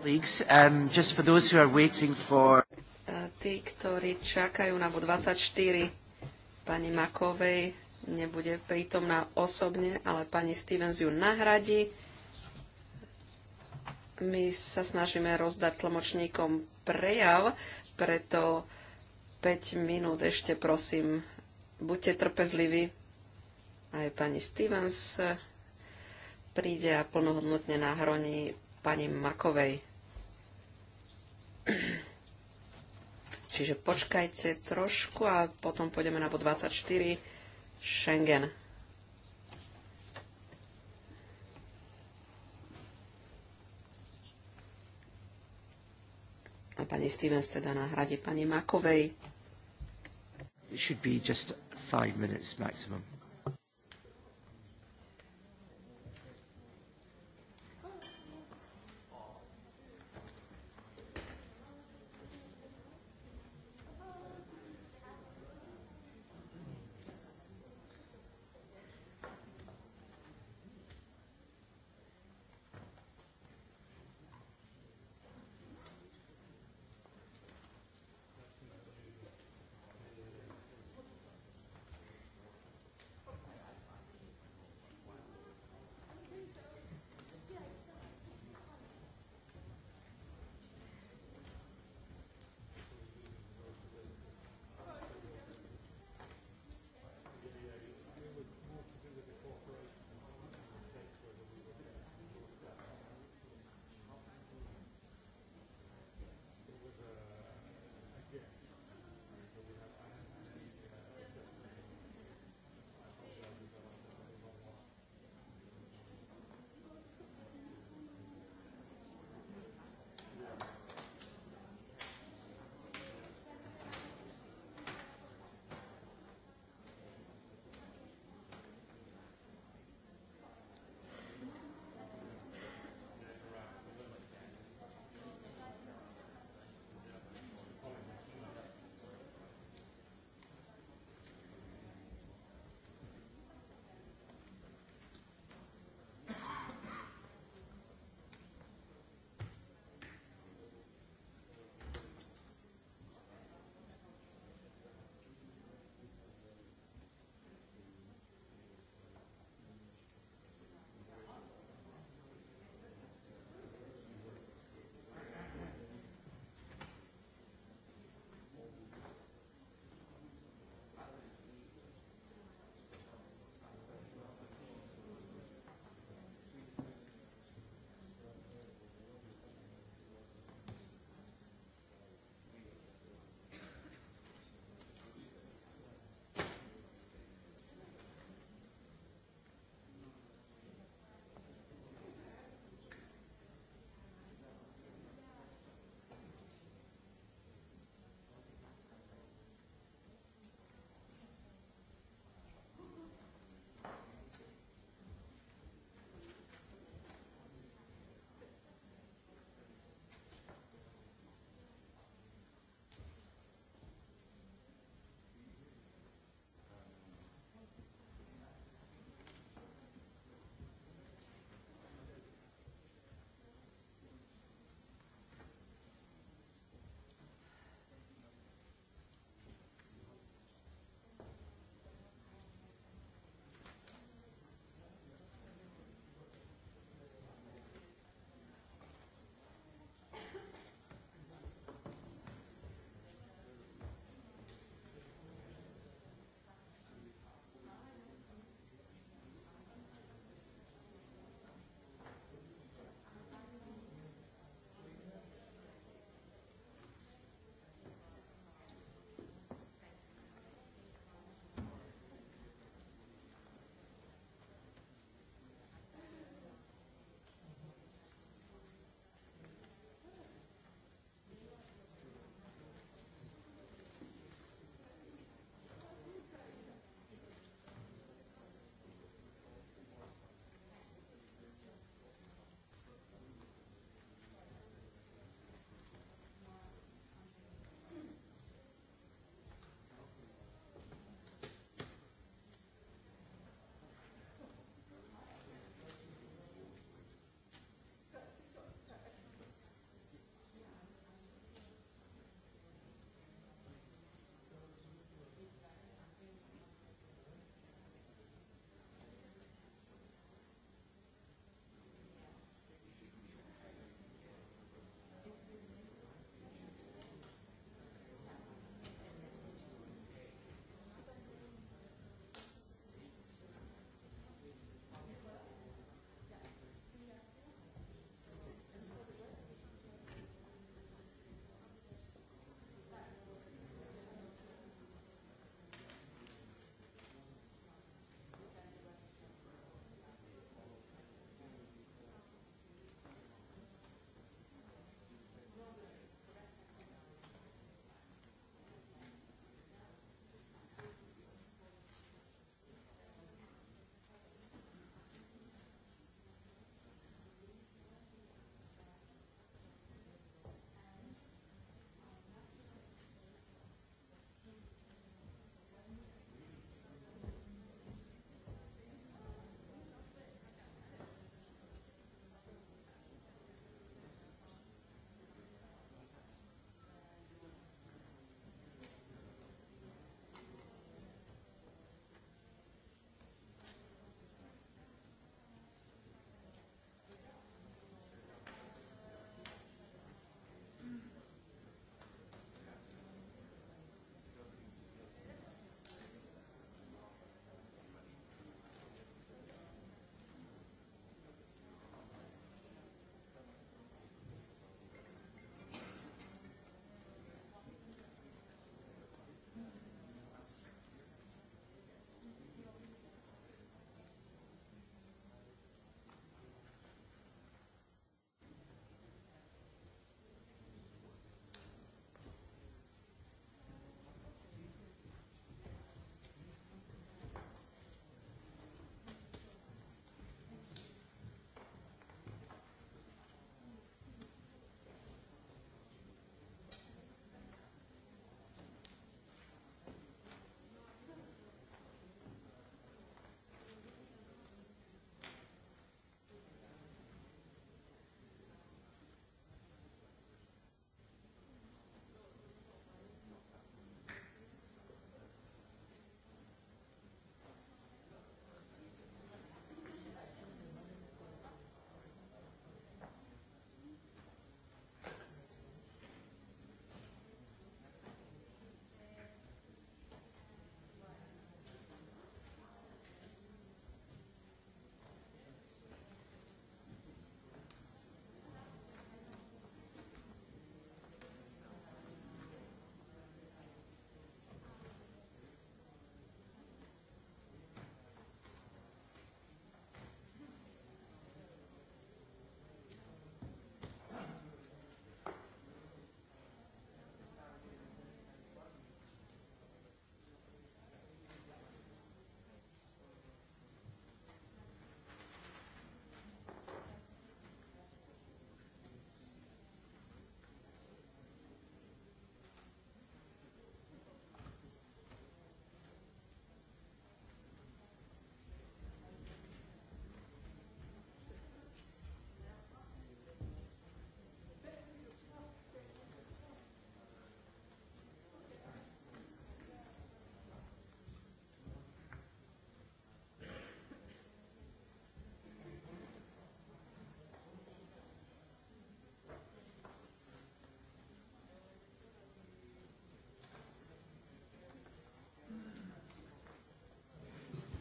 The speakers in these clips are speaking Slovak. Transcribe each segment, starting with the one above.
Um, tí, ktorí čakajú na bod 24 pani Makovej, nebude prítomná osobne, ale pani Stevens ju nahradí. My sa snažíme rozdať tlmočníkom prejav, preto 5 minút ešte prosím. Buďte trpezliví. Aj pani Stevens príde a plnohodnotne nahroní pani Makovej. Čiže počkajte trošku a potom pôjdeme na bod 24 Schengen. A pani Stevens teda na hrade pani Makovej. It should be just five minutes maximum.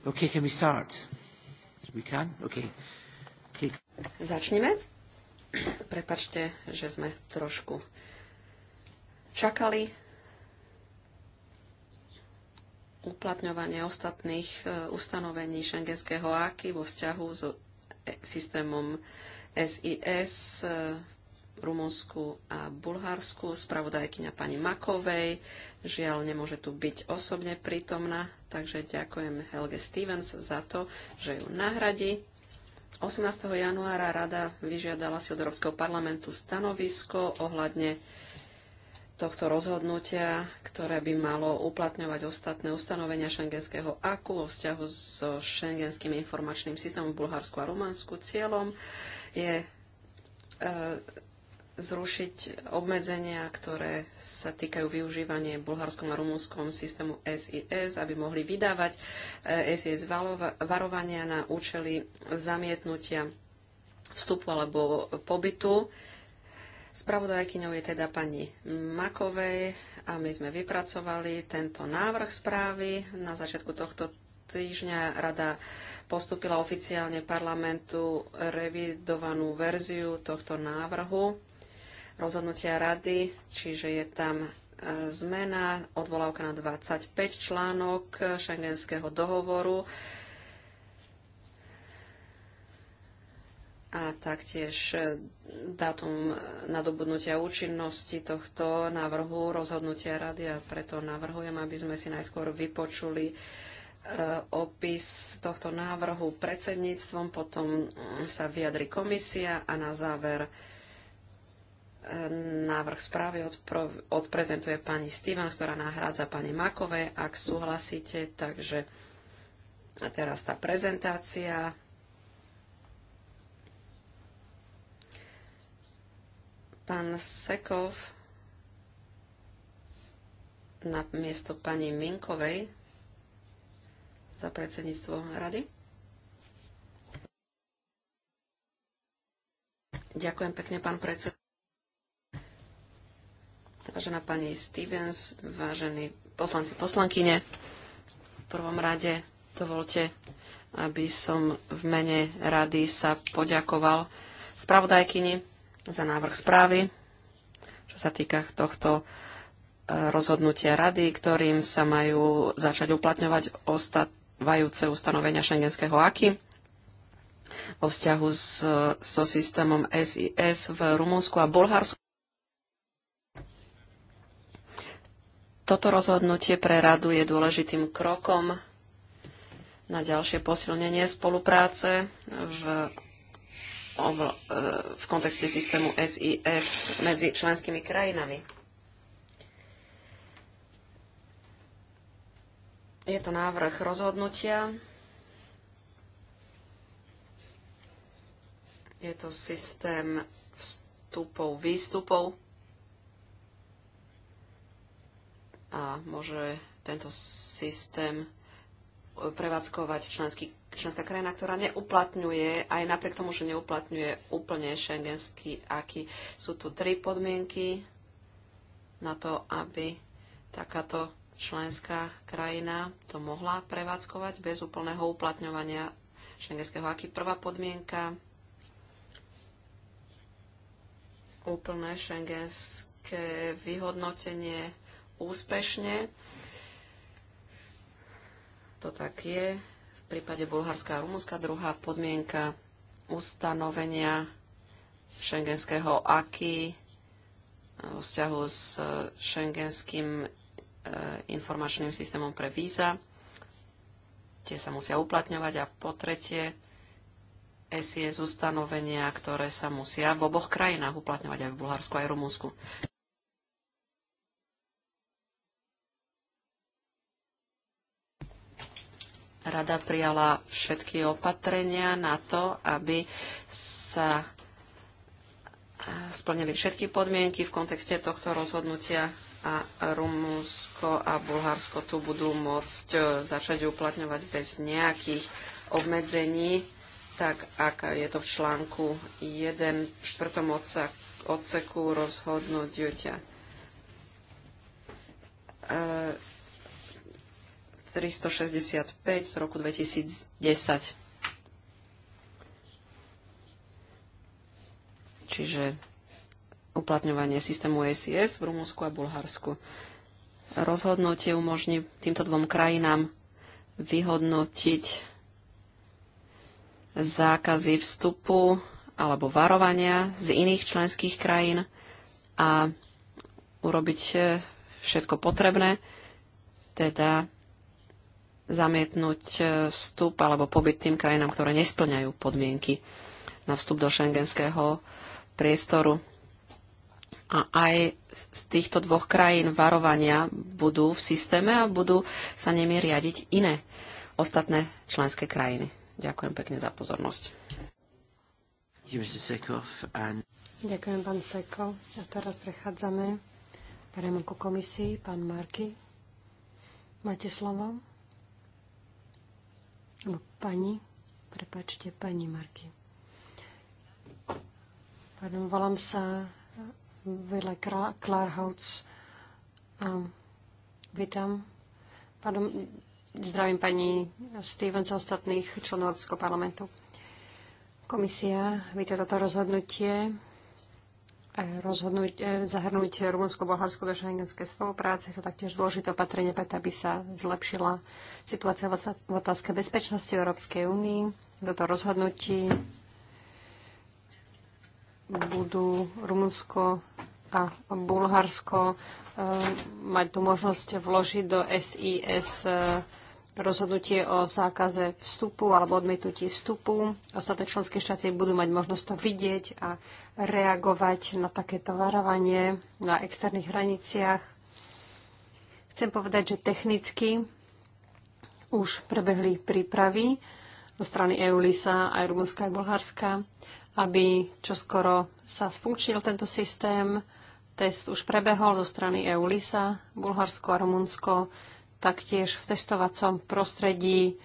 Okay, can we start? We can? Okay. okay. Začneme. Prepačte, že sme trošku čakali uplatňovanie ostatných e, ustanovení šengenského áky vo vzťahu s so e, systémom SIS Rumunsku a Bulharsku, spravodajkyňa pani Makovej. Žiaľ, nemôže tu byť osobne prítomná, takže ďakujem Helge Stevens za to, že ju nahradí. 18. januára rada vyžiadala si od Európskeho parlamentu stanovisko ohľadne tohto rozhodnutia, ktoré by malo uplatňovať ostatné ustanovenia šengenského AKU vo vzťahu so šengenským informačným systémom v Bulharsku a Rumunsku. Cieľom je e, zrušiť obmedzenia, ktoré sa týkajú využívania v bulharskom a rumúnskom systému SIS, aby mohli vydávať SIS eh, varovania na účely zamietnutia vstupu alebo pobytu. Spravodajkyňou je teda pani Makovej a my sme vypracovali tento návrh správy. Na začiatku tohto týždňa rada postupila oficiálne parlamentu revidovanú verziu tohto návrhu rozhodnutia rady, čiže je tam e, zmena, odvolávka na 25 článok e, šengenského dohovoru a taktiež e, dátum nadobudnutia účinnosti tohto návrhu rozhodnutia rady a preto navrhujem, aby sme si najskôr vypočuli opis tohto návrhu predsedníctvom, potom mm, sa vyjadri komisia a na záver Návrh správy odprezentuje pani Stevens, ktorá nahrádza pani Makové, ak súhlasíte. Takže a teraz tá prezentácia. Pán Sekov na miesto pani Minkovej za predsedníctvo rady. Ďakujem pekne, pán predseda. Vážená pani Stevens, vážení poslanci, poslankyne, v prvom rade dovolte, aby som v mene rady sa poďakoval spravodajkyni za návrh správy, čo sa týka tohto e, rozhodnutia rady, ktorým sa majú začať uplatňovať ostávajúce ustanovenia šengenského AKI vo vzťahu s, so systémom SIS v Rumunsku a Bulharsku. Toto rozhodnutie pre radu je dôležitým krokom na ďalšie posilnenie spolupráce v, e, v kontexte systému SIS medzi členskými krajinami. Je to návrh rozhodnutia. Je to systém vstupov, výstupov a môže tento systém prevádzkovať členský, členská krajina, ktorá neuplatňuje, aj napriek tomu, že neuplatňuje úplne šengenský aký. Sú tu tri podmienky na to, aby takáto členská krajina to mohla prevádzkovať bez úplného uplatňovania šengenského aký. Prvá podmienka úplné šengenské vyhodnotenie úspešne. To tak je. V prípade Bulharska a Rumunska druhá podmienka ustanovenia šengenského AKI vo vzťahu s šengenským e, informačným systémom pre víza. Tie sa musia uplatňovať. A po tretie, SIS ustanovenia, ktoré sa musia v oboch krajinách uplatňovať aj v Bulharsku, aj v Rumunsku. Rada prijala všetky opatrenia na to, aby sa eh, splnili všetky podmienky v kontexte tohto rozhodnutia a Rumunsko a Bulharsko tu budú môcť eh, začať uplatňovať bez nejakých obmedzení, tak ak je to v článku 1 v čtvrtom odseku rozhodnutia. E 365 z roku 2010. Čiže uplatňovanie systému SIS v Rumunsku a Bulharsku. Rozhodnutie umožní týmto dvom krajinám vyhodnotiť zákazy vstupu alebo varovania z iných členských krajín a urobiť eh, všetko potrebné, teda zamietnúť e, vstup alebo pobyt tým krajinám, ktoré nesplňajú podmienky na vstup do šengenského priestoru. A aj z týchto dvoch krajín varovania budú v systéme a budú sa nimi riadiť iné ostatné členské krajiny. Ďakujem pekne za pozornosť. Ďakujem, pán Seko. A teraz prechádzame k komisii. Pán Marky, máte slovo. Alebo pani, prepačte, pani Marky. Pardon, volám sa eh, Vela Klarhaus. a ehm, vítam. Pardon, zdravím pani Stevens a ostatných členov Európskeho parlamentu. Komisia víte toto rozhodnutie E, rozhodnúť, e, zahrnúť rumunsko Bohársko do šengenskej spolupráce. To taktiež dôležité opatrenie, preto aby sa zlepšila situácia v otázke bezpečnosti Európskej únii. toho rozhodnutí budú Rumunsko a Bulharsko e, mať tú možnosť vložiť do SIS rozhodnutie o zákaze vstupu alebo odmietnutí vstupu. Ostatné členské štáty budú mať možnosť to vidieť a reagovať na takéto varovanie na externých hraniciach. Chcem povedať, že technicky už prebehli prípravy zo strany EULISA aj Rumunska aj Bulharska, aby čoskoro sa sfunkčnil tento systém. Test už prebehol zo strany EULISA, Bulharsko a Rumunsko. Taktiež v testovacom prostredí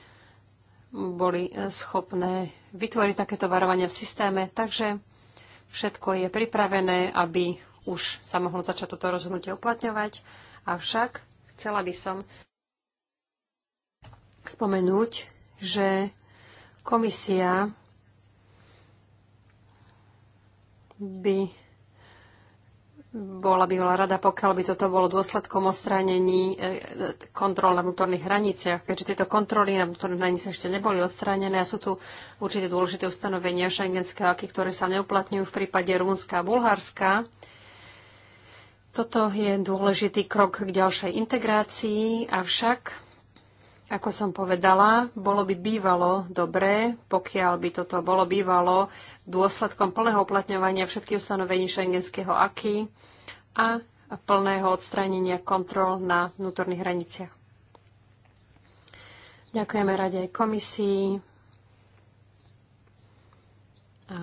boli eh, schopné vytvoriť takéto varovania v systéme. Takže Všetko je pripravené, aby už sa mohlo začať toto rozhodnutie uplatňovať. Avšak chcela by som spomenúť, že komisia by bola by bola rada, pokiaľ by toto bolo dôsledkom odstránení e, e, kontrol na vnútorných hraniciach, keďže tieto kontroly na vnútorných hraniciach ešte neboli odstránené a sú tu určite dôležité ustanovenia šengenského ktoré sa neuplatňujú v prípade Rumunska a Bulharska. Toto je dôležitý krok k ďalšej integrácii, avšak, ako som povedala, bolo by bývalo dobré, pokiaľ by toto bolo bývalo dôsledkom plného uplatňovania všetkých ustanovení šengenského aky a plného odstránenia kontrol na vnútorných hraniciach. Ďakujeme rade aj komisii a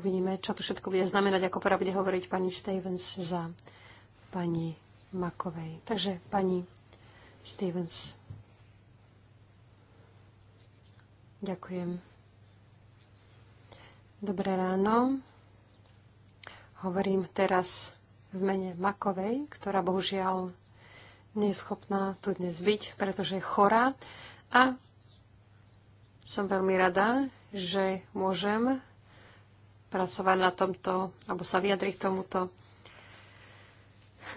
uvidíme, čo to všetko bude znamenať, ako pravde bude hovoriť pani Stevens za pani Makovej. Takže pani Stevens. Ďakujem. Dobré ráno. Hovorím teraz v mene Makovej, ktorá bohužiaľ schopná tu dnes byť, pretože je chorá. A som veľmi rada, že môžem pracovať na tomto, alebo sa vyjadriť k tomuto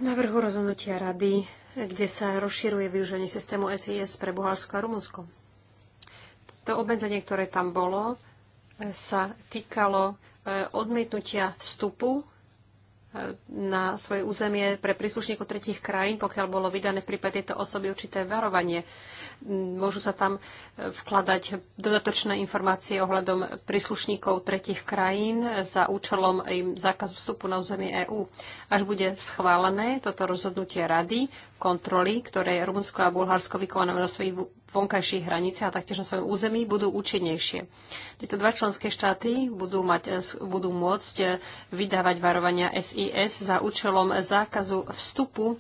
návrhu rozhodnutia rady, kde sa rozširuje využenie systému SIS pre Bulharsko a Rumunsko. To obmedzenie, ktoré tam bolo, sa týkalo e, odmietnutia vstupu e, na svoje územie pre príslušníkov tretich krajín, pokiaľ bolo vydané v prípade tejto osoby určité varovanie môžu sa tam e, vkladať dodatočné informácie ohľadom príslušníkov tretich krajín za účelom im zákazu vstupu na územie EÚ. Až bude schválené toto rozhodnutie rady, kontroly, ktoré Rumunsko a Bulharsko vykonávajú na svojich vonkajších hraniciach a taktiež na svojom území, budú účinnejšie. Tieto dva členské štáty budú, mať, e, budú môcť e, vydávať varovania SIS za účelom zákazu vstupu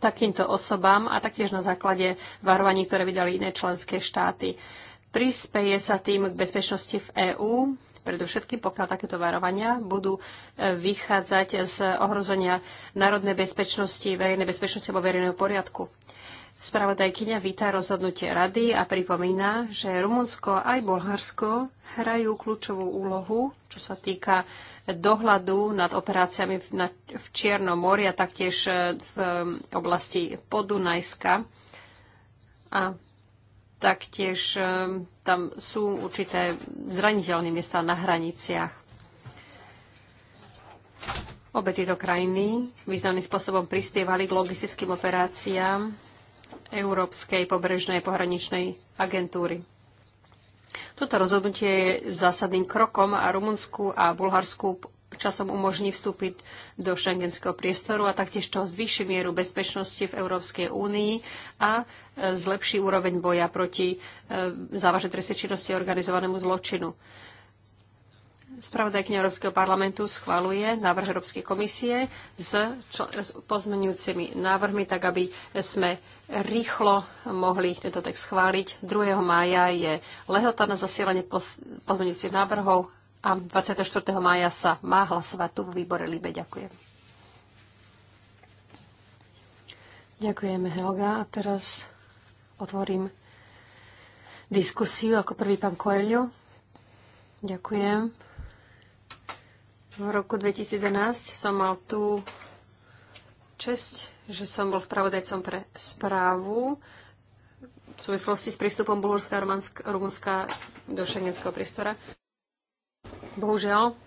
takýmto osobám a taktiež na základe varovaní, ktoré vydali iné členské štáty. Prispeje sa tým k bezpečnosti v EÚ, predovšetkým pokiaľ takéto varovania budú e, vychádzať z ohrozenia národnej bezpečnosti, verejnej bezpečnosti alebo verejného poriadku. Spravodajkyňa víta rozhodnutie rady a pripomína, že Rumunsko aj Bulharsko hrajú kľúčovú úlohu, čo sa týka dohľadu nad operáciami v, na, v Čiernom mori a taktiež e, v oblasti Podunajska. A taktiež e, tam sú určité zraniteľné miesta na hraniciach. Obe tieto krajiny významným spôsobom prispievali k logistickým operáciám Európskej pobrežnej pohraničnej agentúry. Toto rozhodnutie je zásadným krokom a Rumunsku a Bulharsku časom umožní vstúpiť do šengenského priestoru a taktiež to zvýši mieru bezpečnosti v Európskej únii a e, zlepší úroveň boja proti e, závažnej trestnej činnosti organizovanému zločinu. Spravodajkňa Európskeho parlamentu schvaluje návrh Európskej komisie s, čl- s pozmenujúcimi návrhmi, tak aby sme rýchlo mohli tento text schváliť. 2. mája je lehota na zasielanie pos- pozmenujúcich návrhov a 24. mája sa má hlasovať tu v výbore Libe. Ďakujem. Ďakujeme, Helga. A teraz otvorím diskusiu ako prvý pán Koelio. Ďakujem. V roku 2011 som mal tú čest, že som bol spravodajcom pre správu v súvislosti s prístupom Bulharska a Rumunska do šengenského priestora. Bohužiaľ,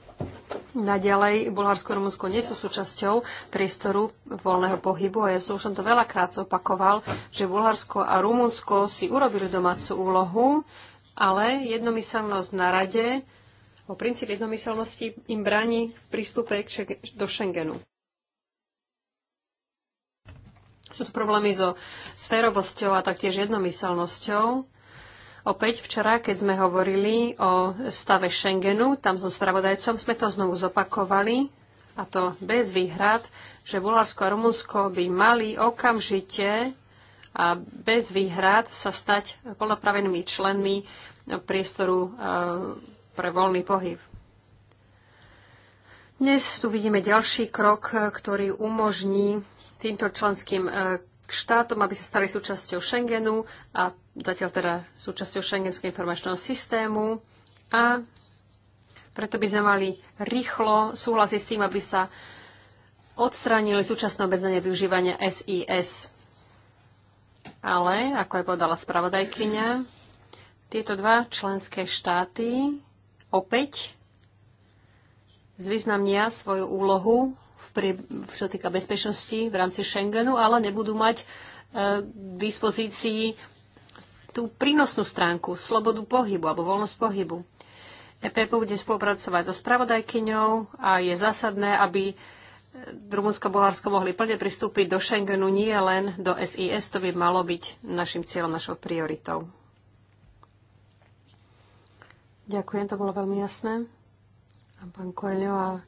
naďalej Bulharsko a Rumunsko nie sú súčasťou priestoru voľného pohybu a ja som už to veľakrát opakoval, že Bulharsko a Rumunsko si urobili domácu úlohu, ale jednomyselnosť na rade o princíp jednomyselnosti im bráni v prístupe do Schengenu. Sú tu problémy so sférovosťou a taktiež jednomyselnosťou. Opäť včera, keď sme hovorili o stave Schengenu, tam so spravodajcom sme to znovu zopakovali, a to bez výhrad, že Bulharsko a Rumunsko by mali okamžite a bez výhrad sa stať plnopravennými členmi priestoru e, pre voľný pohyb. Dnes tu vidíme ďalší krok, ktorý umožní týmto členským e, štátom, aby sa stali súčasťou Schengenu a zatiaľ teda súčasťou Schengenského informačného systému. A preto by sme mali rýchlo súhlasiť s tým, aby sa odstránili súčasné obmedzenie využívania SIS. Ale, ako aj povedala spravodajkyňa, tieto dva členské štáty opäť zvýznamnia svoju úlohu, v prie, čo týka bezpečnosti v rámci Schengenu, ale nebudú mať e, k dispozícii tú prínosnú stránku, slobodu pohybu alebo voľnosť pohybu. EPP bude spolupracovať so spravodajkyňou a je zásadné, aby e, Rumunsko a Bulharsko mohli plne pristúpiť do Schengenu, nie len do SIS. To by malo byť našim cieľom, našou prioritou. Ďakujem, to bolo veľmi jasné. A pán Coelho a,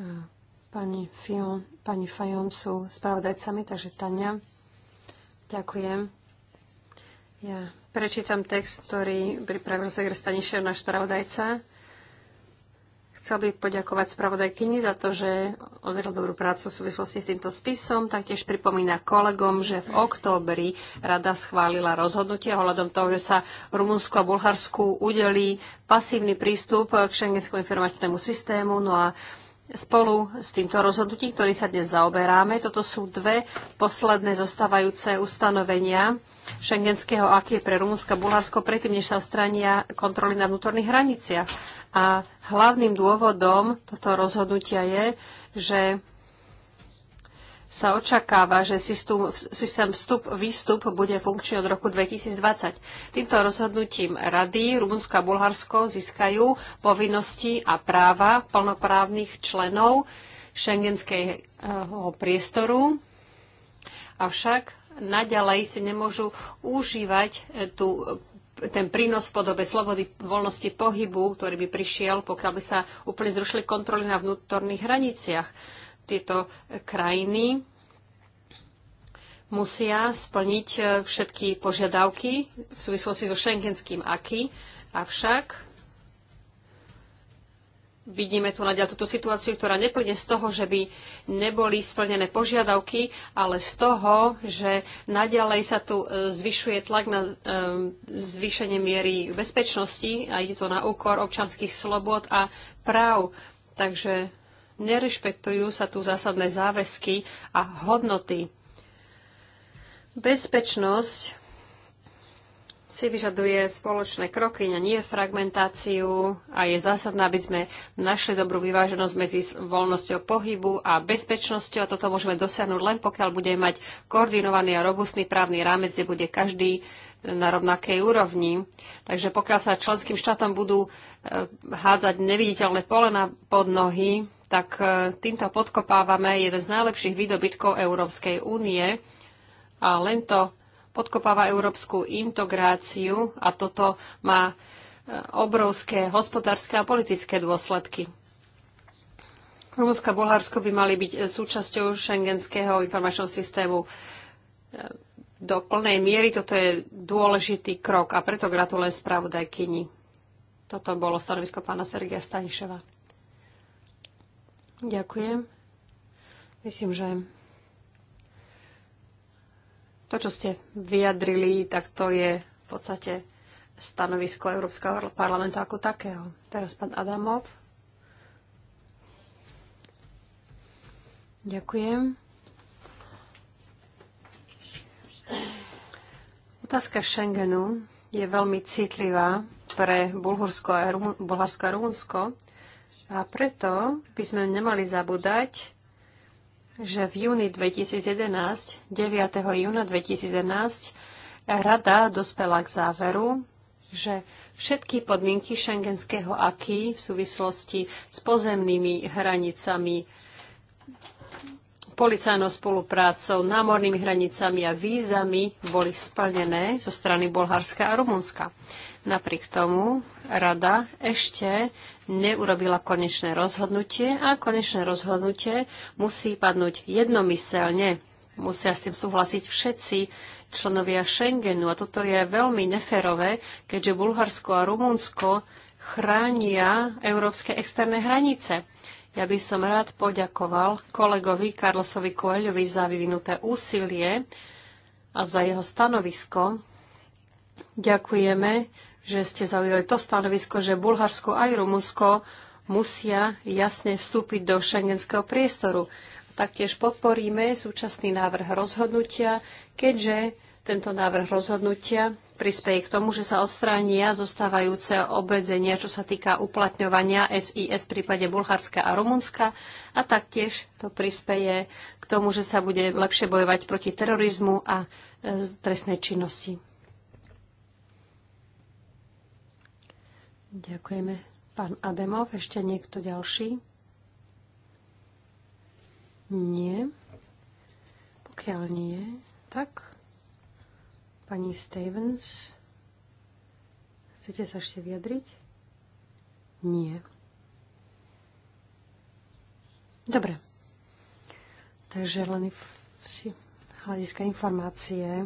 a pani, Fion, pani Fajon sú spravodajcami, takže Tania, ďakujem. Ja prečítam text, ktorý pripravil Zegr Stanišev, náš spravodajca. Chcel by poďakovať spravodajkyni za to, že odvedla dobrú prácu v súvislosti s týmto spisom. Taktiež pripomína kolegom, že v októbri rada schválila rozhodnutie ohľadom toho, že sa Rumunsku a Bulharsku udelí pasívny prístup k šengenskému informačnému systému. No a spolu s týmto rozhodnutím, ktorý sa dnes zaoberáme, toto sú dve posledné zostávajúce ustanovenia šengenského aký pre Rumunsko a Bulharsko predtým, než sa ostrania kontroly na vnútorných hraniciach. A hlavným dôvodom tohto rozhodnutia je, že sa očakáva, že systém vstup-výstup bude funkčný od roku 2020. Týmto rozhodnutím Rady Rumunsko a Bulharsko získajú povinnosti a práva plnoprávnych členov šengenského priestoru, avšak naďalej si nemôžu užívať tú ten prínos v podobe slobody, voľnosti pohybu, ktorý by prišiel, pokiaľ by sa úplne zrušili kontroly na vnútorných hraniciach. Tieto krajiny musia splniť eh, všetky požiadavky v súvislosti so šengenským aký, avšak vidíme tu naďal túto situáciu, ktorá neplne z toho, že by neboli splnené požiadavky, ale z toho, že naďalej sa tu e, zvyšuje tlak na e, zvýšenie miery bezpečnosti a ide to na úkor občanských slobod a práv. Takže nerešpektujú sa tu zásadné záväzky a hodnoty. Bezpečnosť si vyžaduje spoločné kroky, a nie fragmentáciu a je zásadná, aby sme našli dobrú vyváženosť medzi voľnosťou pohybu a bezpečnosťou a toto môžeme dosiahnuť len pokiaľ budeme mať koordinovaný a robustný právny rámec, kde bude každý e, na rovnakej úrovni. Takže pokiaľ sa členským štátom budú e, hádzať neviditeľné polena pod nohy, tak e, týmto podkopávame jeden z najlepších výdobytkov Európskej únie a len to podkopáva európsku integráciu a toto má e, obrovské hospodárske a politické dôsledky. Rumunsko a Bulharsko by mali byť e, súčasťou šengenského informačného systému e, do plnej miery. Toto je dôležitý krok a preto gratulujem spravodajkyni. Toto bolo stanovisko pána Sergia Staniševa. Ďakujem. Myslím, že to, čo ste vyjadrili, tak to je v podstate stanovisko Európskeho parlamentu ako takého. Teraz pán Adamov. Ďakujem. Otázka Schengenu je veľmi citlivá pre Bulharsko a, Rumunsko, a preto by sme nemali zabúdať že v júni 2011, 9. júna 2011, Rada dospela k záveru, že všetky podmienky šengenského aky v súvislosti s pozemnými hranicami, policajnou spoluprácou, námornými hranicami a vízami boli splnené zo strany Bulharska a Rumunska. Napriek tomu rada ešte neurobila konečné rozhodnutie a konečné rozhodnutie musí padnúť jednomyselne. Musia s tým súhlasiť všetci členovia Schengenu. A toto je veľmi neférové, keďže Bulharsko a Rumunsko chránia európske externé hranice. Ja by som rád poďakoval kolegovi Karlosovi Koeľovi za vyvinuté úsilie a za jeho stanovisko. Ďakujeme že ste zaujali to stanovisko, že Bulharsko aj Rumunsko musia jasne vstúpiť do šengenského priestoru. Taktiež podporíme súčasný návrh rozhodnutia, keďže tento návrh rozhodnutia prispieje k tomu, že sa odstránia zostávajúce obmedzenia, čo sa týka uplatňovania SIS v prípade Bulharska a Rumunska a taktiež to prispieje k tomu, že sa bude lepšie bojovať proti terorizmu a e, trestnej činnosti. Ďakujeme. Pán Ademov, ešte niekto ďalší? Nie. Pokiaľ nie, tak pani Stevens, chcete sa ešte vyjadriť? Nie. Dobre. Takže len v, si hľadiska informácie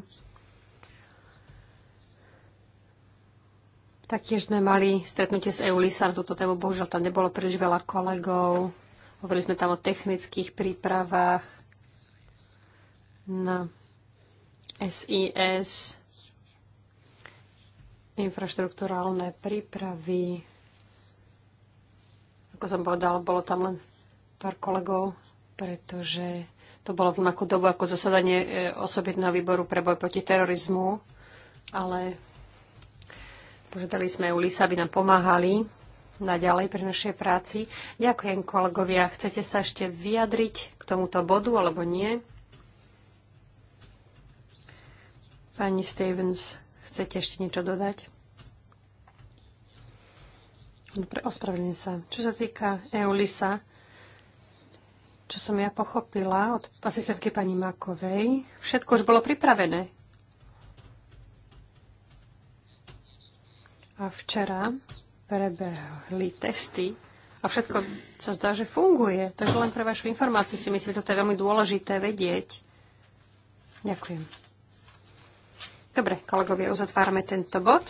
Taktiež sme mali stretnutie s EULISA na túto tému, bohužiaľ tam nebolo príliš veľa kolegov. Hovorili sme tam o technických prípravách na SIS, infraštruktúrálne prípravy. Ako som povedal, bolo tam len pár kolegov, pretože to bolo v rovnakú dobu ako zasadanie e, osobitného výboru pre boj proti terorizmu, ale Požiadali sme Ulisa, aby nám pomáhali naďalej pri našej práci. Ďakujem, kolegovia. Chcete sa ešte vyjadriť k tomuto bodu, alebo nie? Pani Stevens, chcete ešte niečo dodať? Dobre, ospravedlňujem sa. Čo sa týka EULISA, čo som ja pochopila od asistentky pani Makovej, všetko už bolo pripravené. A včera prebehli testy a všetko sa zdá, že funguje. Takže len pre vašu informáciu si myslím, že toto je veľmi dôležité vedieť. Ďakujem. Dobre, kolegovia, uzatvárame tento bod.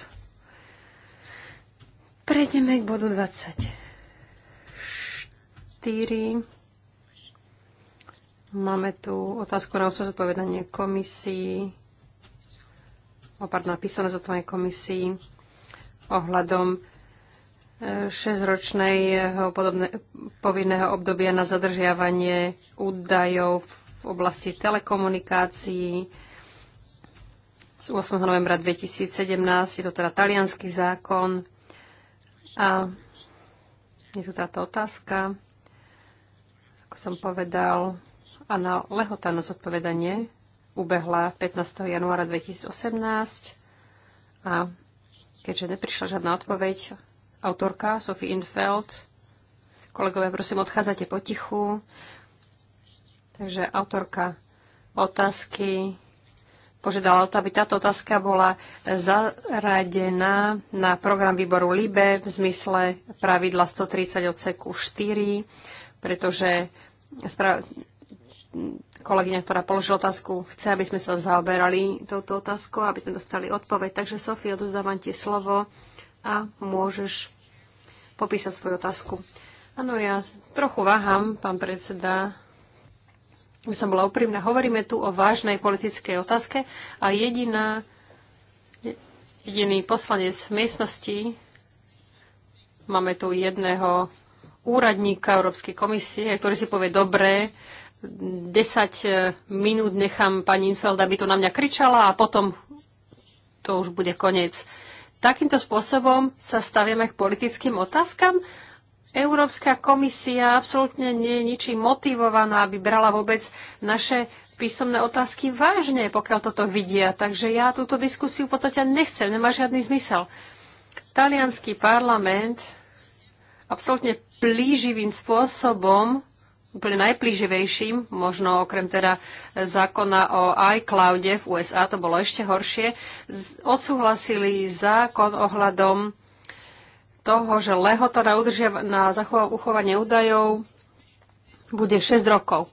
Prejdeme k bodu 24. Máme tu otázku na zodpovedanie komisii. Opardná písomné zodpovedanie komisii ohľadom 6-ročného e, povinného obdobia na zadržiavanie údajov v oblasti telekomunikácií z 8. novembra 2017. Je to teda talianský zákon. A je tu táto otázka, ako som povedal, a na lehota na zodpovedanie ubehla 15. januára 2018 a Keďže neprišla žiadna odpoveď, autorka Sophie Infeld. Kolegovia, prosím, odchádzate potichu. Takže autorka otázky požiadala o to, aby táto otázka bola zaradená na program výboru LIBE v zmysle pravidla 130 odseku 4, pretože kolegyňa, ktorá položila otázku, chce, aby sme sa zaoberali touto otázkou, aby sme dostali odpoveď. Takže, Sofia, odozdávam ti slovo a môžeš popísať svoju otázku. Áno, ja trochu váham, pán predseda, by som bola úprimná. Hovoríme tu o vážnej politickej otázke a jediná, jediný poslanec v miestnosti, máme tu jedného úradníka Európskej komisie, ktorý si povie, dobre, 10 e, minút nechám pani Infeld, aby to na mňa kričala a potom to už bude koniec. Takýmto spôsobom sa stavieme k politickým otázkam. Európska komisia absolútne nie je ničím motivovaná, aby brala vôbec naše písomné otázky vážne, pokiaľ toto vidia. Takže ja túto diskusiu v podstate nechcem, nemá žiadny zmysel. Talianský parlament absolútne plíživým spôsobom úplne najplíživejším, možno okrem teda zákona o iCloude v USA, to bolo ešte horšie, odsúhlasili zákon ohľadom toho, že lehota na, udržia, na uchovanie údajov bude 6 rokov.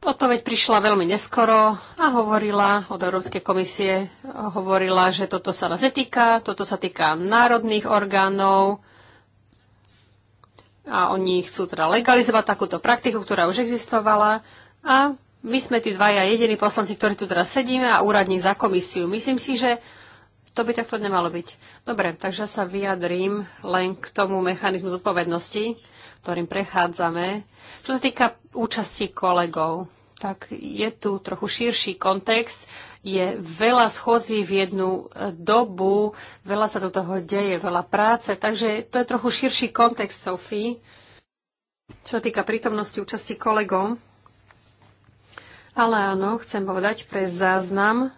Odpoveď prišla veľmi neskoro a hovorila od Európskej komisie, hovorila, že toto sa nás netýka, toto sa týka národných orgánov, a oni chcú teda legalizovať takúto praktiku, ktorá už existovala a my sme tí dvaja jediní poslanci, ktorí tu teraz sedíme a úradní za komisiu. Myslím si, že to by takto nemalo byť. Dobre, takže sa vyjadrím len k tomu mechanizmu zodpovednosti, ktorým prechádzame. Čo sa týka účasti kolegov, tak je tu trochu širší kontext je veľa schodzí v jednu e, dobu, veľa sa do toho deje, veľa práce, takže to je trochu širší kontext, Sophie. čo sa týka prítomnosti účasti kolegov. Ale áno, chcem povedať pre záznam,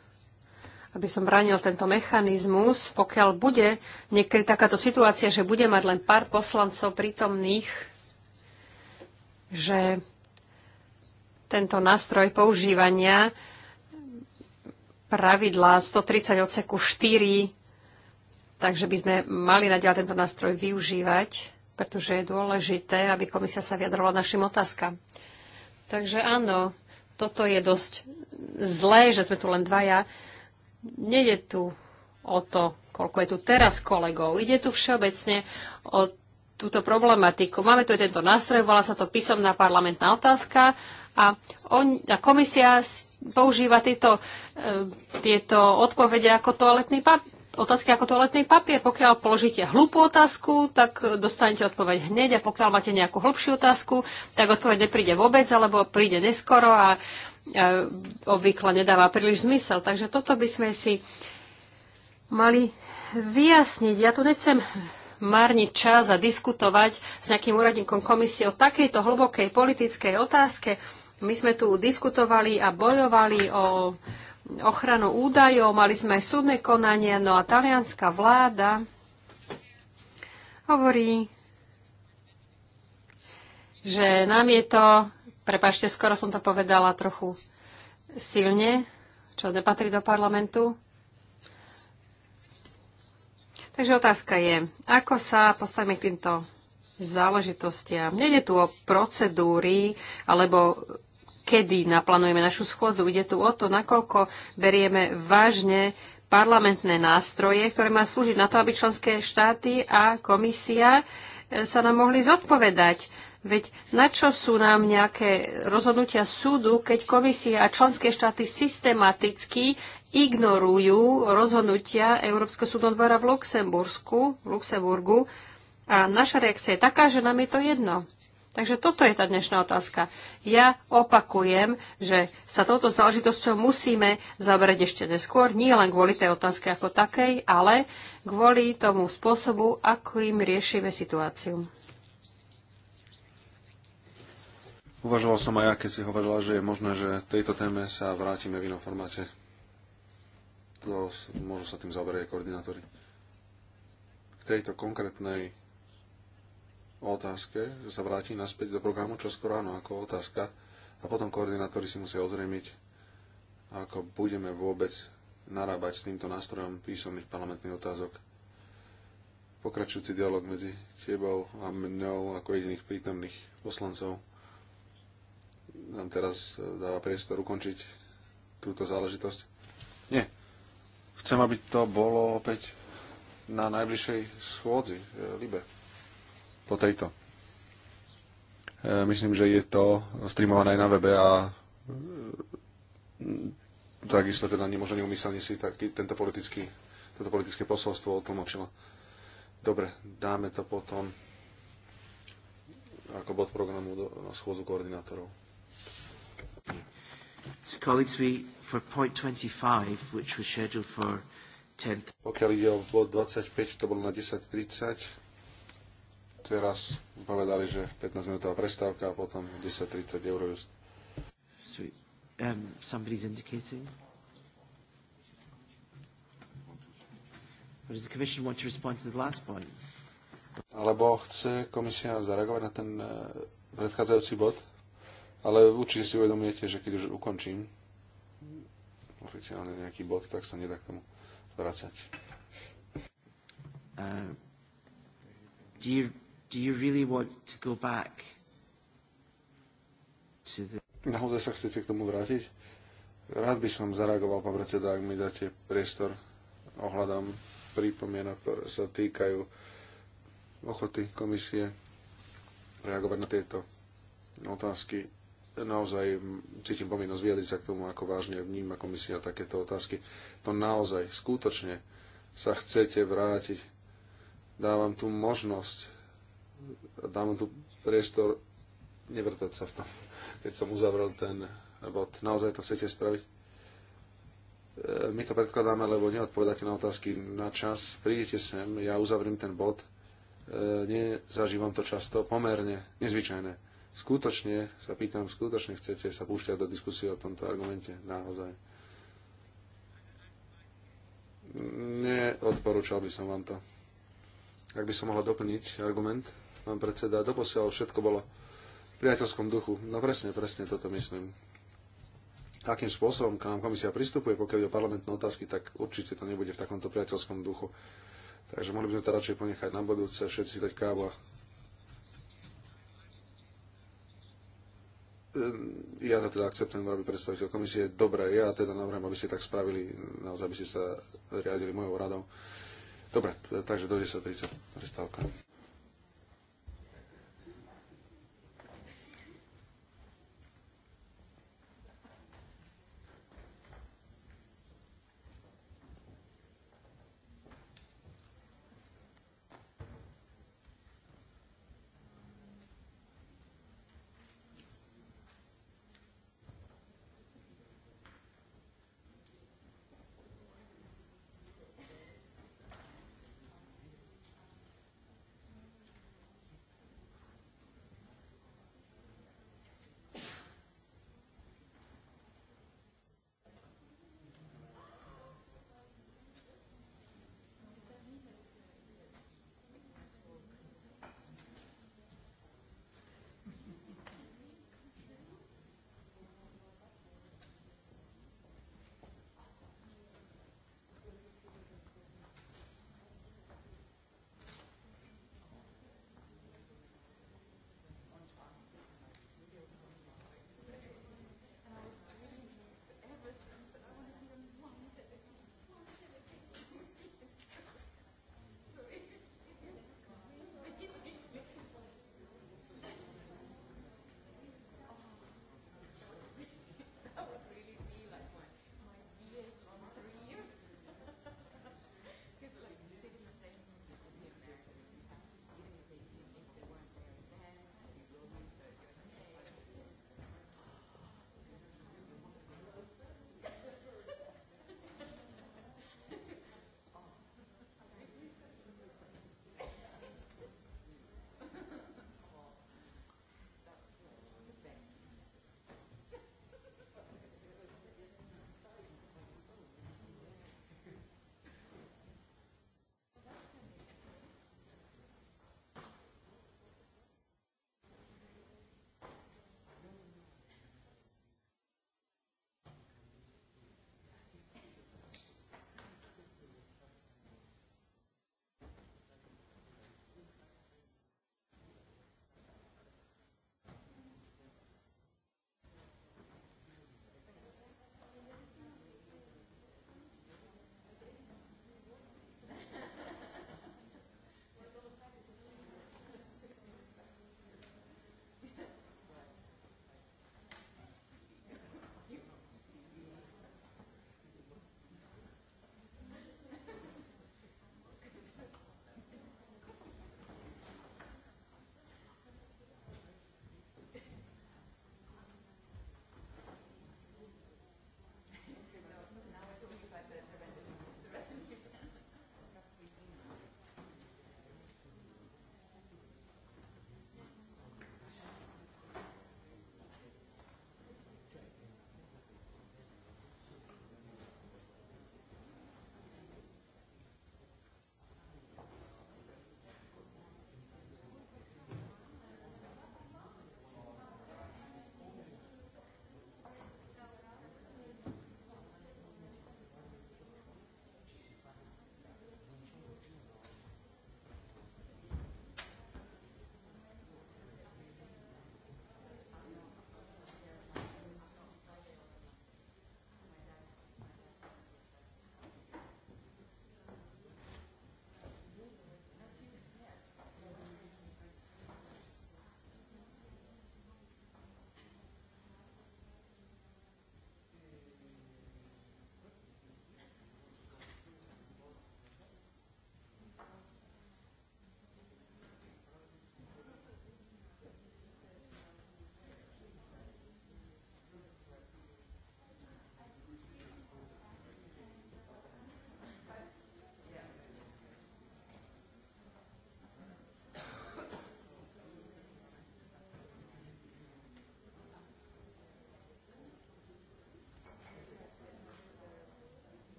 aby som bránil tento mechanizmus, pokiaľ bude niekedy takáto situácia, že bude mať len pár poslancov prítomných, že tento nástroj používania pravidlá 130 odseku 4, takže by sme mali naďalej tento nástroj využívať, pretože je dôležité, aby komisia sa vyjadrala našim otázkam. Takže áno, toto je dosť zlé, že sme tu len dvaja. Nede tu o to, koľko je tu teraz kolegov. Ide tu všeobecne o túto problematiku. Máme tu aj tento nástroj, volá sa to písomná parlamentná otázka a, on, a komisia používa tieto, e, tieto odpovede ako toaletný papier otázky ako toaletný papier. Pokiaľ položíte hlúpu otázku, tak dostanete odpoveď hneď a pokiaľ máte nejakú hlbšiu otázku, tak odpoveď nepríde vôbec alebo príde neskoro a, e, obvykle nedáva príliš zmysel. Takže toto by sme si mali vyjasniť. Ja tu nechcem marniť čas a diskutovať s nejakým úradníkom komisie o takejto hlbokej politickej otázke, my sme tu diskutovali a bojovali o ochranu údajov, mali sme aj súdne konanie, no a talianská vláda hovorí, že nám je to, prepašte, skoro som to povedala trochu silne, čo nepatrí do parlamentu. Takže otázka je, ako sa postavíme k týmto záležitostiam. Nede tu o procedúry alebo kedy naplánujeme našu schôdzu. Ide tu o to, nakoľko berieme vážne parlamentné nástroje, ktoré má slúžiť na to, aby členské štáty a komisia e, sa nám mohli zodpovedať. Veď na čo sú nám nejaké rozhodnutia súdu, keď komisia a členské štáty systematicky ignorujú rozhodnutia Európskeho súdu dvora v Luxembursku, v Luxemburgu. A naša reakcia je taká, že nám je to jedno. Takže toto je tá dnešná otázka. Ja opakujem, že sa touto záležitosťou musíme zabrať ešte neskôr, nie len kvôli tej otázke ako takej, ale kvôli tomu spôsobu, akým riešime situáciu. Uvažoval som aj ja, keď si hovorila, že je možné, že tejto téme sa vrátime v inom formáte. To môžu sa tým zaoberať koordinátori. K tejto konkrétnej o otázke, že sa vráti naspäť do programu čo skoro áno ako otázka a potom koordinátori si musia ozrejmiť, ako budeme vôbec narábať s týmto nástrojom písomných parlamentných otázok. Pokračujúci dialog medzi tebou a mnou ako jediných prítomných poslancov nám teraz eh, dáva priestor ukončiť túto záležitosť. Nie. Chcem, aby to bolo opäť na najbližšej schôdzi eh, Libe po tejto. E, myslím, že je to streamované aj na webe a e, takisto teda nemôže neumyselne si taký, tento politický, toto politické posolstvo otlmočilo. Dobre, dáme to potom ako bod programu do, na schôzu koordinátorov. Pokiaľ ide o bod 25, to bolo na 10.30, Teraz povedali, že 15 minútová prestávka a potom 10.30 Eurojust. Sweet. Um, somebody's indicating. Or does the Commission want to respond to the last point? Alebo chce komisia zareagovať na ten eh, predchádzajúci bod? Ale určite si uvedomujete, že keď už ukončím oficiálne nejaký bod, tak sa nedá k tomu vracať. Uh, do you do you really want to go back to the... Naozaj sa chcete k tomu vrátiť? Rád by som zareagoval, pán predseda, ak mi dáte priestor ohľadom prípomienok, ktoré sa týkajú ochoty komisie reagovať na tieto otázky. Naozaj cítim povinnosť vyjadriť sa k tomu, ako vážne vníma komisia takéto otázky. To naozaj, skutočne sa chcete vrátiť. Dávam tu možnosť Dám tu priestor nevrtať sa v tom, keď som uzavrel ten bod. Naozaj to chcete spraviť? E, my to predkladáme, lebo neodpovedáte na otázky na čas. Prídete sem, ja uzavriem ten bod. E, nezažívam to často, pomerne, nezvyčajné. Skutočne, sa pýtam, skutočne chcete sa púšťať do diskusie o tomto argumente? Naozaj. Neodporúčal by som vám to. Ak by som mohla doplniť argument, pán predseda. Doposiaľ všetko bolo v priateľskom duchu. No presne, presne toto myslím. Akým spôsobom k nám komisia pristupuje, pokiaľ ide o parlamentné otázky, tak určite to nebude v takomto priateľskom duchu. Takže mohli by sme to radšej ponechať na budúce, všetci dať kávu a ehm, ja to teda akceptujem, aby predstaviteľ komisie. Dobre, ja teda navrhujem, aby ste tak spravili, naozaj by ste sa riadili mojou radou. Dobre, takže do 10.30 prestávka.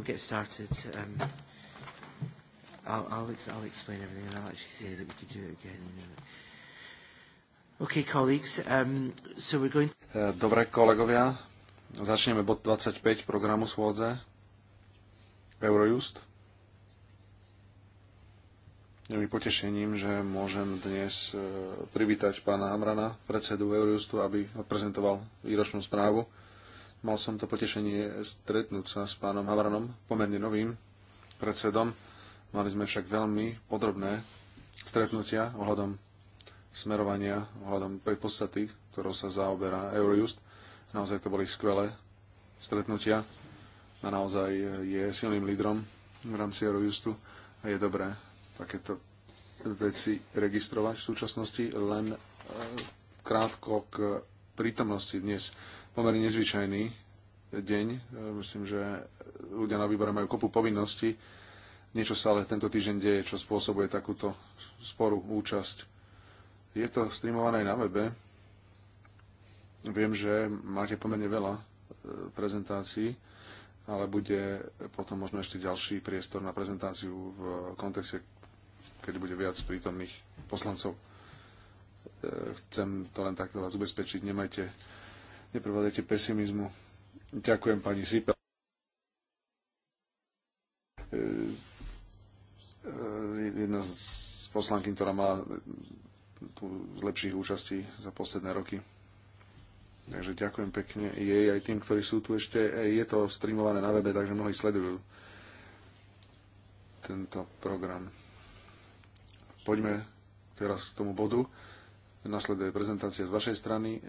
we'll get started. Um, I'll, I'll, ex I'll explain everything and I'll actually say that we could do it again in a Okay, colleagues, um, so we're going to... Eh, dobre kolegovia, začneme bod 25 programu schôdze Eurojust. Je mi potešením, že môžem dnes eh, privítať pána Hamrana, predsedu Eurojustu, aby odprezentoval výročnú správu Mal som to potešenie stretnúť sa s pánom Havranom, pomerne novým predsedom. Mali sme však veľmi podrobné stretnutia ohľadom smerovania, ohľadom tej podstaty, ktorou sa zaoberá Eurojust. Naozaj to boli skvelé stretnutia a naozaj je silným lídrom v rámci Eurojustu a je dobré takéto veci registrovať v súčasnosti. Len e, krátko k prítomnosti dnes pomerne nezvyčajný deň. E, Myslím, že ľudia na výbore majú kopu povinností. Niečo sa ale tento týždeň deje, čo spôsobuje takúto sporú účasť. Je to streamované aj na webe. Viem, že máte pomerne veľa e, prezentácií, ale bude potom možno ešte ďalší priestor na prezentáciu v kontexte, keď bude viac prítomných poslancov e, chcem to len takto vás ubezpečiť, nemajte neprevládajte pesimizmu. Ďakujem pani Zipel. E, e, jedna z poslanky, ktorá má tu z lepších účastí za posledné roky. Takže ďakujem pekne jej aj tým, ktorí sú tu ešte. E, je to streamované na webe, takže mnohí sledujú tento program. Poďme teraz k tomu bodu. Nasleduje prezentácia z vašej strany. E,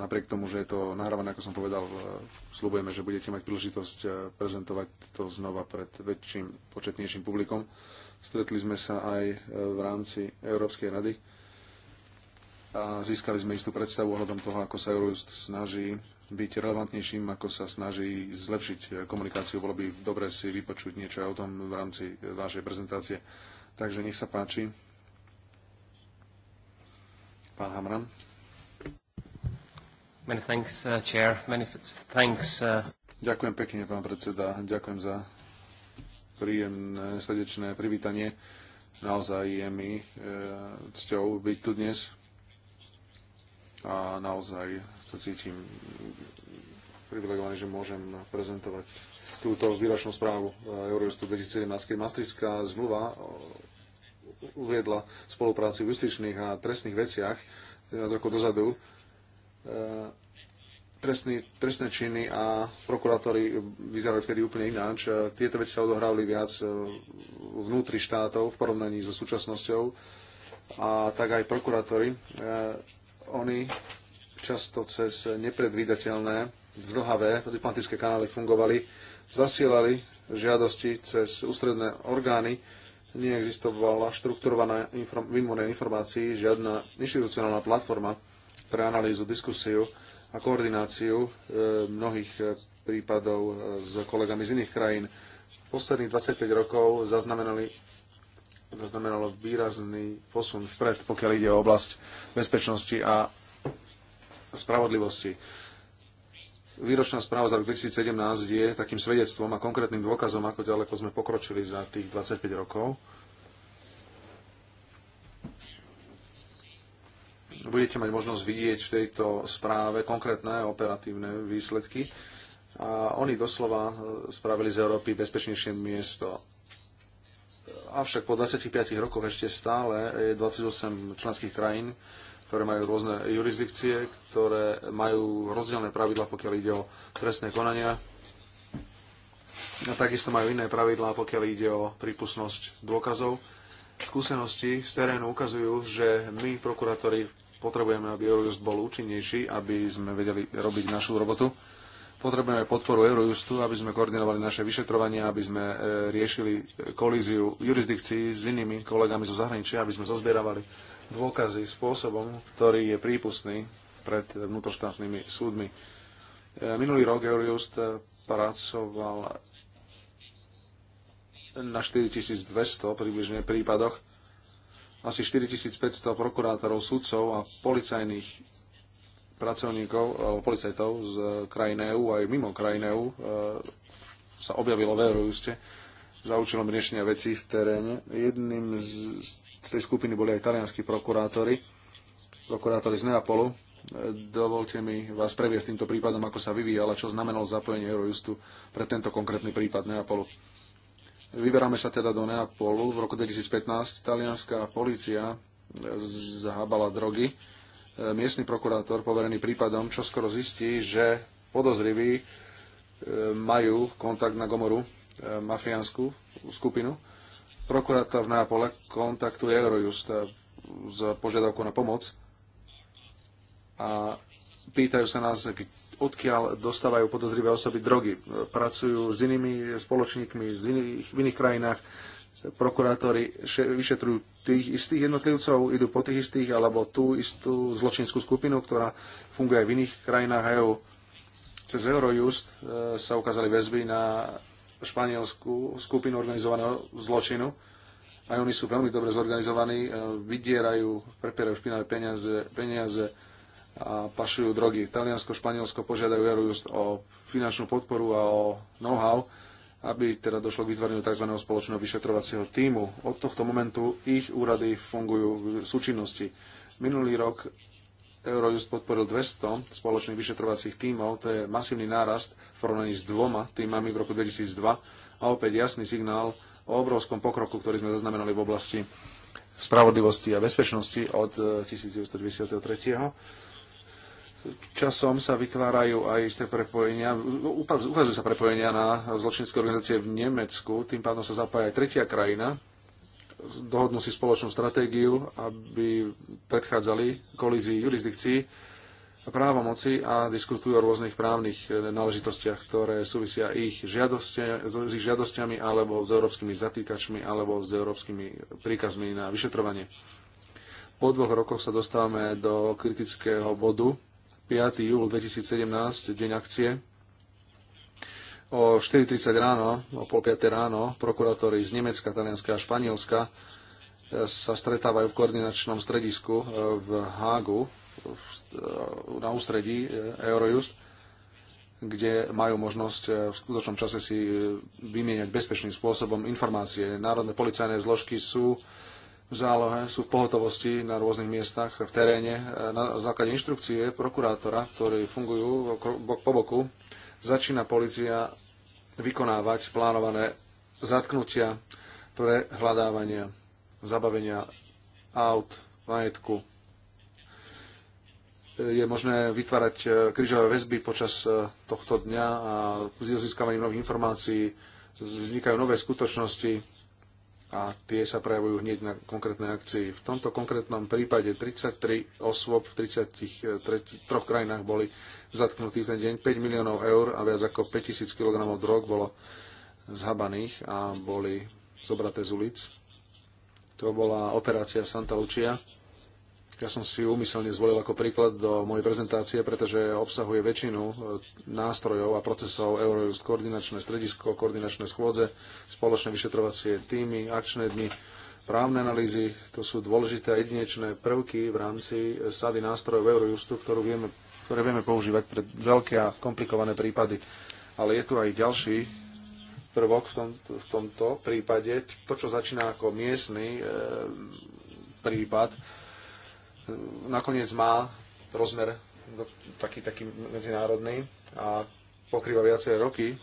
napriek tomu, že je to nahrávané, ako som povedal, e, slúbujeme, že budete mať príležitosť e, prezentovať to znova pred väčším, početnejším publikom. Stretli sme sa aj v rámci Európskej rady a získali sme istú predstavu ohľadom toho, ako sa Eurojust snaží byť relevantnejším, ako sa snaží zlepšiť komunikáciu. Bolo by dobre si vypočuť niečo aj o tom v rámci vašej prezentácie. Takže nech sa páči. Pán Hamran. Many thanks, uh, chair. Many thanks, uh... Ďakujem pekne, pán predseda. Ďakujem za príjemné, srdečné privítanie. Naozaj je mi e, cťou byť tu dnes a naozaj sa cítim privilegovaný, že môžem prezentovať túto výročnú správu e, Eurostu 2017, keď Maastrichtská zmluva uviedla spolupráci v justičných a trestných veciach eh, z roku dozadu. Eh, trestný, trestné činy a prokurátori vyzerali vtedy úplne ináč. Eh, tieto veci sa odohrávali viac vnútri štátov v porovnaní so súčasnosťou a tak aj prokurátori. Oni často cez nepredvídateľné, zlhavé, diplomatické kanály fungovali, zasielali žiadosti cez ústredné orgány neexistovala štrukturovaná inform- výmona informácií, žiadna inštitucionálna platforma pre analýzu, diskusiu a koordináciu e, mnohých e, prípadov e, s kolegami z iných krajín. Posledných 25 rokov zaznamenali zaznamenalo výrazný posun vpred, pokiaľ ide o oblasť bezpečnosti a spravodlivosti Výročná správa za rok 2017 je takým svedectvom a konkrétnym dôkazom, ako ďaleko sme pokročili za tých 25 rokov. Budete mať možnosť vidieť v tejto správe konkrétne operatívne výsledky. A oni doslova e, spravili z Európy bezpečnejšie miesto. Avšak po 25 rokoch ešte stále je 28 členských krajín, ktoré majú rôzne jurisdikcie, ktoré majú rozdielne pravidla, pokiaľ ide o trestné konania. A takisto majú iné pravidlá, pokiaľ ide o prípustnosť dôkazov. Skúsenosti z terénu ukazujú, že my, prokurátori, potrebujeme, aby Eurojust bol účinnejší, aby sme vedeli robiť našu robotu. Potrebujeme podporu Eurojustu, aby sme koordinovali naše vyšetrovania, aby sme e, riešili kolíziu jurisdikcií s inými kolegami zo zahraničia, aby sme zozbieravali dôkazy spôsobom, ktorý je prípustný pred vnútroštátnymi súdmi. E, minulý rok Eurojust e, pracoval na 4200 približne prípadoch. Asi 4500 prokurátorov, sudcov a policajných pracovníkov, alebo policajtov z krajiny EU aj mimo krajiny EU e, sa objavilo v Eurojuste za účelom riešenia vecí v teréne. Jedným z z tej skupiny boli aj italianskí prokurátori, prokurátori z Neapolu. E, dovolte mi vás previesť týmto prípadom, ako sa vyvíjala, čo znamenalo zapojenie Eurojustu pre tento konkrétny prípad Neapolu. Vyberáme sa teda do Neapolu. V roku 2015 talianská policia e, zahábala drogy. E, miestny prokurátor, poverený prípadom, čo skoro zistí, že podozriví majú kontakt na Gomoru, mafiánsku skupinu. Prokurátor v Nápole kontaktuje Eurojust s požiadavkou na pomoc a pýtajú sa nás, odkiaľ dostávajú podozrivé osoby drogy. Pracujú s inými spoločníkmi z iných, v iných krajinách. Prokurátori vyšetrujú tých istých jednotlivcov, idú po tých istých, alebo tú istú zločinskú skupinu, ktorá funguje aj v iných krajinách EU. Cez Eurojust e, sa ukázali väzby na španielskú skupinu organizovaného zločinu. Aj oni sú veľmi dobre zorganizovaní, e, vydierajú, prepierajú špinavé peniaze, peniaze a pašujú drogy. Taliansko, Španielsko požiadajú Eurojust o finančnú podporu a o know-how, aby teda došlo k vytvoreniu tzv. spoločného vyšetrovacieho týmu. Od tohto momentu ich úrady fungujú v súčinnosti. Minulý rok Eurojust podporil 200 spoločných vyšetrovacích tímov, to je masívny nárast v porovnaní s dvoma týmami v roku 2002 a opäť jasný signál o obrovskom pokroku, ktorý sme zaznamenali v oblasti spravodlivosti a bezpečnosti od 1993. E, Časom sa vytvárajú aj isté prepojenia, ukazujú sa prepojenia na zločinské organizácie v Nemecku, tým pádom sa zapája aj tretia krajina, dohodnú si spoločnú stratégiu, aby predchádzali kolízii jurisdikcií a právomoci a diskutujú o rôznych právnych eh, náležitostiach, ktoré súvisia ich s ich žiadosťami alebo s európskymi zatýkačmi alebo s európskymi príkazmi na vyšetrovanie. Po dvoch rokoch sa dostávame do kritického bodu. 5. júl 2017, deň akcie, o 4.30 ráno, o pol 5 ráno, prokurátori z Nemecka, Talianska a Španielska e, sa stretávajú v koordinačnom stredisku e, v Hágu, e, na ústredí Eurojust, kde majú možnosť v skutočnom čase si vymieňať bezpečným spôsobom informácie. Národné policajné zložky sú v zálohe, sú v pohotovosti na rôznych miestach, v teréne, na základe inštrukcie prokurátora, ktorí fungujú po boku začína policia vykonávať plánované zatknutia, prehľadávania, zabavenia aut, majetku. Je možné vytvárať e, krížové väzby počas e, tohto dňa a získavaním nových informácií vznikajú nové skutočnosti, a tie sa prejavujú hneď na konkrétnej akcii. V tomto konkrétnom prípade 33 osôb v 33 krajinách boli zatknutí v ten deň. 5 miliónov eur a viac ako 5000 kg drog bolo zhabaných a boli zobraté z ulic. To bola operácia Santa Lucia. Ja som si úmyselne zvolil ako príklad do mojej prezentácie, pretože obsahuje väčšinu e, nástrojov a procesov Eurojust, koordinačné stredisko, koordinačné schôdze, spoločné vyšetrovacie týmy, akčné dni, právne analýzy. To sú dôležité a jedinečné prvky v rámci e, sady nástrojov Eurojustu, ktorú vieme, ktoré vieme používať pre veľké a komplikované prípady. Ale je tu aj ďalší prvok v, tom, v tomto prípade. To, čo začína ako miestny e, prípad, nakoniec má rozmer taký, taký medzinárodný a pokrýva viaceré roky.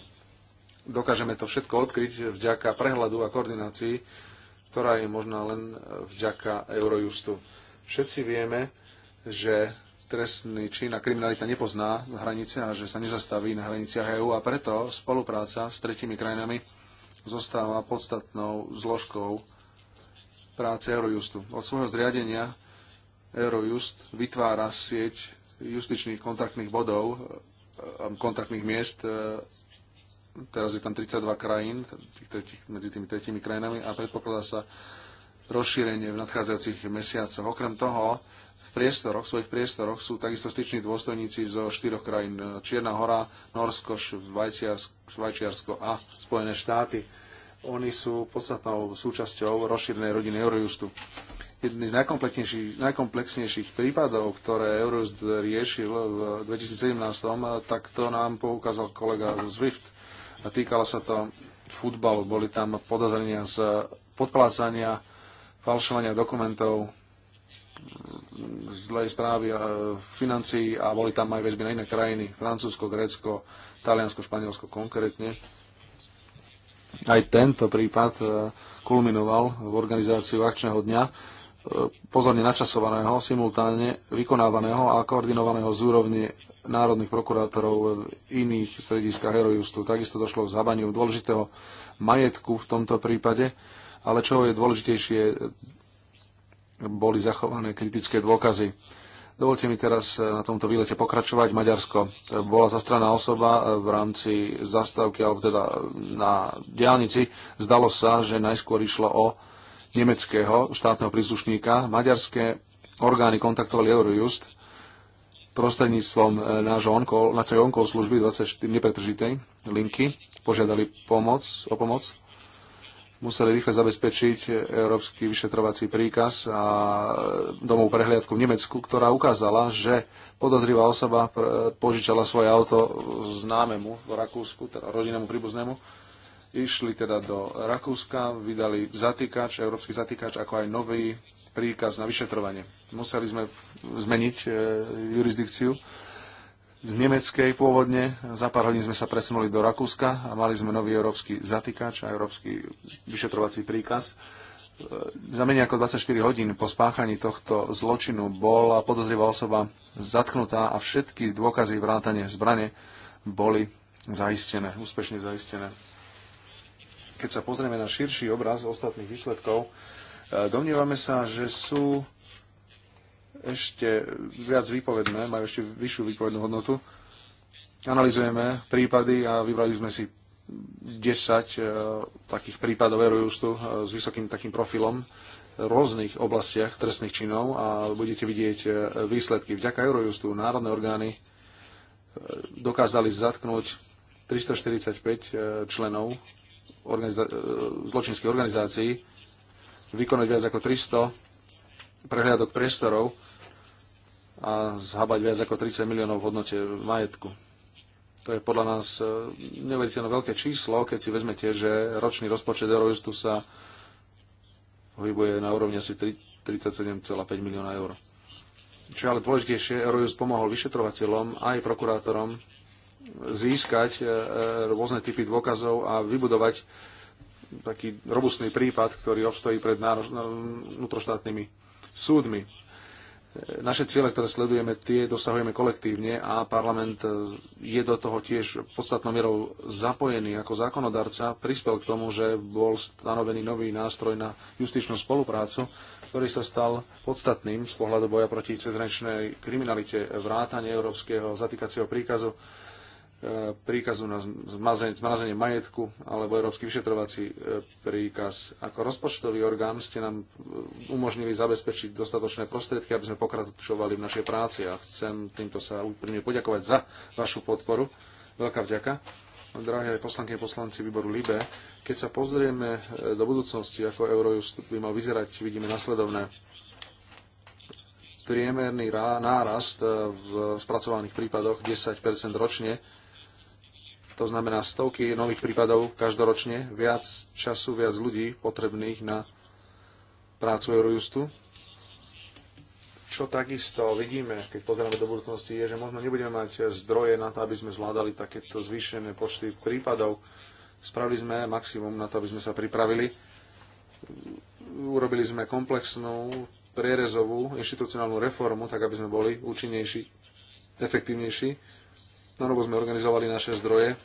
Dokážeme to všetko odkryť vďaka prehľadu a koordinácii, ktorá je možná len vďaka Eurojustu. Všetci vieme, že trestný čin a kriminalita nepozná hranice a že sa nezastaví na hraniciach EÚ a preto spolupráca s tretimi krajinami zostáva podstatnou zložkou práce Eurojustu. Od svojho zriadenia Eurojust vytvára sieť justičných kontaktných bodov, eh, eh, kontaktných miest. Eh, teraz je tam 32 krajín tých tretich, medzi tými tretími krajinami a predpokladá sa rozšírenie v nadchádzajúcich mesiacoch. Okrem toho, v priestoroch, svojich priestoroch sú takisto styční dôstojníci zo štyroch krajín. Čierna hora, Norsko, Švajčiarsko a Spojené štáty. Oni sú podstatnou súčasťou rozšírenej rodiny Eurojustu jedný z najkomplexnejších, najkomplexnejších prípadov, ktoré Eurojust riešil v 2017, tak to nám poukázal kolega Zwift. A týkalo sa to futbalu. Boli tam podozrenia z podplácania, falšovania dokumentov, zlej správy a e, financií a boli tam aj väzby na iné krajiny, Francúzsko, Grécko, Taliansko, Španielsko konkrétne. Aj tento prípad e, kulminoval v organizáciu akčného dňa, pozorne načasovaného, simultáne vykonávaného a koordinovaného z úrovne národných prokurátorov v iných strediskách Herojustu. Takisto došlo k zhabaniu dôležitého majetku v tomto prípade, ale čo je dôležitejšie, boli zachované kritické dôkazy. Dovolte mi teraz na tomto výlete pokračovať. Maďarsko. Bola zastraná osoba v rámci zastávky, alebo teda na diálnici. Zdalo sa, že najskôr išlo o nemeckého štátneho príslušníka. Maďarské orgány kontaktovali Eurojust prostredníctvom e, nášho onkol, našej onkol služby 24 nepretržitej linky. Požiadali pomoc, o pomoc. Museli rýchle zabezpečiť európsky vyšetrovací príkaz a e, domov prehliadku v Nemecku, ktorá ukázala, že podozrivá osoba e, požičala svoje auto známemu v Rakúsku, teda rodinnému príbuznému Išli teda do Rakúska, vydali zatýkač, európsky zatýkač, ako aj nový príkaz na vyšetrovanie. Museli sme zmeniť e, jurisdikciu z nemeckej pôvodne. Za pár hodín sme sa presunuli do Rakúska a mali sme nový európsky zatýkač a európsky vyšetrovací príkaz. E, za menej ako 24 hodín po spáchaní tohto zločinu bola podozrivá osoba zatknutá a všetky dôkazy vrátane zbrane boli zaistené, úspešne zaistené keď sa pozrieme na širší obraz ostatných výsledkov, e, domnievame sa, že sú ešte viac výpovedné, majú ešte vyššiu výpovednú hodnotu. Analizujeme prípady a vybrali sme si 10 e, takých prípadov Eurojustu e, s vysokým takým profilom v rôznych oblastiach trestných činov a budete vidieť výsledky. Vďaka Eurojustu národné orgány dokázali zatknúť 345 členov organiza- e, zločinských organizácií vykonať viac ako 300 prehliadok priestorov a zhabať viac ako 30 miliónov v hodnote majetku. To je podľa nás e, neuveriteľné veľké číslo, keď si vezmete, že ročný rozpočet Eurojustu sa pohybuje na úrovni asi 37,5 milióna eur. Čo je ale dôležitejšie, Eurojust pomohol vyšetrovateľom aj prokurátorom získať e, e, rôzne typy dôkazov a vybudovať taký robustný prípad, ktorý obstojí pred no, vnútroštátnymi súdmi. E, naše ciele, ktoré sledujeme, tie dosahujeme kolektívne a parlament je do toho tiež podstatnou mierou zapojený ako zákonodarca. Prispel k tomu, že bol stanovený nový nástroj na justičnú spoluprácu, ktorý sa stal podstatným z pohľadu boja proti cezrenčnej kriminalite vrátane európskeho zatýkacieho príkazu príkazu na zmazenie, zmrazenie majetku alebo Európsky vyšetrovací e, príkaz. Ako rozpočtový orgán ste nám e, umožnili zabezpečiť dostatočné prostriedky, aby sme pokračovali v našej práci a chcem týmto sa úprimne poďakovať za vašu podporu. Veľká vďaka. Drahé poslanky a poslanci výboru LIBE, keď sa pozrieme e, do budúcnosti, ako Eurojust by mal vyzerať, vidíme nasledovné priemerný nárast v spracovaných prípadoch 10 ročne to znamená stovky nových prípadov každoročne, viac času, viac ľudí potrebných na prácu Eurojustu. Čo takisto vidíme, keď pozrieme do budúcnosti, je, že možno nebudeme mať zdroje na to, aby sme zvládali takéto zvýšené počty prípadov. Spravili sme maximum na to, aby sme sa pripravili. Urobili sme komplexnú prierezovú inštitucionálnu reformu, tak aby sme boli účinnejší, efektívnejší na novo sme organizovali naše zdroje,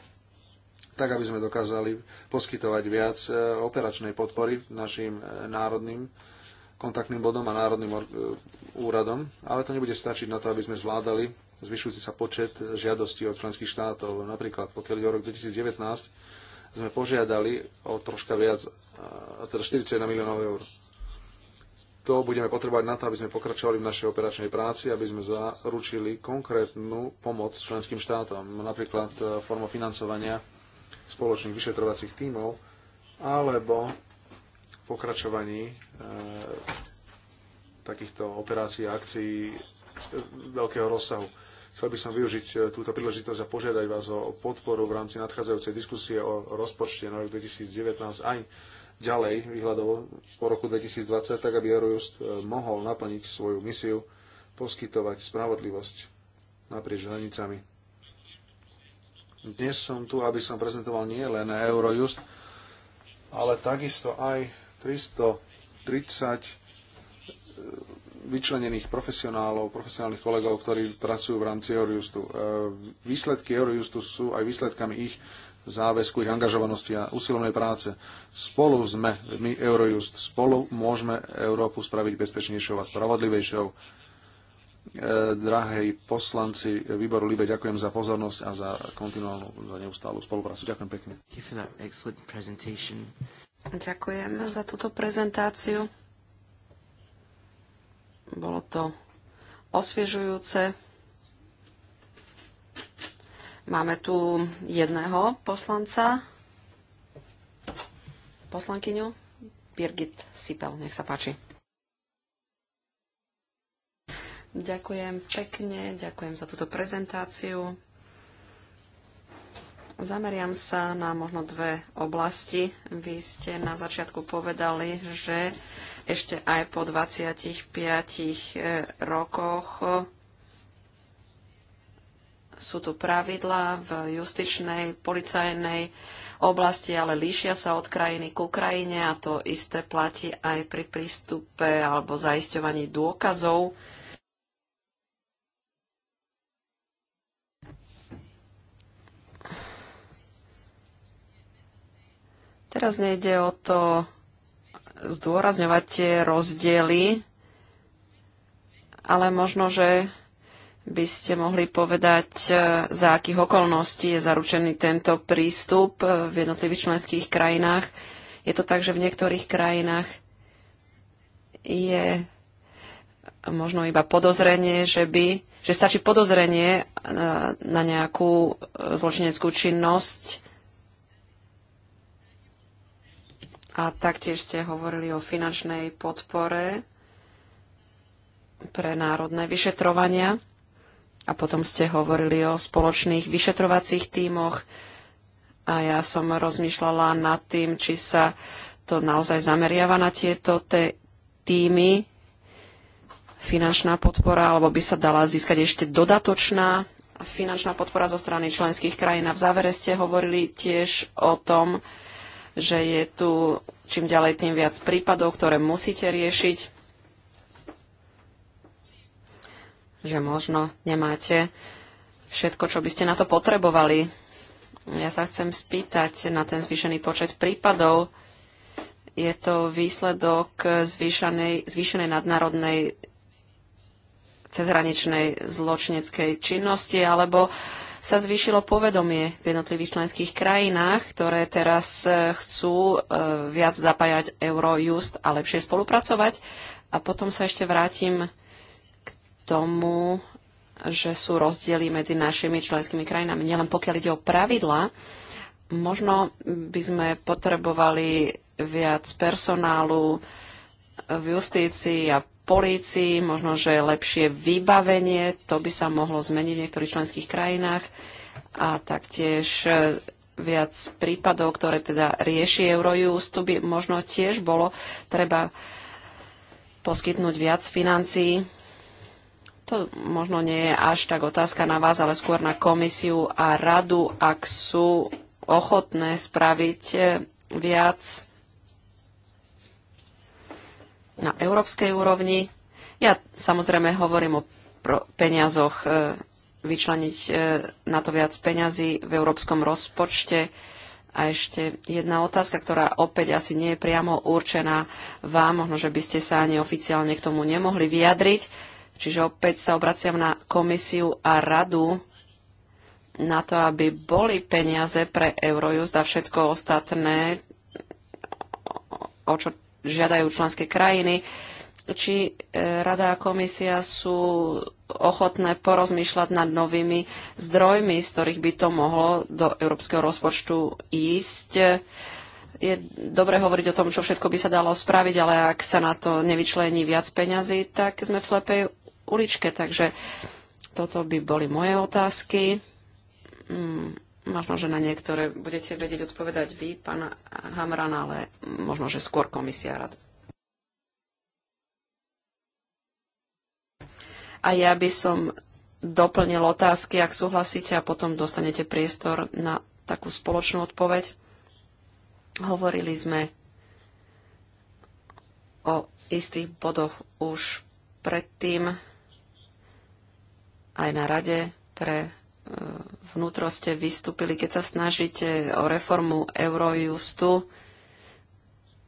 tak aby sme dokázali poskytovať viac e, operačnej podpory našim e, národným kontaktným bodom a národným e, úradom, ale to nebude stačiť na to, aby sme zvládali zvyšujúci sa počet žiadostí od členských štátov. Napríklad, pokiaľ ide o rok 2019, sme požiadali o troška viac, teda 41 miliónov eur to budeme potrebovať na to, aby sme pokračovali v našej operačnej práci, aby sme zaručili konkrétnu pomoc členským štátom, napríklad e, formou financovania spoločných vyšetrovacích tímov alebo pokračovaní e, takýchto operácií a akcií e, veľkého rozsahu. Chcel by som využiť e, túto príležitosť a požiadať vás o podporu v rámci nadchádzajúcej diskusie o rozpočte na rok 2019 aj ďalej výhľadovo po roku 2020, tak aby Eurojust e, mohol naplniť svoju misiu poskytovať spravodlivosť naprieč hranicami. Dnes som tu, aby som prezentoval nie len Eurojust, ale takisto aj 330 e, vyčlenených profesionálov, profesionálnych kolegov, ktorí pracujú v rámci Eurojustu. E, výsledky Eurojustu sú aj výsledkami ich záväzku, ich angažovanosti a usilovnej práce. Spolu sme my Eurojust, spolu môžeme Európu spraviť bezpečnejšou a spravodlivejšou. E, Drahej poslanci výboru Libe, ďakujem za pozornosť a za kontinuálnu, za neustálu spoluprácu. Ďakujem pekne. Ďakujem za túto prezentáciu. Bolo to osviežujúce. Máme tu jedného poslanca, poslankyňu Birgit Sipel. Nech sa páči. Ďakujem pekne, ďakujem za túto prezentáciu. Zameriam sa na možno dve oblasti. Vy ste na začiatku povedali, že ešte aj po 25 eh, rokoch sú tu pravidlá v justičnej, policajnej oblasti, ale líšia sa od krajiny k Ukrajine a to isté platí aj pri prístupe alebo zaisťovaní dôkazov. Teraz nejde o to zdôrazňovať tie rozdiely, ale možno, že by ste mohli povedať, e, za akých okolností je zaručený tento prístup e, v jednotlivých členských krajinách. Je to tak, že v niektorých krajinách je možno iba podozrenie, že by že stačí podozrenie e, na nejakú zločineckú činnosť. A taktiež ste hovorili o finančnej podpore pre národné vyšetrovania. A potom ste hovorili o spoločných vyšetrovacích tímoch. A ja som rozmýšľala nad tým, či sa to naozaj zameriava na tieto te týmy, finančná podpora, alebo by sa dala získať ešte dodatočná finančná podpora zo strany členských krajín. A v závere ste hovorili tiež o tom, že je tu čím ďalej tým viac prípadov, ktoré musíte riešiť. že možno nemáte všetko, čo by ste na to potrebovali. Ja sa chcem spýtať na ten zvýšený počet prípadov. Je to výsledok zvýšenej, zvýšenej nadnárodnej cezhraničnej zločineckej činnosti, alebo sa zvýšilo povedomie v jednotlivých členských krajinách, ktoré teraz eh, chcú eh, viac zapájať Eurojust a lepšie spolupracovať. A potom sa ešte vrátim tomu, že sú rozdiely medzi našimi členskými krajinami. Nielen pokiaľ ide o pravidla, možno by sme potrebovali viac personálu v justícii a polícii, možno, že lepšie vybavenie, to by sa mohlo zmeniť v niektorých členských krajinách a taktiež e, viac prípadov, ktoré teda rieši Eurojust, by možno tiež bolo treba poskytnúť viac financií to možno nie je až tak otázka na vás, ale skôr na komisiu a radu, ak sú ochotné spraviť e, viac na európskej úrovni. Ja samozrejme hovorím o peniazoch, e, vyčleniť e, na to viac peňazí v európskom rozpočte. A ešte jedna otázka, ktorá opäť asi nie je priamo určená vám, možno, že by ste sa ani oficiálne k tomu nemohli vyjadriť. Čiže opäť sa obraciam na komisiu a radu na to, aby boli peniaze pre Eurojust a všetko ostatné, o čo žiadajú členské krajiny, či e, Rada a komisia sú ochotné porozmýšľať nad novými zdrojmi, z ktorých by to mohlo do európskeho rozpočtu ísť. Je dobre hovoriť o tom, čo všetko by sa dalo spraviť, ale ak sa na to nevyčlení viac peňazí, tak sme v slepej uličke. Takže toto by boli moje otázky. Mm, možno, že na niektoré budete vedieť odpovedať vy, pán Hamran, ale možno, že skôr komisia rada. A ja by som doplnil otázky, ak súhlasíte, a potom dostanete priestor na takú spoločnú odpoveď. Hovorili sme o istých bodoch už predtým aj na Rade pre e, vnútro ste vystúpili, keď sa snažíte o reformu Eurojustu.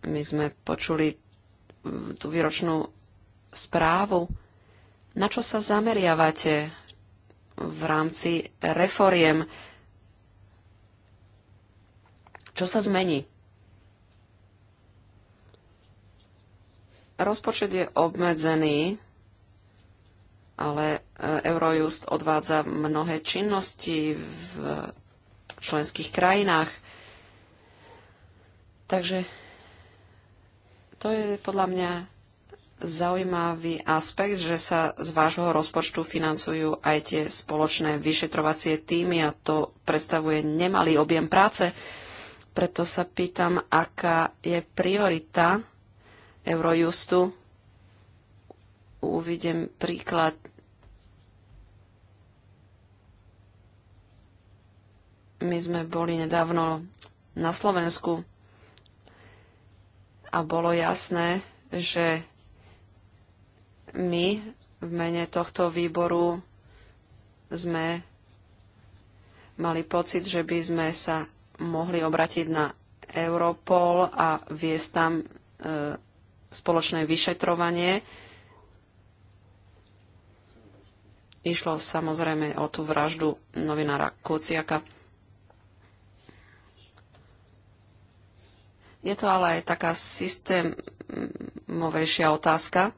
My sme počuli e, tú výročnú správu. Na čo sa zameriavate v rámci reforiem? Čo sa zmení? Rozpočet je obmedzený ale e, Eurojust odvádza mnohé činnosti v členských krajinách. Takže to je podľa mňa zaujímavý aspekt, že sa z vášho rozpočtu financujú aj tie spoločné vyšetrovacie týmy a to predstavuje nemalý objem práce. Preto sa pýtam, aká je priorita Eurojustu. Uvidím príklad My sme boli nedávno na Slovensku a bolo jasné, že my v mene tohto výboru sme mali pocit, že by sme sa mohli obratiť na Europol a viesť tam e, spoločné vyšetrovanie. Išlo samozrejme o tú vraždu novinára Kuciaka. Je to ale aj taká systémovejšia otázka.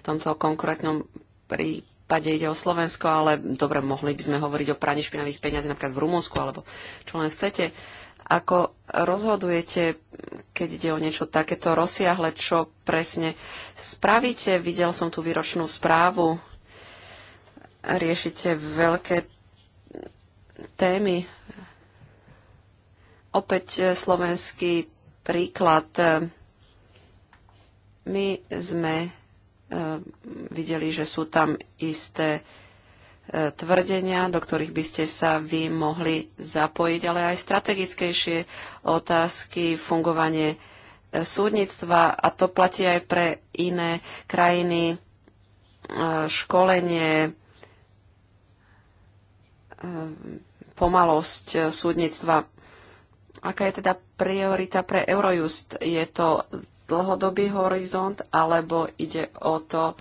V tomto konkrétnom prípade ide o Slovensko, ale dobre, mohli by sme hovoriť o praní špinavých peniazí napríklad v Rumunsku alebo čo len chcete. Ako rozhodujete, keď ide o niečo takéto rozsiahle, čo presne spravíte? Videl som tú výročnú správu. Riešite veľké témy Opäť e, slovenský príklad. E, my sme e, videli, že sú tam isté tvrdenia, do ktorých by ste sa vy mohli zapojiť, ale aj strategickejšie otázky, fungovanie súdnictva a to platí aj pre iné krajiny, školenie, pomalosť súdnictva. Aká je teda priorita pre Eurojust? Je to dlhodobý horizont, alebo ide o to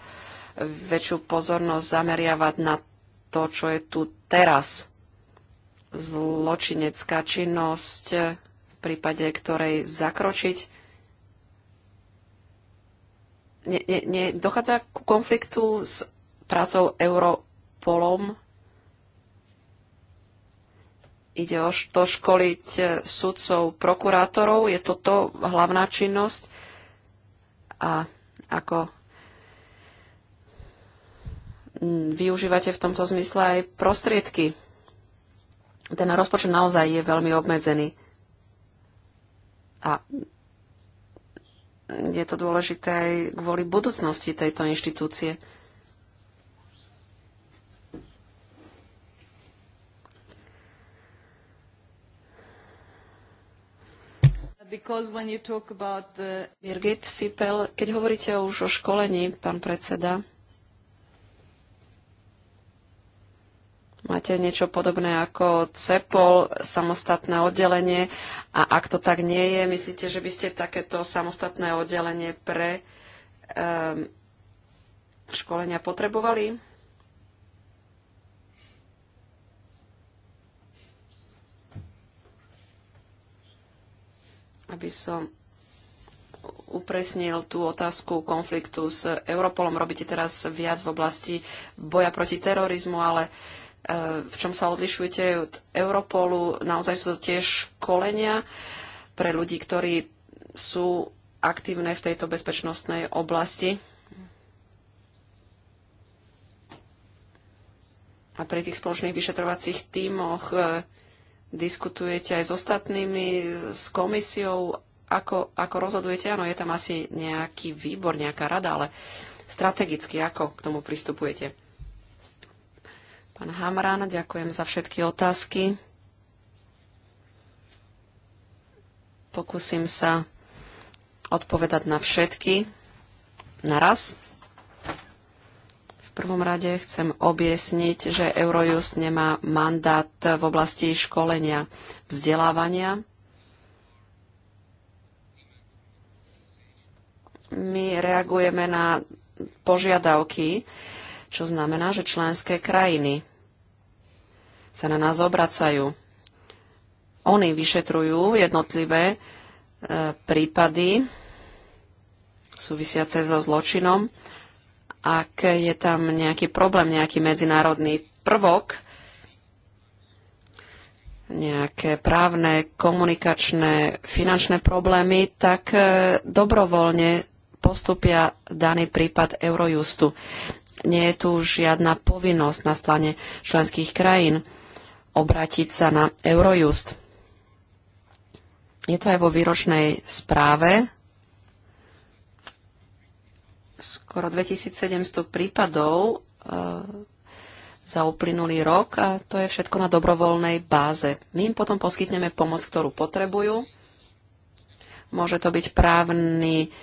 väčšiu pozornosť zameriavať na to, čo je tu teraz? Zločinecká činnosť, v prípade ktorej zakročiť. Ne, ne, ne, dochádza ku konfliktu s prácou Europolom Ide o to školiť e, sudcov, prokurátorov. Je toto hlavná činnosť. A ako využívate v tomto zmysle aj prostriedky. Ten rozpočet naozaj je veľmi obmedzený. A je to dôležité aj kvôli budúcnosti tejto inštitúcie. Birgit Sipel, keď hovoríte už o školení, pán predseda, máte niečo podobné ako CEPOL, samostatné oddelenie a ak to tak nie je, myslíte, že by ste takéto samostatné oddelenie pre um, školenia potrebovali? aby som upresnil tú otázku konfliktu s Europolom. Robíte teraz viac v oblasti boja proti terorizmu, ale e, v čom sa odlišujete od Europolu? Naozaj sú to tiež školenia pre ľudí, ktorí sú aktívne v tejto bezpečnostnej oblasti. A pri tých spoločných vyšetrovacích tímoch e, diskutujete aj s ostatnými, s komisiou, ako, ako rozhodujete? Áno, je tam asi nejaký výbor, nejaká rada, ale strategicky ako k tomu pristupujete? Pán Hamran, ďakujem za všetky otázky. Pokúsim sa odpovedať na všetky naraz prvom rade chcem objasniť, že Eurojust nemá mandát v oblasti školenia, vzdelávania. My reagujeme na požiadavky, čo znamená, že členské krajiny sa na nás obracajú. Oni vyšetrujú jednotlivé e, prípady súvisiace so zločinom ak je tam nejaký problém, nejaký medzinárodný prvok, nejaké právne, komunikačné, finančné problémy, tak e, dobrovoľne postupia daný prípad Eurojustu. Nie je tu žiadna povinnosť na strane členských krajín obrátiť sa na Eurojust. Je to aj vo výročnej správe skoro 2700 prípadov e, za uplynulý rok a to je všetko na dobrovoľnej báze. My im potom poskytneme pomoc, ktorú potrebujú. Môže to byť právny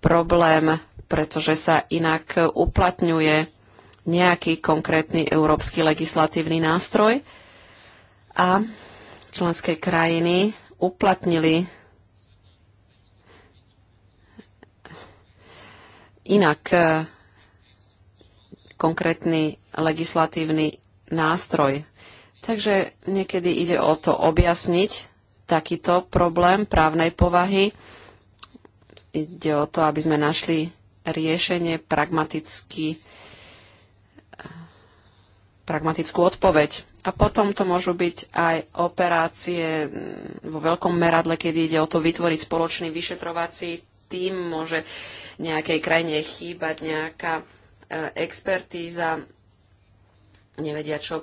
problém, pretože sa inak uplatňuje nejaký konkrétny európsky legislatívny nástroj a členské krajiny uplatnili inak e, konkrétny legislatívny nástroj. Takže niekedy ide o to objasniť takýto problém právnej povahy. Ide o to, aby sme našli riešenie pragmaticky, e, pragmatickú odpoveď. A potom to môžu byť aj operácie vo veľkom meradle, kedy ide o to vytvoriť spoločný vyšetrovací tým môže nejakej krajine chýbať nejaká e, expertíza, nevedia, čo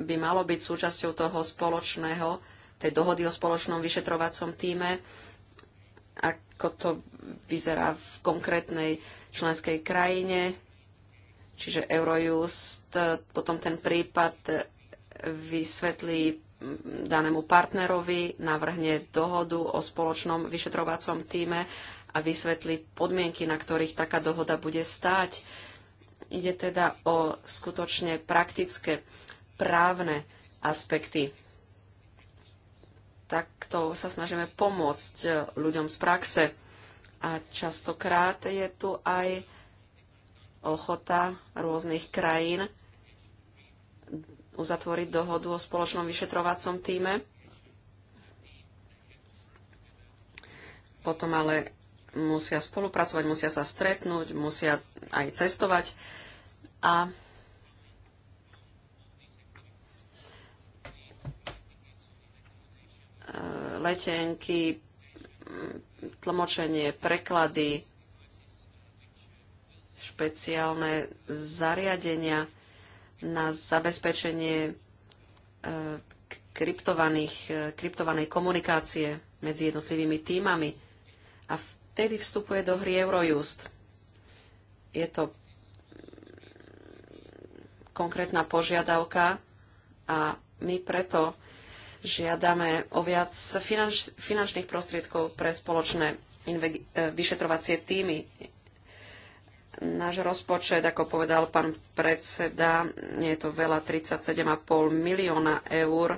by malo byť súčasťou toho spoločného, tej dohody o spoločnom vyšetrovacom týme, ako to vyzerá v konkrétnej členskej krajine, čiže Eurojust, e, potom ten prípad e, vysvetlí danému partnerovi, navrhne dohodu o spoločnom vyšetrovacom týme a vysvetli podmienky, na ktorých taká dohoda bude stáť. Ide teda o skutočne praktické právne aspekty. Takto sa snažíme pomôcť e, ľuďom z praxe. A častokrát je tu aj ochota rôznych krajín uzatvoriť dohodu o spoločnom vyšetrovacom týme. Potom ale musia spolupracovať, musia sa stretnúť, musia aj cestovať. A letenky, tlmočenie, preklady, špeciálne zariadenia na zabezpečenie e, kryptovaných, e, kryptovanej komunikácie medzi jednotlivými týmami. A v vtedy vstupuje do hry Eurojust. Je to konkrétna požiadavka a my preto žiadame o viac finanš, finančných prostriedkov pre spoločné e, vyšetrovacie týmy. Náš rozpočet, ako povedal pán predseda, nie je to veľa, 37,5 milióna eur,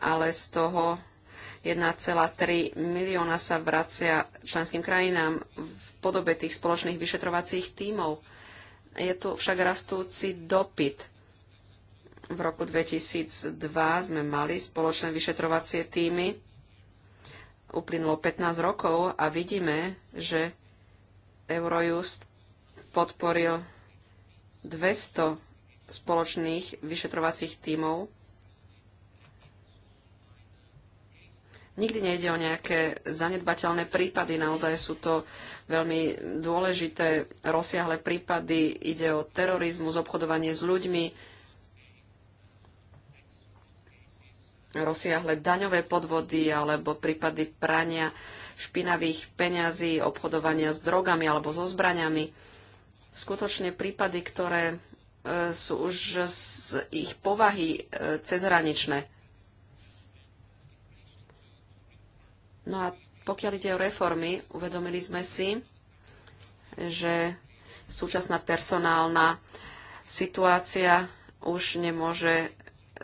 ale z toho 1,3 milióna sa vracia členským krajinám v podobe tých spoločných vyšetrovacích tímov. Je tu však rastúci dopyt. V roku 2002 sme mali spoločné vyšetrovacie týmy. Uplynulo 15 rokov a vidíme, že Eurojust podporil 200 spoločných vyšetrovacích tímov Nikdy nejde o nejaké zanedbateľné prípady, naozaj sú to veľmi dôležité, rozsiahle prípady. Ide o terorizmus, obchodovanie s ľuďmi, rozsiahle daňové podvody alebo prípady prania špinavých peňazí, obchodovania s drogami alebo so zbraniami. Skutočne prípady, ktoré e, sú už z ich povahy e, cezhraničné. No a pokiaľ ide o reformy, uvedomili sme si, že súčasná personálna situácia už nemôže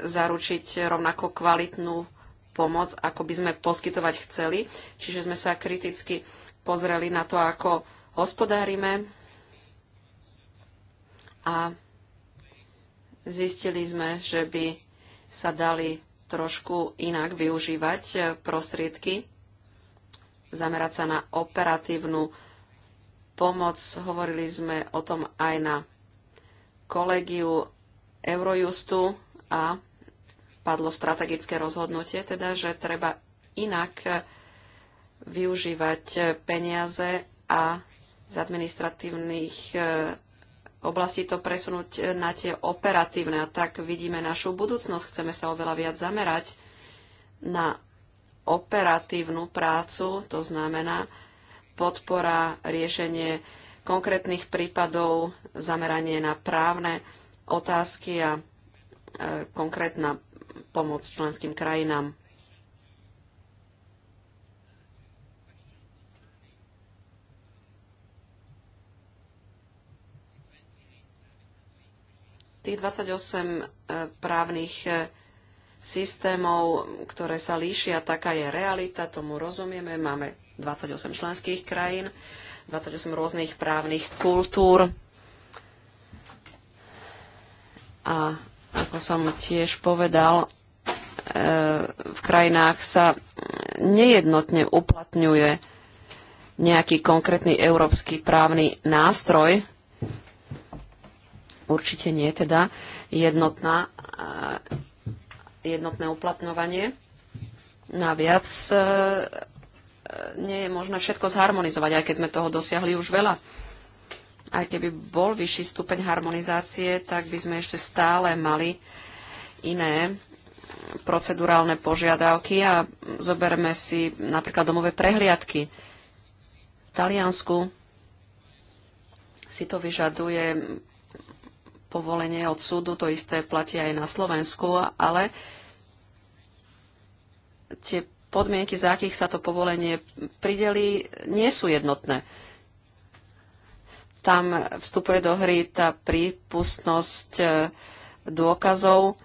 zaručiť rovnako kvalitnú pomoc, ako by sme poskytovať chceli. Čiže sme sa kriticky pozreli na to, ako hospodárime a zistili sme, že by sa dali trošku inak využívať prostriedky zamerať sa na operatívnu pomoc. Hovorili sme o tom aj na kolegiu Eurojustu a padlo strategické rozhodnutie, teda, že treba inak využívať peniaze a z administratívnych e, oblastí to presunúť na tie operatívne. A tak vidíme našu budúcnosť. Chceme sa oveľa viac zamerať na operatívnu prácu, to znamená podpora, riešenie konkrétnych prípadov, zameranie na právne otázky a e, konkrétna pomoc členským krajinám. Tých 28 e, právnych e, systémov, ktoré sa líšia. Taká je realita, tomu rozumieme. Máme 28 členských krajín, 28 rôznych právnych kultúr. A ako som tiež povedal, e, v krajinách sa nejednotne uplatňuje nejaký konkrétny európsky právny nástroj. Určite nie teda jednotná jednotné uplatňovanie. Naviac e, e, nie je možné všetko zharmonizovať, aj keď sme toho dosiahli už veľa. Aj keby bol vyšší stupeň harmonizácie, tak by sme ešte stále mali iné procedurálne požiadavky a zoberme si napríklad domové prehliadky. V Taliansku si to vyžaduje povolenie od súdu, to isté platí aj na Slovensku, ale tie podmienky, za akých sa to povolenie prideli, nie sú jednotné. Tam vstupuje do hry tá prípustnosť e, dôkazov.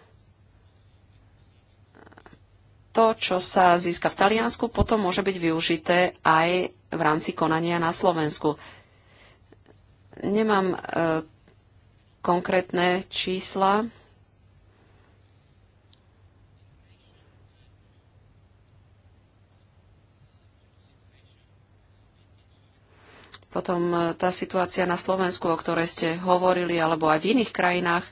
To, čo sa získa v Taliansku, potom môže byť využité aj v rámci konania na Slovensku. Nemám e, konkrétne čísla. Potom eh, tá situácia na Slovensku, o ktorej ste hovorili, alebo aj v iných krajinách,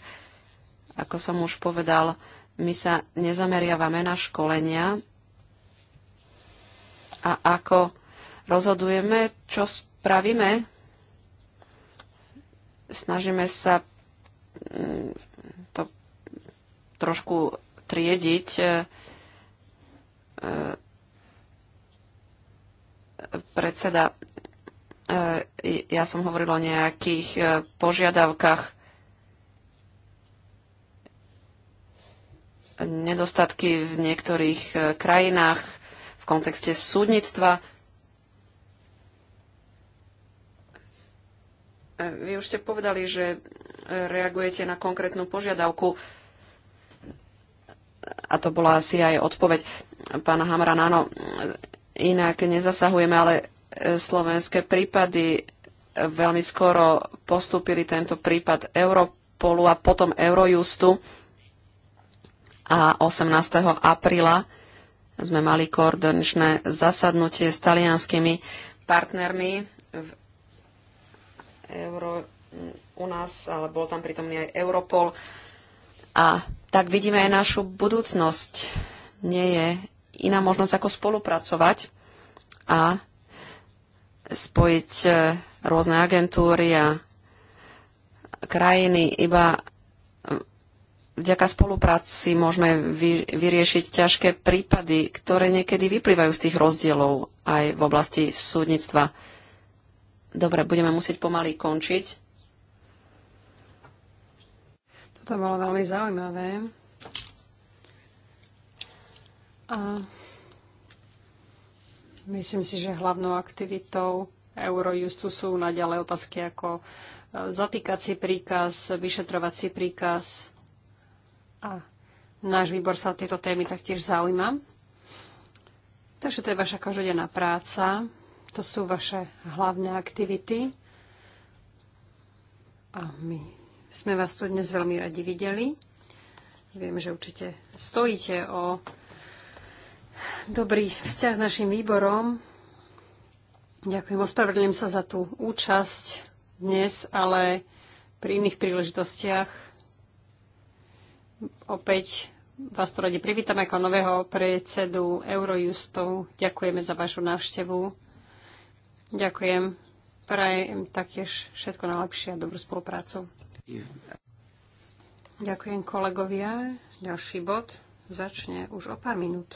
ako som už povedal, my sa nezameriavame na školenia a ako rozhodujeme, čo spravíme. Snažíme sa to trošku triediť. E, e, predseda, e, ja som hovorila o nejakých požiadavkách nedostatky v niektorých krajinách v kontexte súdnictva. Vy už ste povedali, že reagujete na konkrétnu požiadavku. A to bola asi aj odpoveď pána Hamrana. Áno, inak nezasahujeme, ale slovenské prípady veľmi skoro postúpili tento prípad Europolu a potom Eurojustu. A 18. apríla sme mali koordinačné zasadnutie s talianskými partnermi v Euro, u nás, ale bol tam prítomný aj Europol. A tak vidíme aj našu budúcnosť. Nie je iná možnosť ako spolupracovať a spojiť e, rôzne agentúry a krajiny. Iba e, vďaka spolupráci môžeme vy, vyriešiť ťažké prípady, ktoré niekedy vyplývajú z tých rozdielov aj v oblasti súdnictva. Dobre, budeme musieť pomaly končiť. To bolo veľmi zaujímavé. A myslím si, že hlavnou aktivitou Eurojustu sú naďalej otázky ako e, zatýkací príkaz, vyšetrovací príkaz a náš výbor sa o tieto témy taktiež zaujíma. Takže to je vaša každodenná práca, to sú vaše hlavné aktivity a my sme vás tu dnes veľmi radi videli. Viem, že určite stojíte o dobrý vzťah s našim výborom. Ďakujem, ospravedlňujem sa za tú účasť dnes, ale pri iných príležitostiach opäť vás poradi privítam ako nového predsedu Eurojustov. Ďakujeme za vašu návštevu. Ďakujem. Prajem taktiež všetko najlepšie a dobrú spoluprácu. Ďakujem kolegovia. Ďalší bod začne už o pár minút.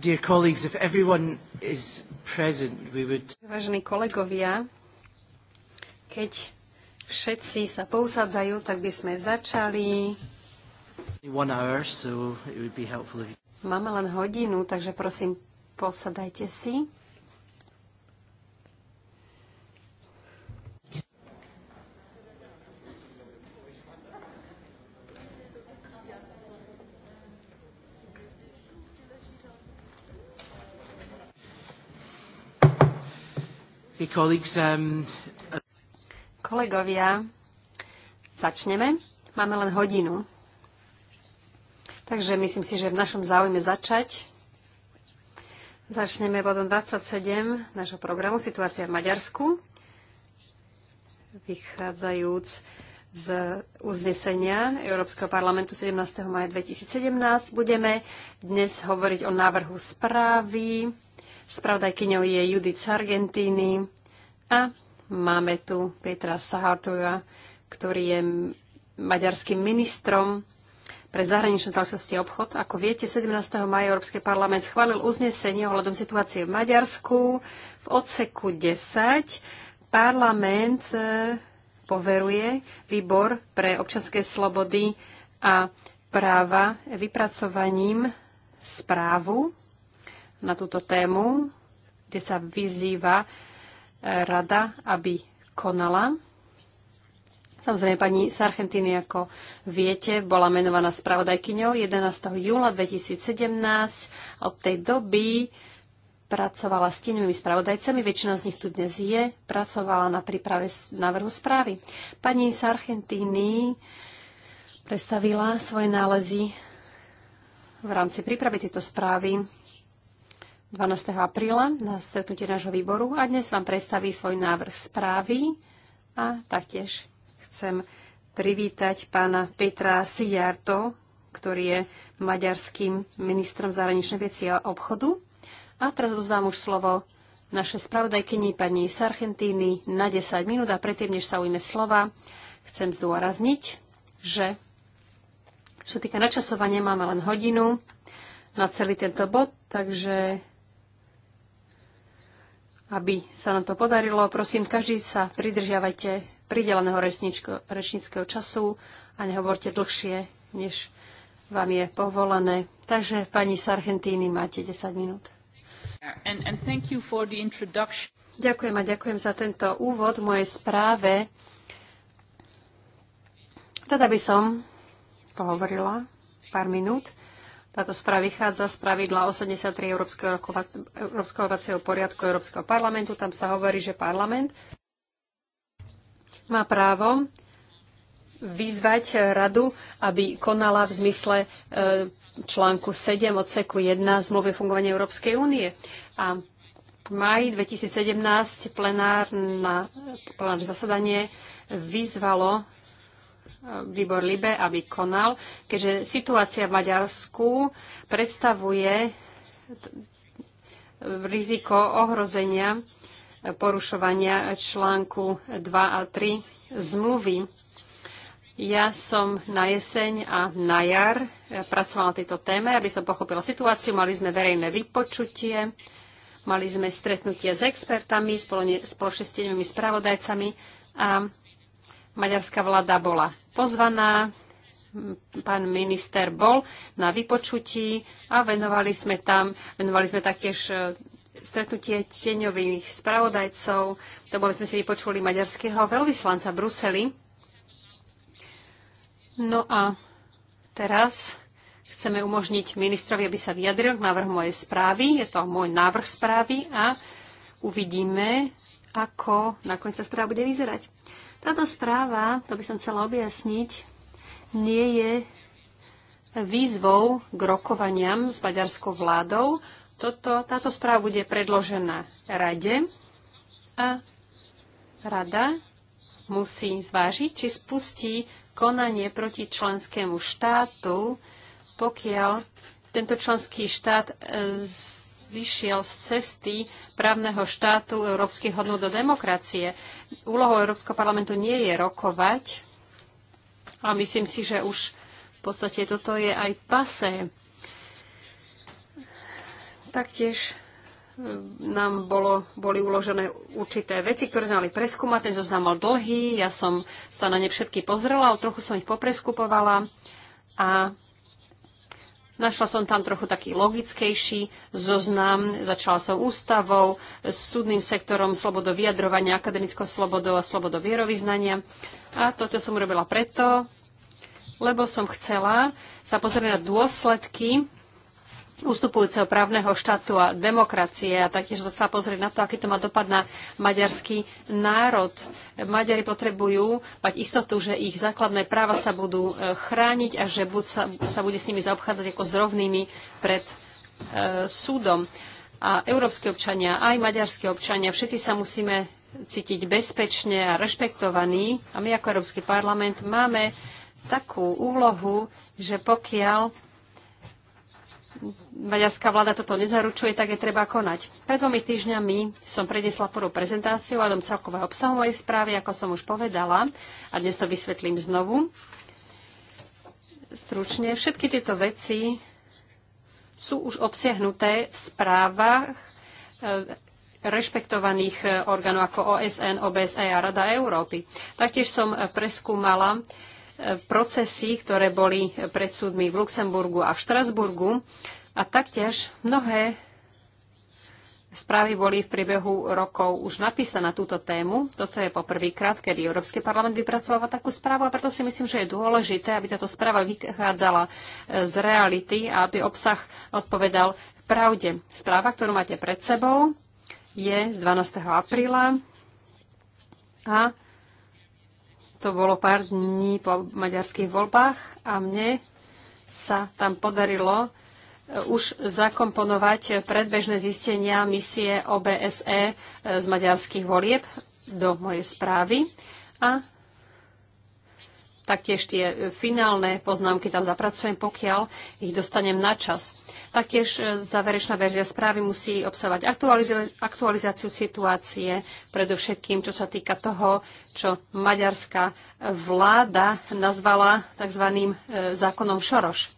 Dear colleagues, if everyone is present, we would... Vážení kolegovia, keď všetci sa pousadzajú, tak by sme začali. One hour, so it would be helpful if you... Máme len hodinu, takže prosím, posadajte si. Um, Kolegovia, začneme. Máme len hodinu. Takže myslím si, že v našom záujme začať. Začneme bodom 27 našho programu Situácia v Maďarsku, vychádzajúc z uznesenia Európskeho parlamentu 17. maja 2017. Budeme dnes hovoriť o návrhu správy. Spravodajkyňou je Judith z a máme tu Petra Sahartova, ktorý je maďarským ministrom pre zahraničné záležitosti a obchod. Ako viete, 17. maja Európsky parlament schválil uznesenie ohľadom situácie v Maďarsku. V odseku 10 parlament e, poveruje výbor pre občanské slobody a práva vypracovaním správu na túto tému, kde sa vyzýva rada, aby konala. Samozrejme, pani Sargentini, ako viete, bola menovaná spravodajkyňou 11. júla 2017. Od tej doby pracovala s tieňovými spravodajcami, väčšina z nich tu dnes je, pracovala na príprave návrhu správy. Pani Sargentini predstavila svoje nálezy v rámci prípravy tejto správy 12. apríla na stretnutie nášho výboru a dnes vám predstaví svoj návrh správy a taktiež chcem privítať pána Petra Sijarto, ktorý je maďarským ministrom zahraničnej veci a obchodu. A teraz dozdám už slovo našej spravodajkyni pani Sargentini na 10 minút a predtým, než sa ujme slova, chcem zdôrazniť, že čo týka načasovania, máme len hodinu na celý tento bod, takže aby sa nám to podarilo. Prosím, každý sa pridržiavajte prideleného rečníckého času a nehovorte dlhšie, než vám je povolené. Takže, pani Sargentíny, máte 10 minút. And, and ďakujem a ďakujem za tento úvod v mojej správe. Teda by som pohovorila pár minút táto správa vychádza z pravidla 83 Európskeho rokovacieho poriadku Európskeho parlamentu. Tam sa hovorí, že parlament má právo vyzvať radu, aby konala v zmysle e, článku 7 odseku 1 zmluvy fungovania Európskej únie. A v maji 2017 plenárne zasadanie vyzvalo výbor Libe, aby konal, keďže situácia v Maďarsku predstavuje riziko ohrozenia porušovania článku 2 a 3 zmluvy. Ja som na jeseň a na jar pracovala na tejto téme, aby som pochopila situáciu. Mali sme verejné vypočutie, mali sme stretnutie s expertami, spoločne s tými spravodajcami a Maďarská vláda bola pozvaná, pán minister bol na vypočutí a venovali sme tam, venovali sme taktiež e, stretnutie tieňových spravodajcov. To boli sme si vypočuli maďarského veľvyslanca Bruseli. No a teraz chceme umožniť ministrovi, aby sa vyjadril k návrhu mojej správy. Je to môj návrh správy a uvidíme, ako nakoniec tá správa bude vyzerať. Táto správa, to by som chcela objasniť, nie je výzvou k rokovaniam s maďarskou vládou. Toto, táto správa bude predložená rade a rada musí zvážiť, či spustí konanie proti členskému štátu, pokiaľ tento členský štát e, zišiel z cesty právneho štátu európskych hodnot do demokracie. Úlohou Európskeho parlamentu nie je rokovať a myslím si, že už v podstate toto je aj pase. Taktiež eh, nám bolo, boli uložené určité veci, ktoré sme mali preskúmať. Ten zoznam mal dlhý, ja som sa na ne všetky pozrela, trochu som ich popreskupovala. A Našla som tam trochu taký logickejší zoznam. Začala som ústavou, s súdnym sektorom, slobodou vyjadrovania, akademickou slobodou a slobodou vierovýznania. A toto som urobila preto, lebo som chcela sa pozrieť na dôsledky ústupujúceho právneho štátu a demokracie a taktiež sa pozrieť na to, aký to má dopad na maďarský národ. Maďari potrebujú mať istotu, že ich základné práva sa budú e, chrániť a že buď sa, sa bude s nimi zaobchádzať ako s rovnými pred e, súdom. A európske občania, aj maďarské občania, všetci sa musíme cítiť bezpečne a rešpektovaní. A my ako Európsky parlament máme takú úlohu, že pokiaľ maďarská vláda toto nezaručuje, tak je treba konať. Pred dvomi týždňami som prednesla prvú prezentáciu a dom celkového obsahu mojej správy, ako som už povedala, a dnes to vysvetlím znovu. Stručne, všetky tieto veci sú už obsiahnuté v správach eh, rešpektovaných eh, orgánov ako OSN, OBSE a Rada Európy. Taktiež som eh, preskúmala procesy, ktoré boli pred súdmi v Luxemburgu a v Štrasburgu. A taktiež mnohé správy boli v priebehu rokov už napísané na túto tému. Toto je poprvýkrát, kedy Európsky parlament vypracoval takú správu a preto si myslím, že je dôležité, aby táto správa vychádzala e, z reality a aby obsah odpovedal pravde. Správa, ktorú máte pred sebou, je z 12. apríla a to bolo pár dní po maďarských voľbách a mne sa tam podarilo e, už zakomponovať predbežné zistenia misie OBSE e, z maďarských volieb do mojej správy a taktiež tie finálne poznámky tam zapracujem, pokiaľ ich dostanem na čas. Taktiež e, záverečná verzia správy musí obsahovať aktualizáciu situácie, predovšetkým čo sa týka toho, čo maďarská vláda nazvala tzv. E, zákonom Šoroš.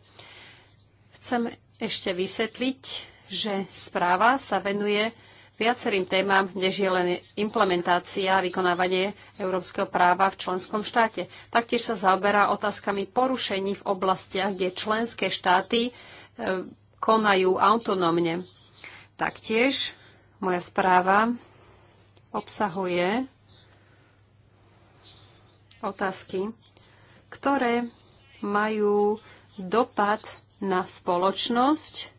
Chcem ešte vysvetliť, že správa sa venuje viacerým témam, než je len implementácia a vykonávanie európskeho práva v členskom štáte. Taktiež sa zaoberá otázkami porušení v oblastiach, kde členské štáty e, konajú autonómne. Taktiež moja správa obsahuje otázky, ktoré majú dopad na spoločnosť,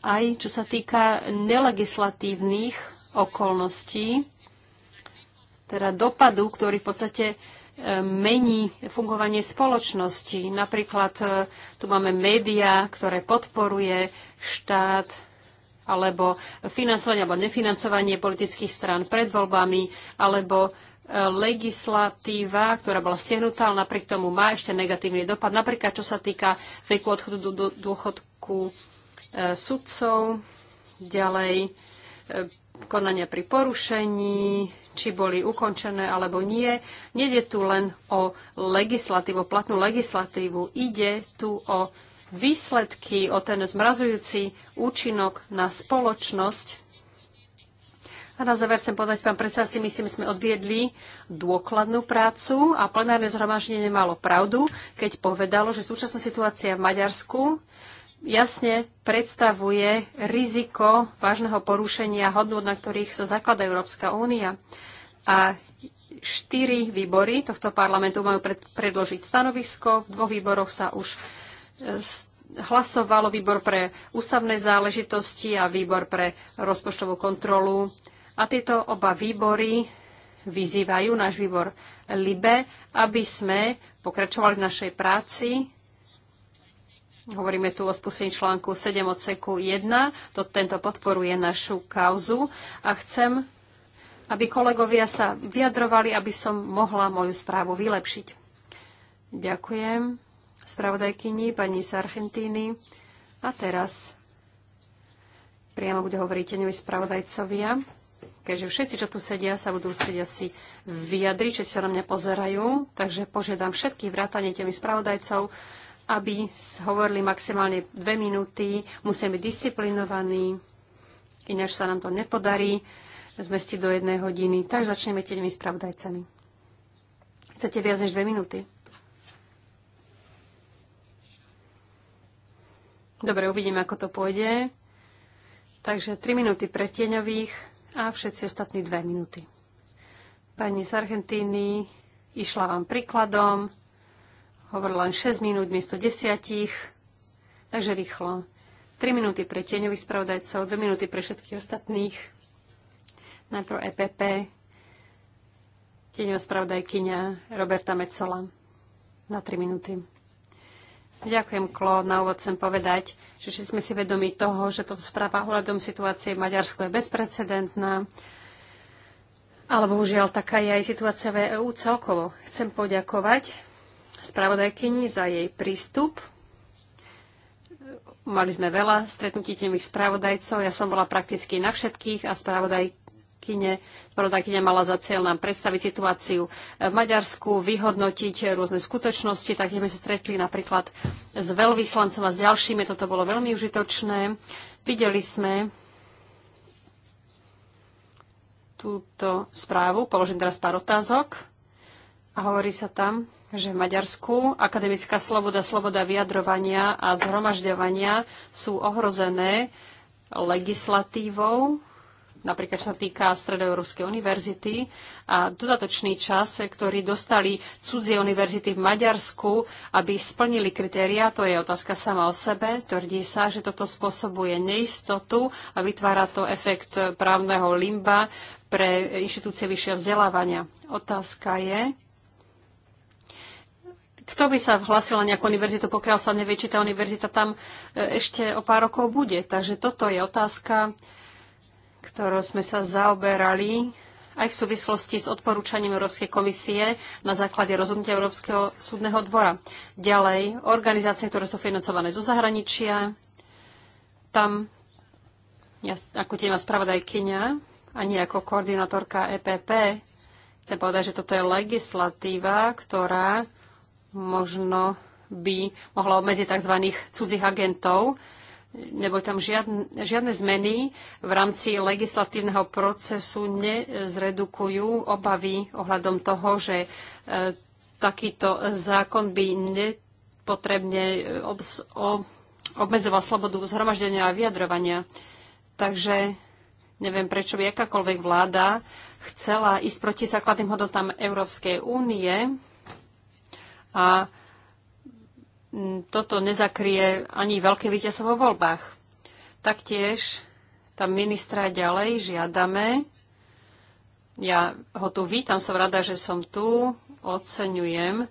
aj čo sa týka nelegislatívnych okolností, teda dopadu, ktorý v podstate mení fungovanie spoločnosti. Napríklad e, tu máme médiá, ktoré podporuje štát alebo financovanie alebo nefinancovanie politických strán pred voľbami, alebo e, legislatíva, ktorá bola stiahnutá, ale napriek tomu má ešte negatívny dopad. Napríklad, čo sa týka veku odchodu do dôchodku e, sudcov, ďalej konania pri porušení, či boli ukončené alebo nie. Nede tu len o legislatívu, platnú legislatívu. Ide tu o výsledky, o ten zmrazujúci účinok na spoločnosť. A na záver chcem povedať, pán predseda, si myslím, sme odviedli dôkladnú prácu a plenárne zhromaždenie nemalo pravdu, keď povedalo, že súčasná situácia v Maďarsku jasne predstavuje riziko vážneho porušenia hodnot, na ktorých sa zaklada Európska únia a štyri výbory tohto parlamentu majú pred, predložiť stanovisko. V dvoch výboroch sa už e, hlasovalo výbor pre ústavné záležitosti a výbor pre rozpočtovú kontrolu. A tieto oba výbory vyzývajú náš výbor LIBE, aby sme pokračovali v našej práci. Hovoríme tu o spustení článku 7 odseku 1. To, tento podporuje našu kauzu a chcem aby kolegovia sa vyjadrovali, aby som mohla moju správu vylepšiť. Ďakujem spravodajkyni pani Sargentini. A teraz priamo bude hovoriť teňovi spravodajcovia, keďže všetci, čo tu sedia, sa budú chcieť asi vyjadriť, či sa na mňa pozerajú. Takže požiadam všetkých vrátane teňovi spravodajcov, aby hovorili maximálne dve minúty, musíme byť disciplinovaní, ináč sa nám to nepodarí zmesti do jednej hodiny. Tak začneme tými spravodajcami. Chcete viac než dve minúty? Dobre, uvidíme, ako to pôjde. Takže 3 minúty pre tieňových a všetci ostatní 2 minúty. Pani z Argentíny išla vám príkladom, hovorila len 6 minút miesto 10, takže rýchlo. 3 minúty pre tieňových spravodajcov, 2 minúty pre všetkých ostatných. Najprv EPP, tieňová spravodajkyňa Roberta Mecola na 3 minúty. Ďakujem, Klo. Na úvod chcem povedať, že všetci sme si vedomi toho, že toto správa ohľadom situácie v Maďarsku je bezprecedentná, ale bohužiaľ taká je aj situácia v EU celkovo. Chcem poďakovať spravodajkyni za jej prístup. Mali sme veľa stretnutí tých spravodajcov, ja som bola prakticky na všetkých a spravodaj kine, spravodajkyňa mala za cieľ nám predstaviť situáciu v Maďarsku, vyhodnotiť rôzne skutočnosti, tak sme sa stretli napríklad s veľvyslancom a s ďalšími, toto bolo veľmi užitočné. Videli sme túto správu, položím teraz pár otázok a hovorí sa tam, že v Maďarsku akademická sloboda, sloboda vyjadrovania a zhromažďovania sú ohrozené legislatívou, napríklad čo sa týka Stredoeurópskej univerzity a dodatočný čas, ktorý dostali cudzie univerzity v Maďarsku, aby splnili kritéria, to je otázka sama o sebe. Tvrdí sa, že toto spôsobuje neistotu a vytvára to efekt právneho limba pre inštitúcie vyššieho vzdelávania. Otázka je, kto by sa hlasil na nejakú univerzitu, pokiaľ sa nevie, či tá univerzita tam e, ešte o pár rokov bude. Takže toto je otázka, ktorou sme sa zaoberali aj v súvislosti s odporúčaním Európskej komisie na základe rozhodnutia Európskeho súdneho dvora. Ďalej, organizácie, ktoré sú financované zo zahraničia, tam ja ako téma spravodajkyňa a nie ako koordinátorka EPP chcem povedať, že toto je legislatíva, ktorá možno by mohla obmedziť tzv. cudzích agentov, neboli tam žiadne, žiadne zmeny v rámci legislatívneho procesu nezredukujú obavy ohľadom toho, že e, takýto zákon by nepotrebne e, obs, o, obmedzoval slobodu zhromaždenia a vyjadrovania. Takže neviem, prečo by akákoľvek vláda chcela ísť proti základným hodnotám Európskej únie a Mm, toto nezakrie ani veľké víťazstvo vo voľbách. Taktiež tam ministra ďalej žiadame. Ja ho tu vítam, som rada, že som tu, oceňujem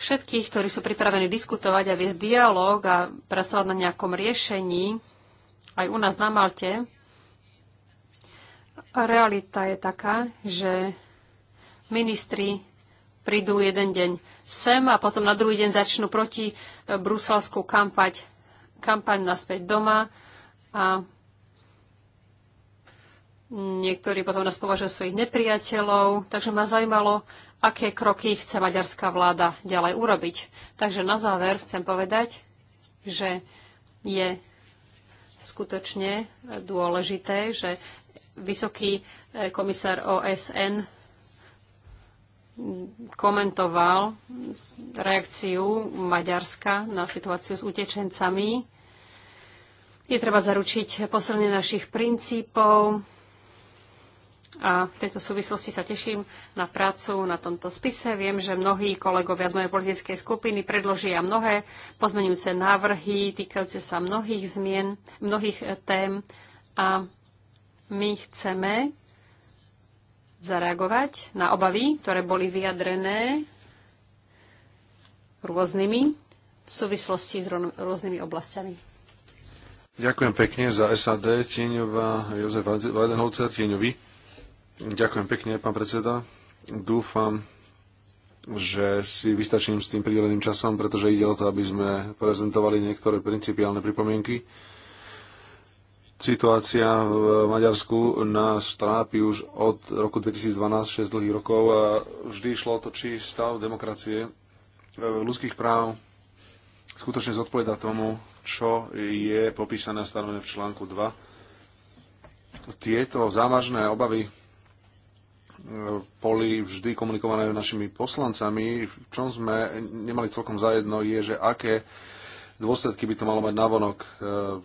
všetkých, ktorí sú pripravení diskutovať a viesť dialog a pracovať na nejakom riešení, aj u nás na Malte. Realita je taká, že ministri prídu jeden deň sem a potom na druhý deň začnú proti e, bruselskú kampaň, kampaň naspäť doma a niektorí potom nás považujú svojich nepriateľov. Takže ma zaujímalo, aké kroky chce maďarská vláda ďalej urobiť. Takže na záver chcem povedať, že je skutočne dôležité, že vysoký e, komisár OSN komentoval reakciu Maďarska na situáciu s utečencami. Je treba zaručiť posilnenie našich princípov a v tejto súvislosti sa teším na prácu na tomto spise. Viem, že mnohí kolegovia z mojej politickej skupiny predložia mnohé pozmenujúce návrhy týkajúce sa mnohých zmien, mnohých tém a my chceme zareagovať na obavy, ktoré boli vyjadrené rôznymi v súvislosti s rôznymi oblastiami. Ďakujem pekne za SAD, Tieňová, Jozef Vajdenhovca, Tieňový. Ďakujem pekne, pán predseda. Dúfam, že si vystačím s tým prideleným časom, pretože ide o to, aby sme prezentovali niektoré principiálne pripomienky Situácia v Maďarsku nás trápi už od roku 2012, 6 dlhých rokov a vždy šlo to, či stav demokracie, e, ľudských práv skutočne zodpoveda tomu, čo je popísané a stanovené v článku 2. Tieto závažné obavy e, boli vždy komunikované našimi poslancami. V čom sme nemali celkom zajedno je, že aké dôsledky by to malo mať navonok. E,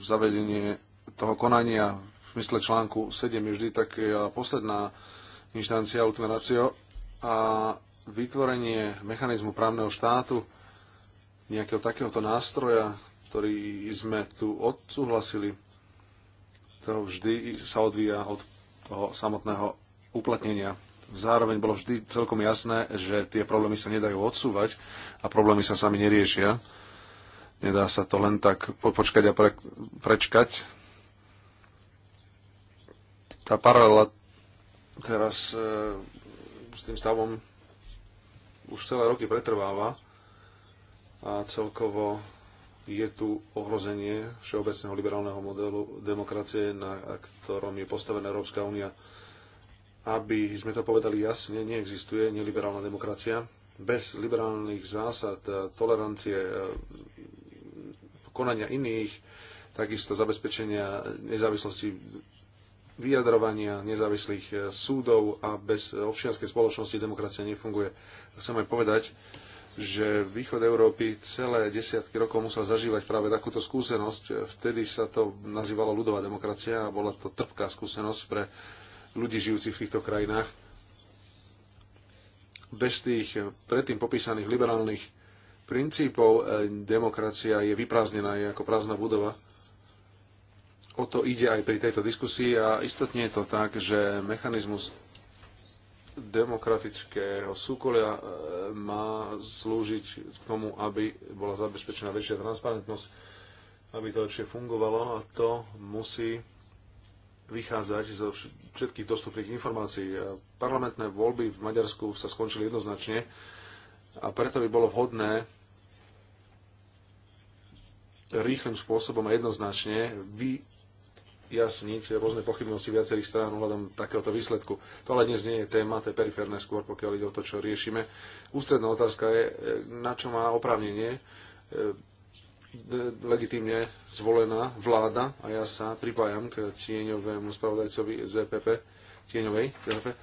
zavedenie toho konania v smysle článku 7 je vždy tak posledná inštancia ultimarácio a vytvorenie mechanizmu právneho štátu, nejakého takéhoto nástroja, ktorý sme tu odsúhlasili, to vždy sa odvíja od toho samotného uplatnenia. Zároveň bolo vždy celkom jasné, že tie problémy sa nedajú odsúvať a problémy sa sami neriešia. Nedá sa to len tak počkať a prečkať tá paralela teraz e, s tým stavom už celé roky pretrváva a celkovo je tu ohrozenie všeobecného liberálneho modelu demokracie, na ktorom je postavená Európska únia. Aby sme to povedali jasne, neexistuje neliberálna demokracia. Bez liberálnych zásad, e, tolerancie, e, konania iných, takisto zabezpečenia nezávislosti vyjadrovania nezávislých eh, súdov a bez občianskej spoločnosti demokracia nefunguje. Chcem aj povedať, že východ Európy celé desiatky rokov musel zažívať práve takúto skúsenosť. Vtedy sa to nazývalo ľudová demokracia a bola to trpká skúsenosť pre ľudí žijúcich v týchto krajinách. Bez tých eh, predtým popísaných liberálnych princípov eh, demokracia je vyprázdnená, je ako prázdna budova o to ide aj pri tejto diskusii a istotne je to tak, že mechanizmus demokratického súkolia e, má slúžiť k tomu, aby bola zabezpečená väčšia transparentnosť, aby to lepšie fungovalo a to musí vychádzať zo všetkých dostupných informácií. E, parlamentné voľby v Maďarsku sa skončili jednoznačne a preto by bolo vhodné rýchlym spôsobom a jednoznačne vy vyjasniť rôzne pochybnosti viacerých strán ohľadom takéhoto výsledku. To ale dnes nie je téma, to je periférne skôr, pokiaľ ide o to, čo riešime. Ústredná otázka je, na čo má oprávnenie e, legitimne zvolená vláda a ja sa pripájam k tieňovému spravodajcovi ZPP e tieňovej ZPP, e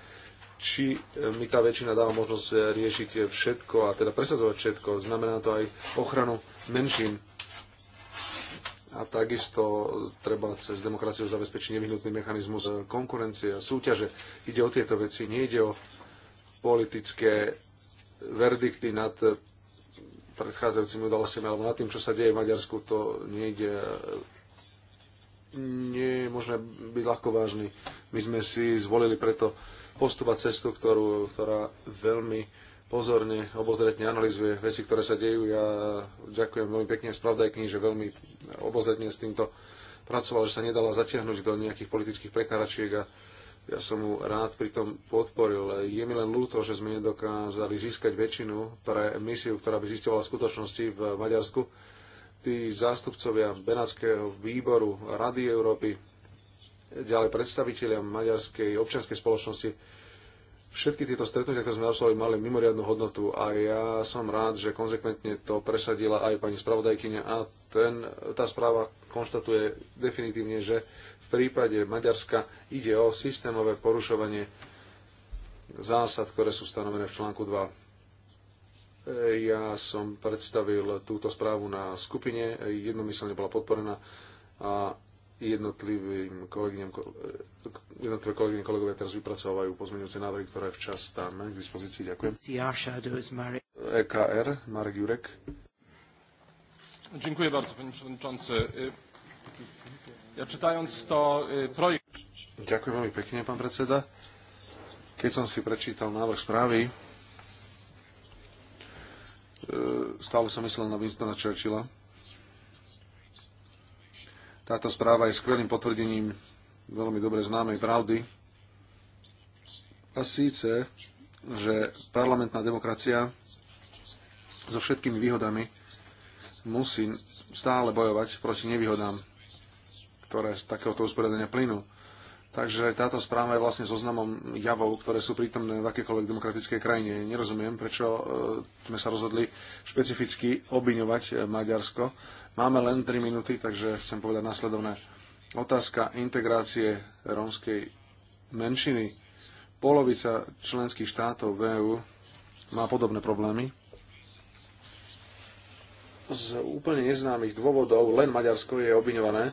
či mi tá väčšina dáva možnosť riešiť všetko a teda presadzovať všetko. Znamená to aj ochranu menšín a takisto treba cez demokraciu zabezpečiť nevyhnutný mechanizmus e, konkurencie a súťaže. Ide o tieto veci, nie ide o politické verdikty nad predchádzajúcimi udalostiami alebo nad tým, čo sa deje v Maďarsku, to ide. nie je možné byť ľahko vážny. My sme si zvolili preto postup cestu, ktorú, ktorá veľmi pozorne, obozretne analizuje veci, ktoré sa dejú. Ja ďakujem veľmi pekne spravdajkyni, že veľmi obozretne s týmto pracoval, že sa nedala zatiahnuť do nejakých politických prekáračiek a ja som mu rád pri tom podporil. Je mi len ľúto, že sme nedokázali získať väčšinu pre misiu, ktorá by zistovala skutočnosti v Maďarsku. Tí zástupcovia Benátskeho výboru Rady Európy, ďalej predstavitelia maďarskej občianskej spoločnosti, Všetky tieto stretnutia, ktoré sme absolvovali, mali mimoriadnu hodnotu a ja som rád, že konzekventne to presadila aj pani spravodajkyňa a ten, tá správa konštatuje definitívne, že v prípade Maďarska ide o systémové porušovanie zásad, ktoré sú stanovené v článku 2. Ja som predstavil túto správu na skupine, jednomyselne bola podporená a jednotlivým kolegyňam, eh, jednotlivé kolegyne kolegovia teraz vypracovávajú pozmeňujúce návrhy, ktoré včas dáme k dispozícii. Ďakujem. EKR, e Marek Jurek. Dziękuję bardzo, panie przewodniczący. Ja czytając to projekt... Ďakujem veľmi pekne, pán predseda. Keď som si prečítal návrh správy, stále som myslel na Winstona Churchilla, táto správa je skvelým potvrdením veľmi dobre známej pravdy. A síce, že parlamentná demokracia so všetkými výhodami musí stále bojovať proti nevýhodám, ktoré z takéhoto usporiadania plynú. Takže táto správa je vlastne zoznamom javov, ktoré sú prítomné v akékoľvek demokratickej krajine. Nerozumiem, prečo e, sme sa rozhodli špecificky obiňovať e, Maďarsko. Máme len 3 minúty, takže chcem povedať nasledovné. Otázka integrácie rómskej menšiny. Polovica členských štátov v EU má podobné problémy. Z úplne neznámych dôvodov len Maďarsko je obviňované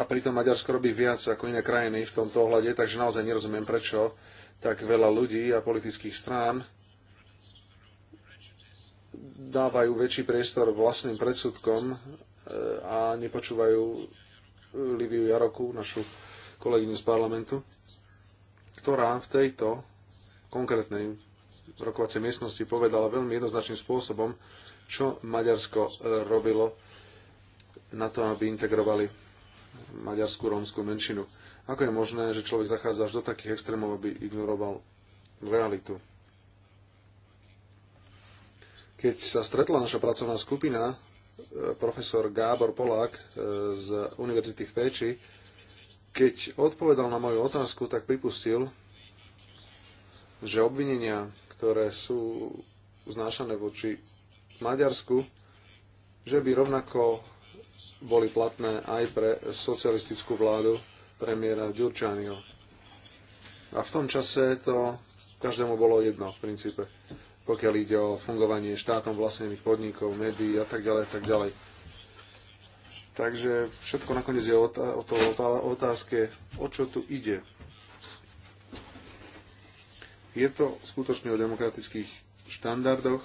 a pritom Maďarsko robí viac ako iné krajiny v tomto ohľade, takže naozaj nerozumiem prečo tak veľa ľudí a politických strán dávajú väčší priestor vlastným predsudkom e, a nepočúvajú e, Liviu Jaroku, našu kolegyňu z parlamentu, ktorá v tejto konkrétnej rokovacej miestnosti povedala veľmi jednoznačným spôsobom, čo Maďarsko e, robilo na to, aby integrovali maďarskú rómskú menšinu. Ako je možné, že človek zachádza až do takých extrémov, aby ignoroval realitu? Keď sa stretla naša pracovná skupina, e, profesor Gábor Polák e, z Univerzity v Péči, keď odpovedal na moju otázku, tak pripustil, že obvinenia, ktoré sú znášané voči Maďarsku, že by rovnako boli platné aj pre socialistickú vládu premiéra Ďurčányho. A v tom čase to každému bolo jedno v princípe pokiaľ ide o fungovanie štátom vlastnených podnikov, médií a tak ďalej, tak ďalej. Takže všetko nakoniec je o, tá, o, to, otázke, o čo tu ide. Je to skutočne o demokratických štandardoch.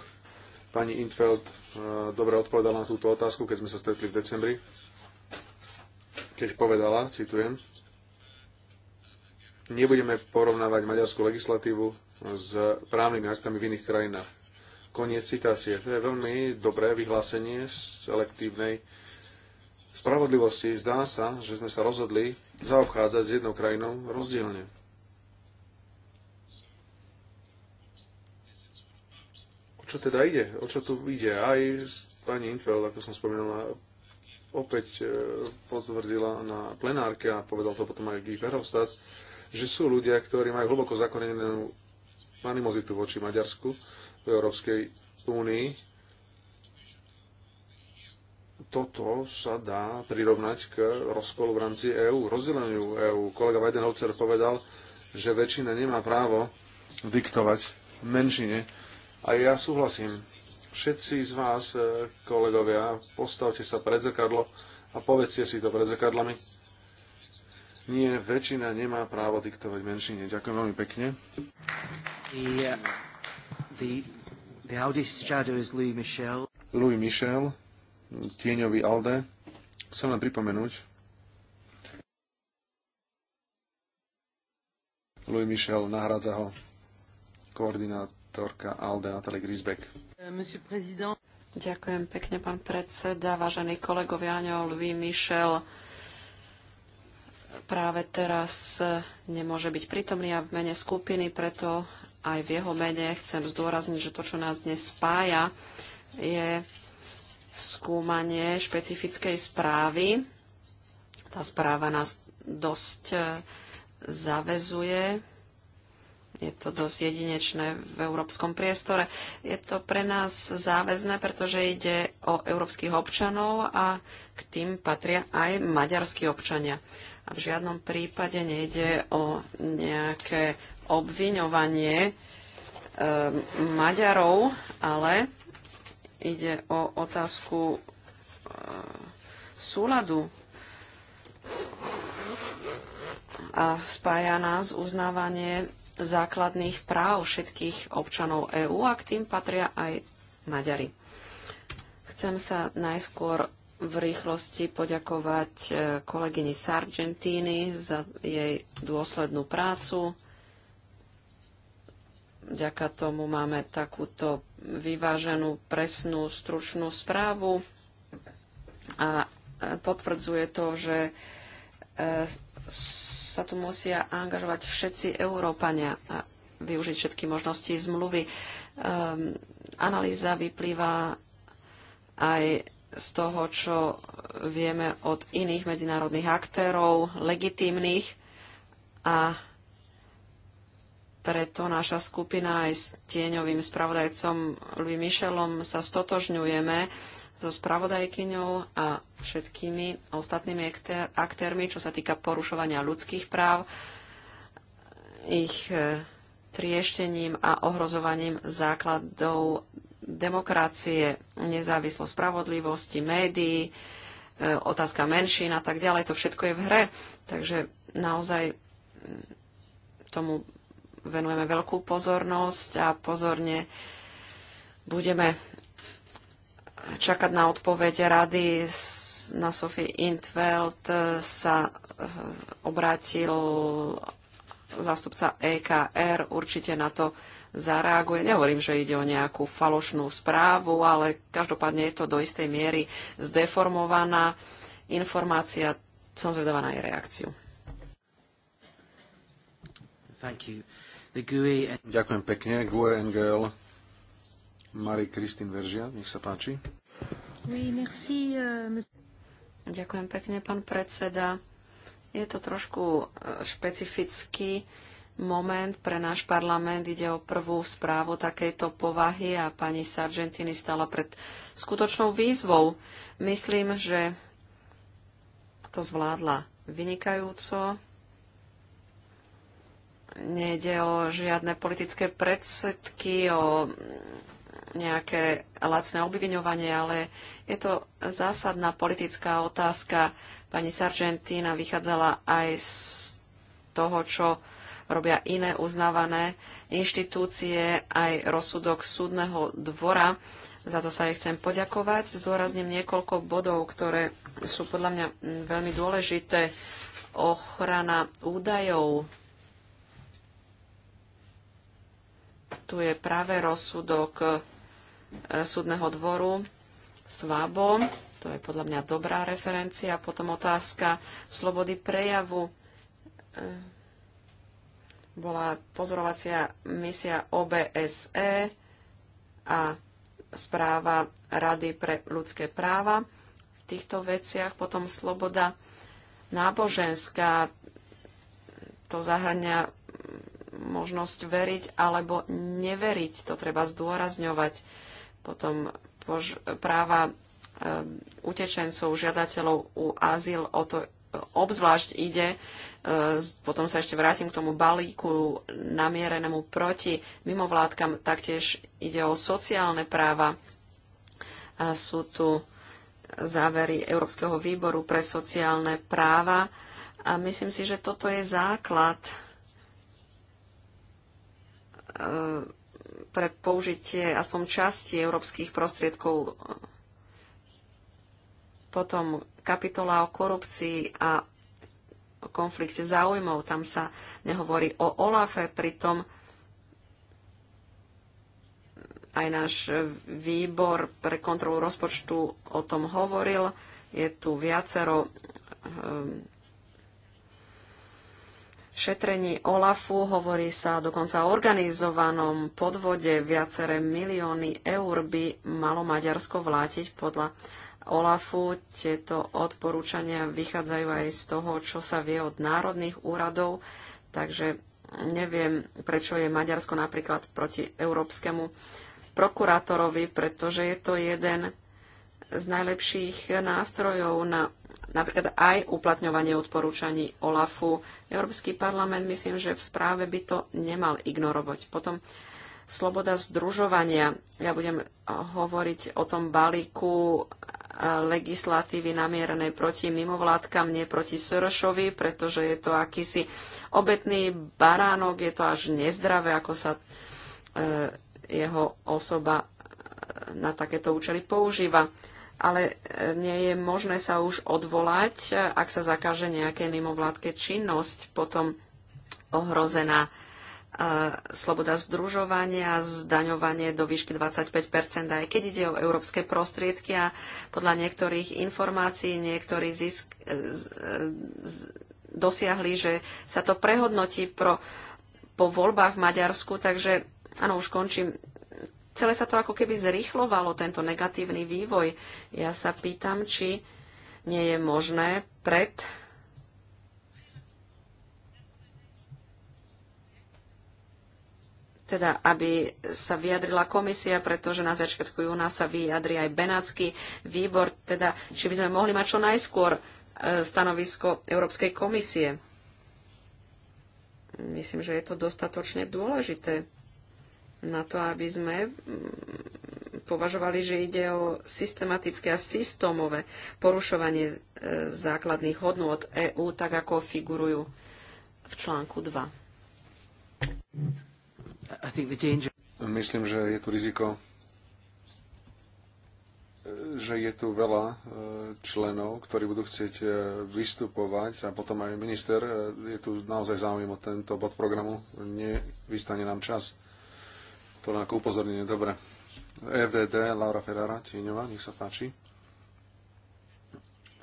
Pani Intfeld eh, dobre odpovedala na túto otázku, keď sme sa stretli v decembri, keď povedala, citujem, nebudeme porovnávať maďarskú legislatívu s právnymi aktami v iných krajinách. Koniec citácie. To je veľmi dobré vyhlásenie z selektívnej spravodlivosti. Zdá sa, že sme sa rozhodli zaobchádzať s jednou krajinou rozdielne. O čo teda ide? O čo tu ide? Aj pani Infeld, ako som spomenula, opäť e, potvrdila na plenárke a povedal to potom aj Guy Verhofstadt, že sú ľudia, ktorí majú hlboko zakorenenú animozitu voči Maďarsku v Európskej únii. Toto sa dá prirovnať k rozkolu v rámci EÚ, rozdeleniu EÚ. Kolega Weidenhofer povedal, že väčšina nemá právo diktovať menšine. A ja súhlasím. Všetci z vás, eh, kolegovia, postavte sa pred zrkadlo a povedzte si to pred zrkadlami nie, väčšina nemá právo diktovať menšine. Ďakujem veľmi pekne. The, uh, the, the shadow is Louis Michel. Louis Michel, tieňový Alde. Chcem len pripomenúť, Louis Michel nahradza ho koordinátorka ALDE Natalie Grisbeck. Uh, Ďakujem pekne, pán predseda, vážení kolegovia, Ňo Louis Michel práve teraz e, nemôže byť prítomný a v mene skupiny, preto aj v jeho mene chcem zdôrazniť, že to, čo nás dnes spája, je skúmanie špecifickej správy. Tá správa nás dosť e, zavezuje. Je to dosť jedinečné v európskom priestore. Je to pre nás záväzné, pretože ide o európskych občanov a k tým patria aj maďarskí občania. A v žiadnom prípade nejde o nejaké obviňovanie e, Maďarov, ale ide o otázku e, súladu a spája nás uznávanie základných práv všetkých občanov EÚ a k tým patria aj Maďari. Chcem sa najskôr v rýchlosti poďakovať e, kolegyni Sargentini za jej dôslednú prácu. Vďaka tomu máme takúto vyváženú, presnú, stručnú správu a e, potvrdzuje to, že e, sa tu musia angažovať všetci Európania a využiť všetky možnosti zmluvy. Um, analýza vyplýva aj z toho, čo vieme od iných medzinárodných aktérov, legitímnych a preto naša skupina aj s tieňovým spravodajcom Louis Michelom sa stotožňujeme so spravodajkyňou a všetkými ostatnými aktérmi, čo sa týka porušovania ľudských práv, ich eh, trieštením a ohrozovaním základov demokracie, nezávislosť spravodlivosti, médií, e, otázka menšín a tak ďalej. To všetko je v hre. Takže naozaj tomu venujeme veľkú pozornosť a pozorne budeme čakať na odpovede rady. Na Sophie Intveld sa e, obrátil zástupca EKR. Určite na to zareaguje. Nehovorím, že ide o nejakú falošnú správu, ale každopádne je to do istej miery zdeformovaná informácia. Som zvedavá na jej reakciu. E Ďakujem pekne. GUE NGL. Marie Kristin Veržia, nech sa páči. Oui, merci, uh... Ďakujem pekne, pán predseda. Je to trošku eh, špecifický moment pre náš parlament. Ide o prvú správu takejto povahy a pani Sargentini stala pred skutočnou výzvou. Myslím, že to zvládla vynikajúco. Nejde o žiadne politické predsedky, o nejaké lacné obviňovanie, ale je to zásadná politická otázka. Pani Sargentina vychádzala aj z toho, čo robia iné uznávané inštitúcie, aj rozsudok súdneho dvora. Za to sa aj chcem poďakovať. Zdôrazním niekoľko bodov, ktoré sú podľa mňa veľmi dôležité. Ochrana údajov. Tu je práve rozsudok e, súdneho dvoru Svábo, To je podľa mňa dobrá referencia. Potom otázka slobody prejavu e, bola pozorovacia misia OBSE a správa Rady pre ľudské práva v týchto veciach, potom sloboda náboženská, to zahrňa možnosť veriť alebo neveriť, to treba zdôrazňovať, potom práva eh, utečencov, žiadateľov u azyl, o to obzvlášť ide. E, potom sa ešte vrátim k tomu balíku namierenému proti mimovládkam. Taktiež ide o sociálne práva. A sú tu závery Európskeho výboru pre sociálne práva. A myslím si, že toto je základ e, pre použitie aspoň časti európskych prostriedkov potom kapitola o korupcii a o konflikte záujmov. Tam sa nehovorí o OLAFe, pritom aj náš výbor pre kontrolu rozpočtu o tom hovoril. Je tu viacero ehm, šetrení OLAFu, hovorí sa dokonca o organizovanom podvode, viaceré milióny eur by malo Maďarsko vlátiť podľa OLAFu. Tieto odporúčania vychádzajú aj z toho, čo sa vie od národných úradov, takže neviem, prečo je Maďarsko napríklad proti európskemu prokurátorovi, pretože je to jeden z najlepších nástrojov na napríklad aj uplatňovanie odporúčaní OLAFu. Európsky parlament myslím, že v správe by to nemal ignorovať. Potom sloboda združovania. Ja budem hovoriť o tom balíku legislatívy namierenej proti mimovládkam, nie proti Sorošovi, pretože je to akýsi obetný baránok, je to až nezdravé, ako sa e, jeho osoba e, na takéto účely používa. Ale e, nie je možné sa už odvolať, ak sa zakáže nejaké mimovládke činnosť, potom ohrozená sloboda združovania, zdaňovanie do výšky 25 aj keď ide o európske prostriedky a podľa niektorých informácií niektorí zisk, e, e, dosiahli, že sa to prehodnotí pro, po voľbách v Maďarsku, takže áno, už končím. Celé sa to ako keby zrychlovalo, tento negatívny vývoj. Ja sa pýtam, či nie je možné pred teda aby sa vyjadrila komisia, pretože na začiatku júna sa vyjadri aj Benátsky výbor, teda či by sme mohli mať čo najskôr e, stanovisko Európskej komisie. Myslím, že je to dostatočne dôležité na to, aby sme považovali, že ide o systematické a systémové porušovanie e, základných hodnôt EÚ, tak ako figurujú v článku 2. Myslím, že je tu riziko, že je tu veľa e, členov, ktorí budú chcieť e, vystupovať a potom aj minister. E, je tu naozaj záujem o tento bod programu. Nevystane nám čas. To len ako upozornenie. Dobre. FDD, Laura Ferrara, Tíňová, nech sa páči.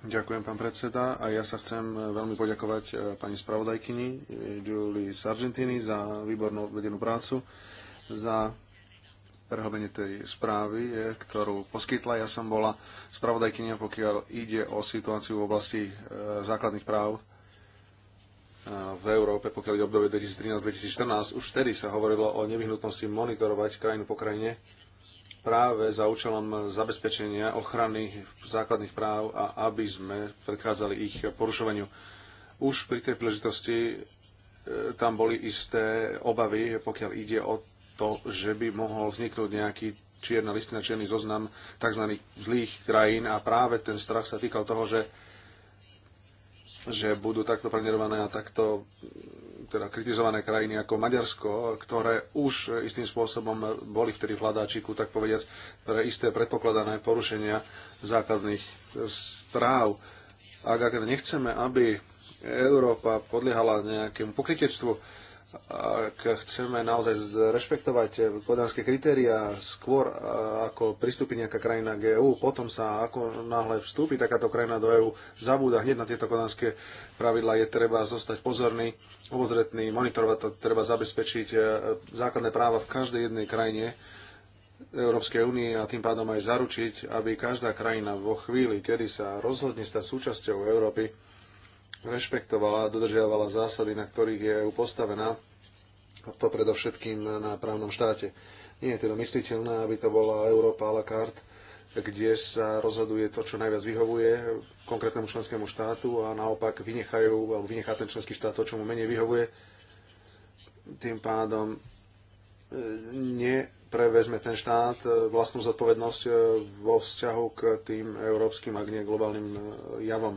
Ďakujem, pán predseda. A ja sa chcem e, veľmi poďakovať e, pani spravodajkyni e, Julie Sargentini za výbornú vedenú prácu, za prehlbenie tej správy, ktorú poskytla. Ja som bola spravodajkynia, pokiaľ ide o situáciu v oblasti základných práv v Európe, pokiaľ ide obdobie 2013-2014. Už vtedy sa hovorilo o nevyhnutnosti monitorovať krajinu po krajine práve za účelom zabezpečenia ochrany základných práv a aby sme predchádzali ich porušovaniu. Už pri tej príležitosti e, tam boli isté obavy, pokiaľ ide o to, že by mohol vzniknúť nejaký čierna listina, čierny zoznam tzv. zlých krajín a práve ten strach sa týkal toho, že, že budú takto prenerované a takto teda kritizované krajiny ako Maďarsko, ktoré už istým spôsobom boli vtedy v hľadáčiku, tak povediac, pre isté predpokladané porušenia základných stráv. Ak, ak nechceme, aby Európa podliehala nejakému pokritectvu, ak chceme naozaj rešpektovať kodanské kritéria skôr ako pristúpi nejaká krajina k EÚ, potom sa ako náhle vstúpi takáto krajina do EÚ, zabúda hneď na tieto kodanské pravidla, je treba zostať pozorný, obozretný, monitorovať to, treba zabezpečiť e, základné práva v každej jednej krajine Európskej únie a tým pádom aj zaručiť, aby každá krajina vo chvíli, kedy sa rozhodne stať súčasťou Európy, rešpektovala a dodržiavala zásady, na ktorých je EU postavená, a to predovšetkým na právnom štáte. Nie je teda mysliteľné, aby to bola Európa à la carte, kde sa rozhoduje to, čo najviac vyhovuje konkrétnemu členskému štátu a naopak vynechajú, alebo vynechá ten členský štát to, čo mu menej vyhovuje. Tým pádom e, neprevezme ten štát e, vlastnú zodpovednosť e, vo vzťahu k tým európskym, ak nie globálnym javom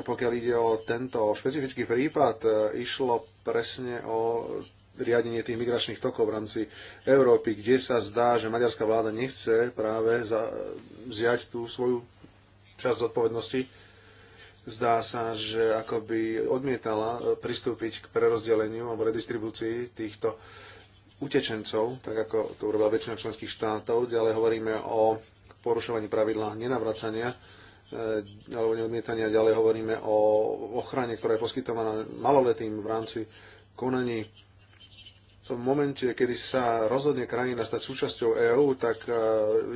pokiaľ ide o tento špecifický prípad, e, išlo presne o riadenie tých migračných tokov v rámci Európy, kde sa zdá, že maďarská vláda nechce práve za, vziať tú svoju časť zodpovednosti. Zdá sa, že akoby odmietala e, pristúpiť k prerozdeleniu alebo redistribúcii týchto utečencov, tak ako to urobila väčšina členských štátov. Ďalej hovoríme o porušovaní pravidla nenavracania Eh, alebo neodmietania. Ďalej hovoríme o ochrane, ktorá je poskytovaná maloletým v rámci konaní. V momente, kedy sa rozhodne krajina stať súčasťou EÚ, tak eh,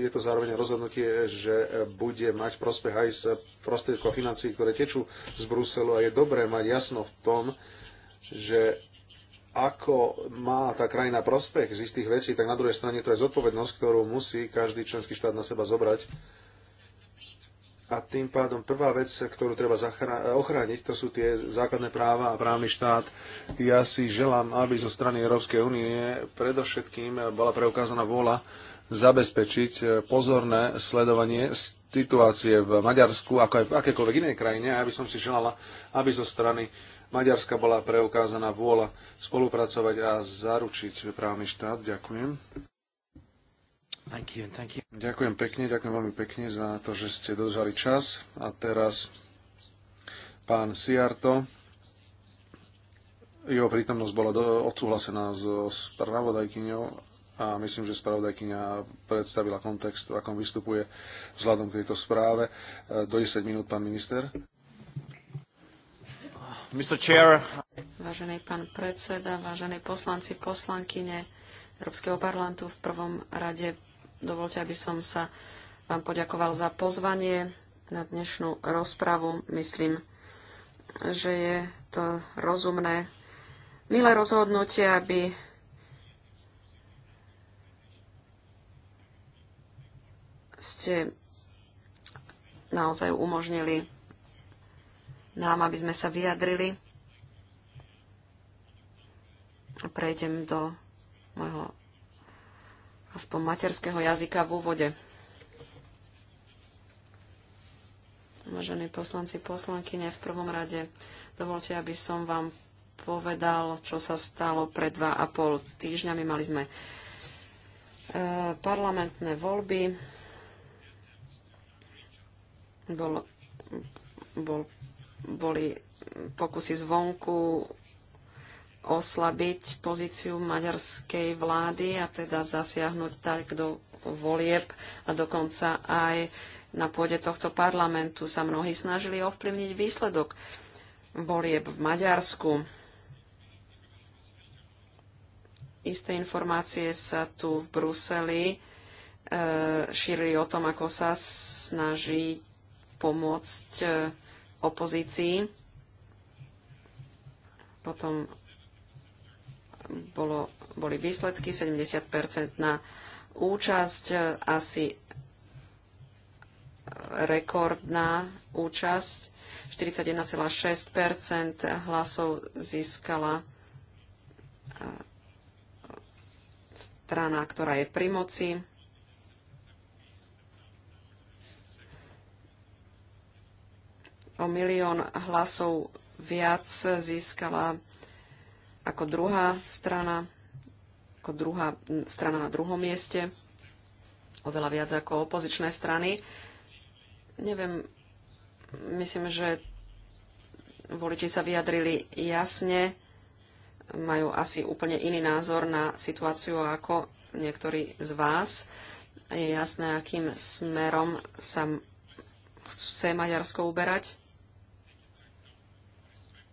je to zároveň rozhodnutie, že bude mať prospech aj z prostriedkov financií, ktoré tečú z Bruselu a je dobré mať jasno v tom, že ako má tá krajina prospech z istých vecí, tak na druhej strane to je zodpovednosť, ktorú musí každý členský štát na seba zobrať a tým pádom prvá vec, ktorú treba ochrániť, to sú tie základné práva a právny štát. Ja si želám, aby zo strany Európskej únie predovšetkým bola preukázaná vôľa zabezpečiť pozorné sledovanie situácie v Maďarsku, ako aj v akékoľvek inej krajine. A ja by som si želala, aby zo strany Maďarska bola preukázaná vôľa spolupracovať a zaručiť právny štát. Ďakujem. Ďakujem pekne, ďakujem veľmi pekne za to, že ste dodržali čas. A teraz pán Siarto. Jeho prítomnosť bola odsúhlasená so spravodajkyňou a myslím, že spravodajkyňa predstavila kontext, v akom vystupuje vzhľadom k tejto správe. Do 10 minút, pán minister. Mr. Chair. Vážený pán predseda, vážení poslanci, poslankyne Európskeho parlamentu, v prvom rade Dovolte, aby som sa vám poďakoval za pozvanie na dnešnú rozpravu. Myslím, že je to rozumné, milé rozhodnutie, aby ste naozaj umožnili nám, aby sme sa vyjadrili. Prejdem do môjho aspoň materského jazyka v úvode. Vážení poslanci, poslankyne, v prvom rade dovolte, aby som vám povedal, čo sa stalo pred dva a pol týždňami. Mali sme e, parlamentné voľby. Bol, bol, boli pokusy zvonku oslabiť pozíciu maďarskej vlády a teda zasiahnuť tak do volieb a dokonca aj na pôde tohto parlamentu sa mnohí snažili ovplyvniť výsledok volieb v Maďarsku. Isté informácie sa tu v Bruseli e, šírili o tom, ako sa snaží pomôcť e, opozícii. Potom bolo, boli výsledky, 70% na účasť, asi rekordná účasť. 41,6 hlasov získala e, strana, ktorá je pri moci. O milión hlasov viac získala ako druhá strana, ako druhá strana na druhom mieste, oveľa viac ako opozičné strany. Neviem, myslím, že voliči sa vyjadrili jasne, majú asi úplne iný názor na situáciu ako niektorí z vás. Je jasné, akým smerom sa chce Maďarsko uberať.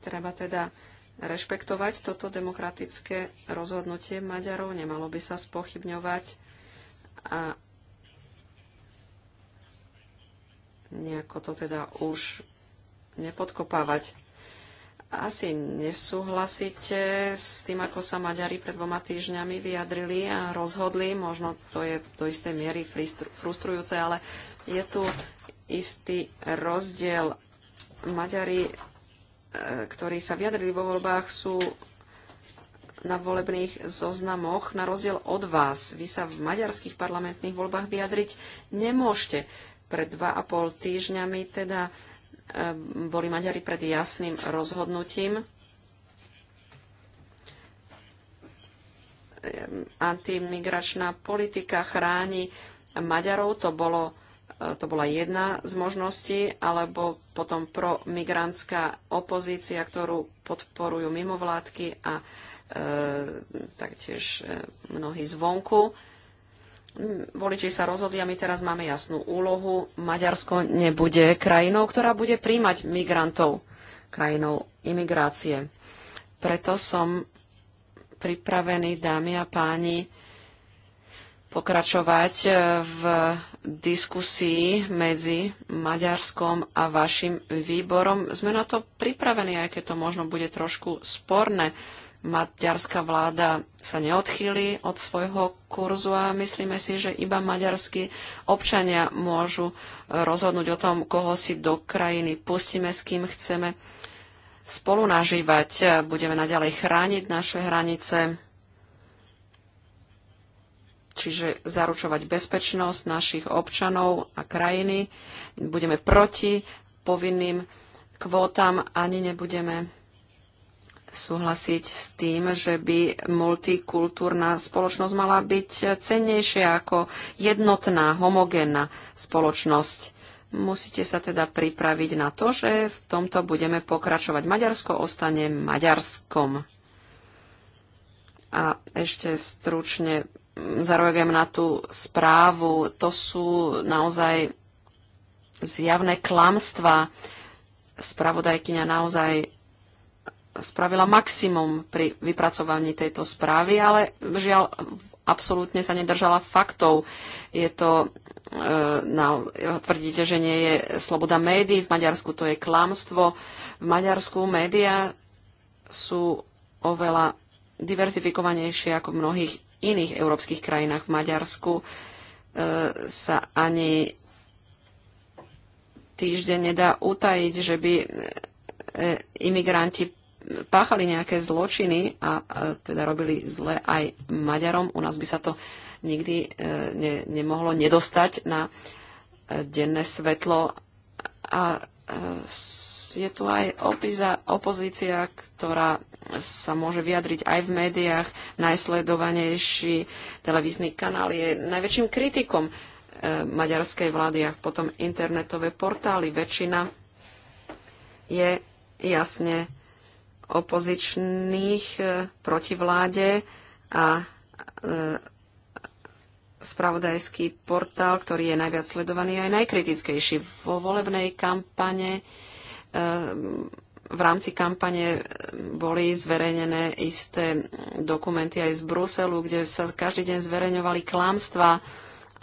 Treba teda rešpektovať toto demokratické rozhodnutie Maďarov, nemalo by sa spochybňovať a nejako to teda už nepodkopávať. Asi nesúhlasíte s tým, ako sa Maďari pred dvoma týždňami vyjadrili a rozhodli. Možno to je do istej miery frustrujúce, ale je tu istý rozdiel. Maďari E, ktorí sa vyjadrili vo voľbách, sú na volebných zoznamoch, na rozdiel od vás. Vy sa v maďarských parlamentných voľbách vyjadriť nemôžete. Pred dva a pol týždňami teda e, boli Maďari pred jasným rozhodnutím e, antimigračná politika chráni Maďarov. To bolo E, to bola jedna z možností, alebo potom promigrantská opozícia, ktorú podporujú mimovládky a e, taktiež e, mnohí zvonku. Voliči sa rozhodli a my teraz máme jasnú úlohu. Maďarsko nebude krajinou, ktorá bude príjmať migrantov, krajinou imigrácie. Preto som pripravený, dámy a páni, pokračovať e, v diskusii medzi Maďarskom a vašim výborom. Sme na to pripravení, aj keď to možno bude trošku sporné. Maďarská vláda sa neodchýli od svojho kurzu a myslíme si, že iba maďarskí občania môžu rozhodnúť o tom, koho si do krajiny pustíme, s kým chceme spolunažívať. Budeme naďalej chrániť naše hranice, čiže zaručovať bezpečnosť našich občanov a krajiny. Budeme proti povinným kvótam ani nebudeme súhlasiť s tým, že by multikultúrna spoločnosť mala byť cennejšia ako jednotná, homogénna spoločnosť. Musíte sa teda pripraviť na to, že v tomto budeme pokračovať. Maďarsko ostane Maďarskom. A ešte stručne zareagujem na tú správu. To sú naozaj zjavné klamstva. Spravodajkyňa naozaj spravila maximum pri vypracovaní tejto správy, ale žiaľ absolútne sa nedržala faktov. Je to, e, na, tvrdíte, že nie je sloboda médií, v Maďarsku to je klamstvo. V Maďarsku médiá sú oveľa diverzifikovanejšie ako v mnohých iných európskych krajinách. V Maďarsku e, sa ani týždeň nedá utajiť, že by e, imigranti páchali nejaké zločiny a teda robili zle aj Maďarom. U nás by sa to nikdy e, ne, nemohlo nedostať na denné svetlo a Eh, je tu aj opiza, opozícia, ktorá sa môže vyjadriť aj v médiách. Najsledovanejší televízny kanál je najväčším kritikom eh, maďarskej vlády a potom internetové portály. Väčšina je jasne opozičných eh, proti vláde a spravodajský portál, ktorý je najviac sledovaný a aj najkritickejší. Vo volebnej kampane eh, v rámci kampane boli zverejnené isté dokumenty aj z Bruselu, kde sa každý deň zverejňovali klamstva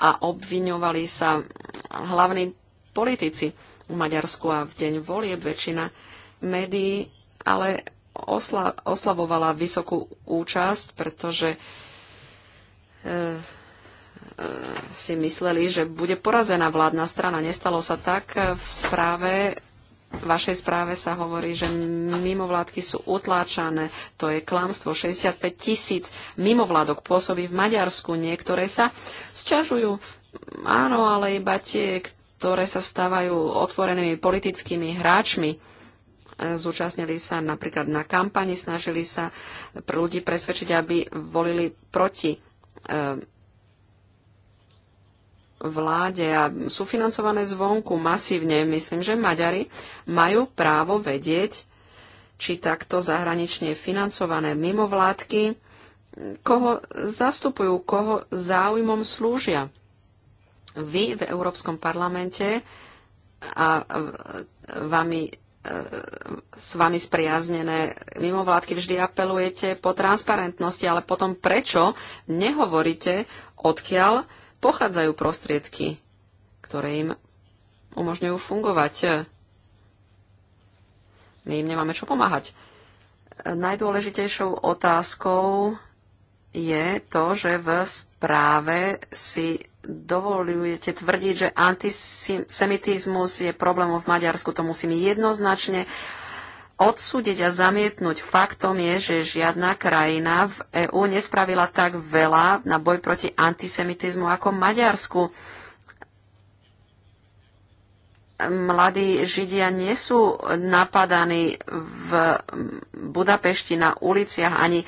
a obviňovali sa hlavní politici v Maďarsku a v deň volieb väčšina médií, ale osla, oslavovala vysokú účasť, pretože eh, si mysleli, že bude porazená vládna strana. Nestalo sa tak. V správe, v vašej správe sa hovorí, že mimovládky sú utláčané. To je klamstvo. 65 tisíc mimovládok pôsobí v Maďarsku. Niektoré sa sťažujú. Áno, ale iba tie, ktoré sa stávajú otvorenými politickými hráčmi zúčastnili sa napríklad na kampani, snažili sa pre ľudí presvedčiť, aby volili proti eh, vláde a sú financované zvonku masívne. Myslím, že Maďari majú právo vedieť, či takto zahranične financované mimovládky, koho zastupujú, koho záujmom slúžia. Vy v Európskom parlamente a vami, e, s vami spriaznené mimovládky vždy apelujete po transparentnosti, ale potom prečo nehovoríte, odkiaľ pochádzajú prostriedky, ktoré im umožňujú fungovať. My im nemáme čo pomáhať. Najdôležitejšou otázkou je to, že v správe si dovolujete tvrdiť, že antisemitizmus je problémom v Maďarsku. To musím jednoznačne odsúdiť a zamietnúť faktom je, že žiadna krajina v EÚ nespravila tak veľa na boj proti antisemitizmu ako Maďarsku. Mladí Židia nie sú napadaní v Budapešti na uliciach, ani e,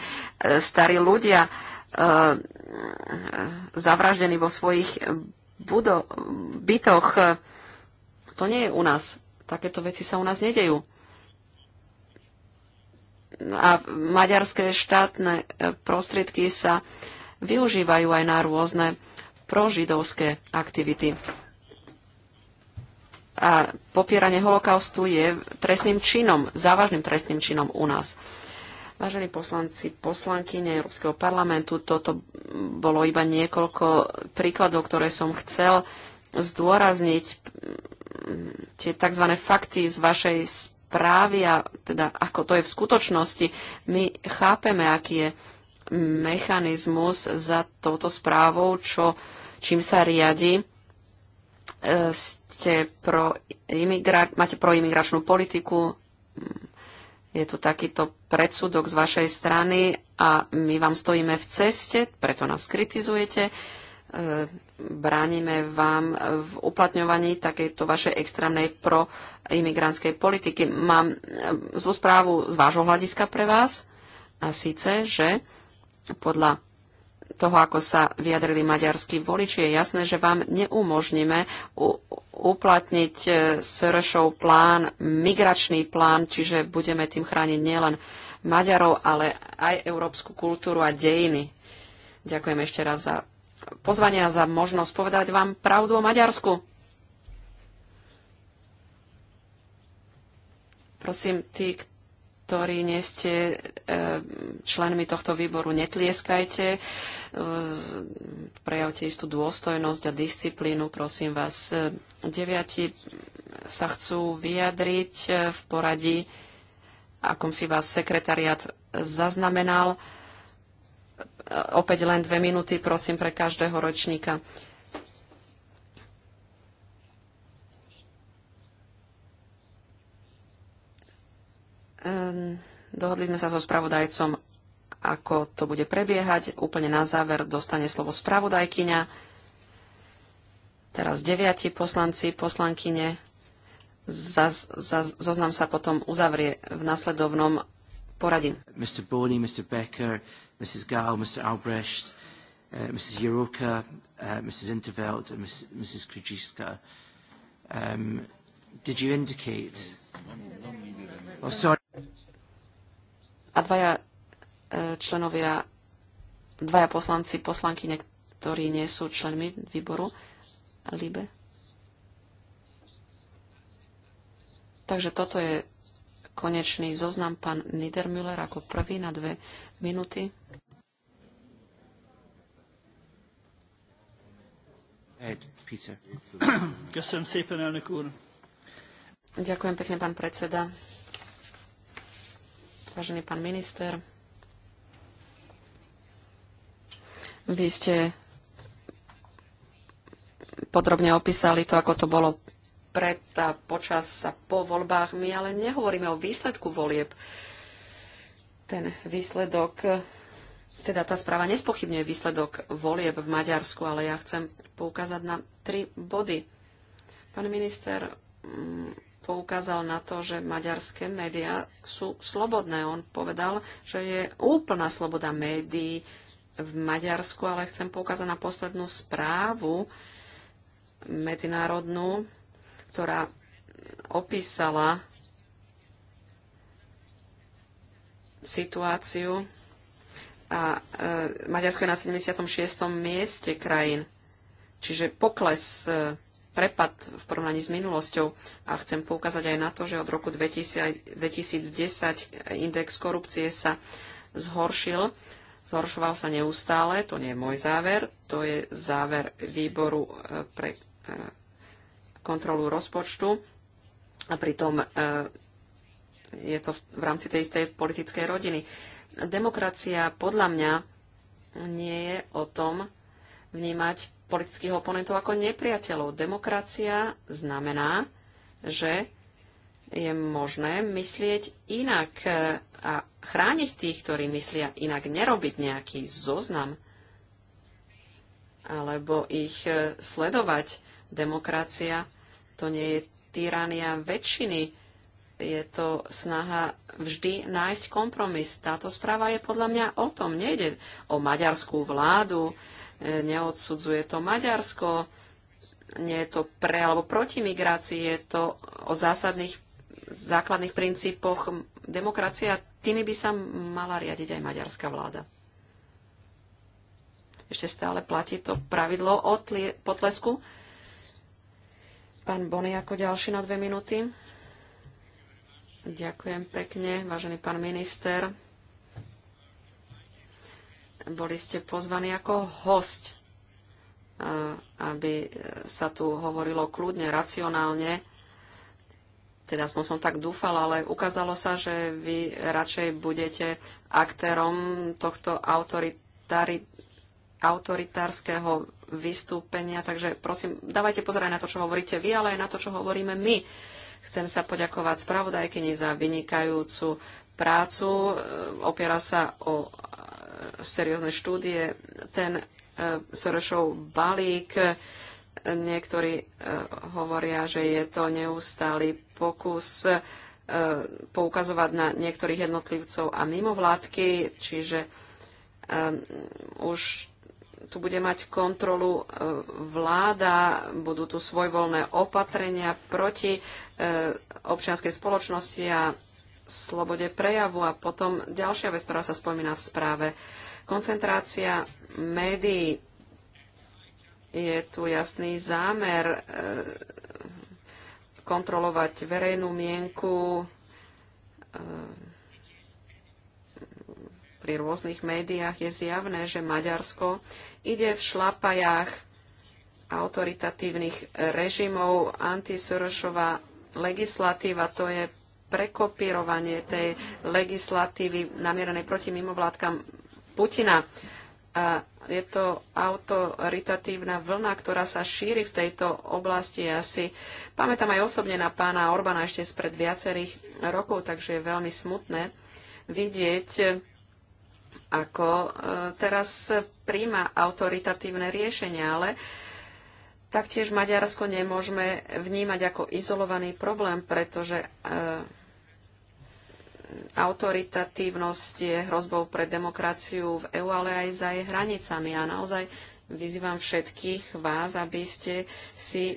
starí ľudia e, zavraždení vo svojich budo- bytoch. To nie je u nás. Takéto veci sa u nás nedejú a maďarské štátne e, prostriedky sa využívajú aj na rôzne prožidovské aktivity. A popieranie holokaustu je trestným činom, závažným trestným činom u nás. Vážení poslanci, poslankyne Európskeho parlamentu, toto bolo iba niekoľko príkladov, ktoré som chcel zdôrazniť tie tzv. fakty z vašej právia, teda ako to je v skutočnosti. My chápeme, aký je mechanizmus za touto správou, čo, čím sa riadi. E, ste pro imigra- máte proimigračnú politiku, mm, je tu takýto predsudok z vašej strany a my vám stojíme v ceste, preto nás kritizujete. Uh, bránime vám v uplatňovaní takejto vašej extrémnej proimigrantskej politiky. Mám e, zlú správu z vášho hľadiska pre vás a síce, že podľa toho, ako sa vyjadrili maďarskí voliči, je jasné, že vám neumožníme uplatniť e, Sršov plán, migračný plán, čiže budeme tým chrániť nielen Maďarov, ale aj európsku kultúru a dejiny. Ďakujem ešte raz za Pozvania za možnosť povedať vám pravdu o Maďarsku. Prosím, tí, ktorí nie ste e, členmi tohto výboru, netlieskajte. E, prejavte istú dôstojnosť a disciplínu, prosím vás. E, deviati sa chcú vyjadriť v poradí, akom si vás sekretariat zaznamenal. E, opäť len dve minúty, prosím, pre každého ročníka. Ehm, dohodli sme sa so spravodajcom, ako to bude prebiehať. Úplne na záver dostane slovo spravodajkyňa. Teraz deviati poslanci, poslankyne. Zaz, zaz, zoznam sa potom uzavrie v nasledovnom poradí. Mr. Boney, Mr. Becker, Mrs Gall, Mr Albrecht, uh, Mrs Yoroka, uh, Mrs Interveld and Ms, Mrs Krujiska. Um, did you indicate? Oh, sorry. A dvaja uh, členovia, dvaja poslanci, poslanky, ktorí nie sú členmi výboru LIBE. Takže toto je konečný zoznam pán Niedermüller ako prvý na dve minúty. Ďakujem pekne, pán predseda. Vážený pán minister, vy ste podrobne opísali to, ako to bolo pred a počas a po voľbách. My ale nehovoríme o výsledku volieb. Ten výsledok, teda tá správa nespochybňuje výsledok volieb v Maďarsku, ale ja chcem poukázať na tri body. Pán minister mm, poukázal na to, že maďarské médiá sú slobodné. On povedal, že je úplná sloboda médií v Maďarsku, ale chcem poukázať na poslednú správu medzinárodnú ktorá opísala situáciu a e, Maďarsko je na 76. mieste krajín, čiže pokles, e, prepad v porovnaní s minulosťou. A chcem poukázať aj na to, že od roku 2000, 2010 index korupcie sa zhoršil. Zhoršoval sa neustále, to nie je môj záver, to je záver výboru e, pre e, kontrolu rozpočtu a pritom e, je to v rámci tej istej politickej rodiny. Demokracia podľa mňa nie je o tom vnímať politických oponentov ako nepriateľov. Demokracia znamená, že je možné myslieť inak e, a chrániť tých, ktorí myslia inak, nerobiť nejaký zoznam alebo ich e, sledovať. Demokracia to nie je tyrania väčšiny. Je to snaha vždy nájsť kompromis. Táto správa je podľa mňa o tom. Nejde o maďarskú vládu, e, neodsudzuje to Maďarsko, nie je to pre alebo proti migrácii, je to o zásadných základných princípoch demokracie a tými by sa mala riadiť aj maďarská vláda. Ešte stále platí to pravidlo o potlesku. Pán Bony ako ďalší na dve minúty. Ďakujem pekne, vážený pán minister. Boli ste pozvaní ako host, eh, aby sa tu hovorilo kľudne, racionálne. Teda som som tak dúfala, ale ukázalo sa, že vy radšej budete aktérom tohto autoritari autoritárskeho vystúpenia, takže prosím, dávajte pozor aj na to, čo hovoríte vy, ale aj na to, čo hovoríme my. Chcem sa poďakovať spravodajkyni za vynikajúcu prácu, e, opiera sa o e, seriózne štúdie. Ten e, Sorošov balík, niektorí hovoria, že je to neustály pokus poukazovať na niektorých jednotlivcov a mimovládky, čiže um, už tu bude mať kontrolu e, vláda, budú tu svojvoľné opatrenia proti e, občianskej spoločnosti a slobode prejavu. A potom ďalšia vec, ktorá sa spomína v správe, koncentrácia médií. Je tu jasný zámer e, kontrolovať verejnú mienku pri rôznych médiách je zjavné, že Maďarsko ide v šlapajách autoritatívnych režimov. Antisorošová legislatíva to je prekopírovanie tej legislatívy namierenej proti mimovládkam Putina. A je to autoritatívna vlna, ktorá sa šíri v tejto oblasti. Ja si pamätám aj osobne na pána Orbána ešte spred viacerých rokov, takže je veľmi smutné vidieť ako e, teraz príjma autoritatívne riešenia, ale taktiež Maďarsko nemôžeme vnímať ako izolovaný problém, pretože e, autoritatívnosť je hrozbou pre demokraciu v EU, ale aj za jej hranicami. A naozaj vyzývam všetkých vás, aby ste si e,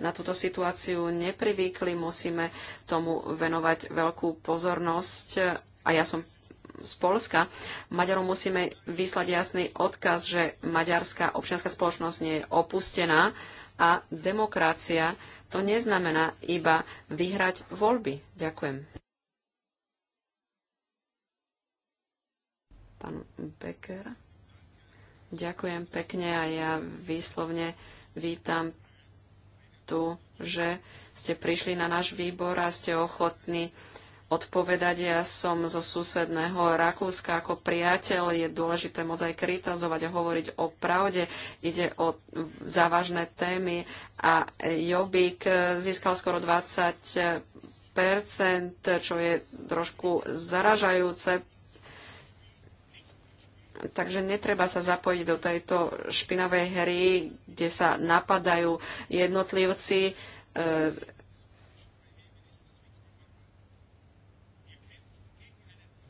na túto situáciu neprivykli. Musíme tomu venovať veľkú pozornosť. A ja som z Polska. Maďarom musíme vyslať jasný odkaz, že maďarská občianská spoločnosť nie je opustená a demokracia to neznamená iba vyhrať voľby. Ďakujem. Pán Becker. Ďakujem pekne a ja výslovne vítam tu, že ste prišli na náš výbor a ste ochotní odpovedať. Ja som zo susedného Rakúska ako priateľ. Je dôležité môcť aj kritizovať a hovoriť o pravde. Ide o závažné témy a Jobik získal skoro 20 čo je trošku zaražajúce. Takže netreba sa zapojiť do tejto špinavej hry, kde sa napadajú jednotlivci e,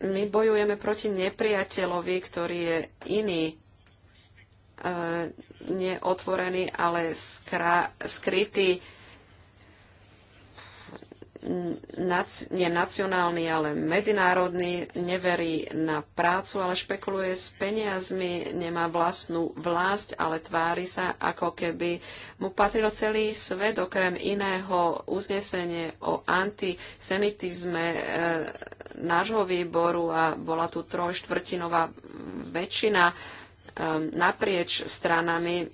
my bojujeme proti nepriateľovi, ktorý je iný, e, neotvorený, ale skra, skrytý, nac, nie nacionálny, ale medzinárodný, neverí na prácu, ale špekuluje s peniazmi, nemá vlastnú vlast, ale tvári sa, ako keby mu patril celý svet, okrem iného uznesenie o antisemitizme. E, nášho výboru a bola tu trojštvrtinová väčšina um, naprieč stranami.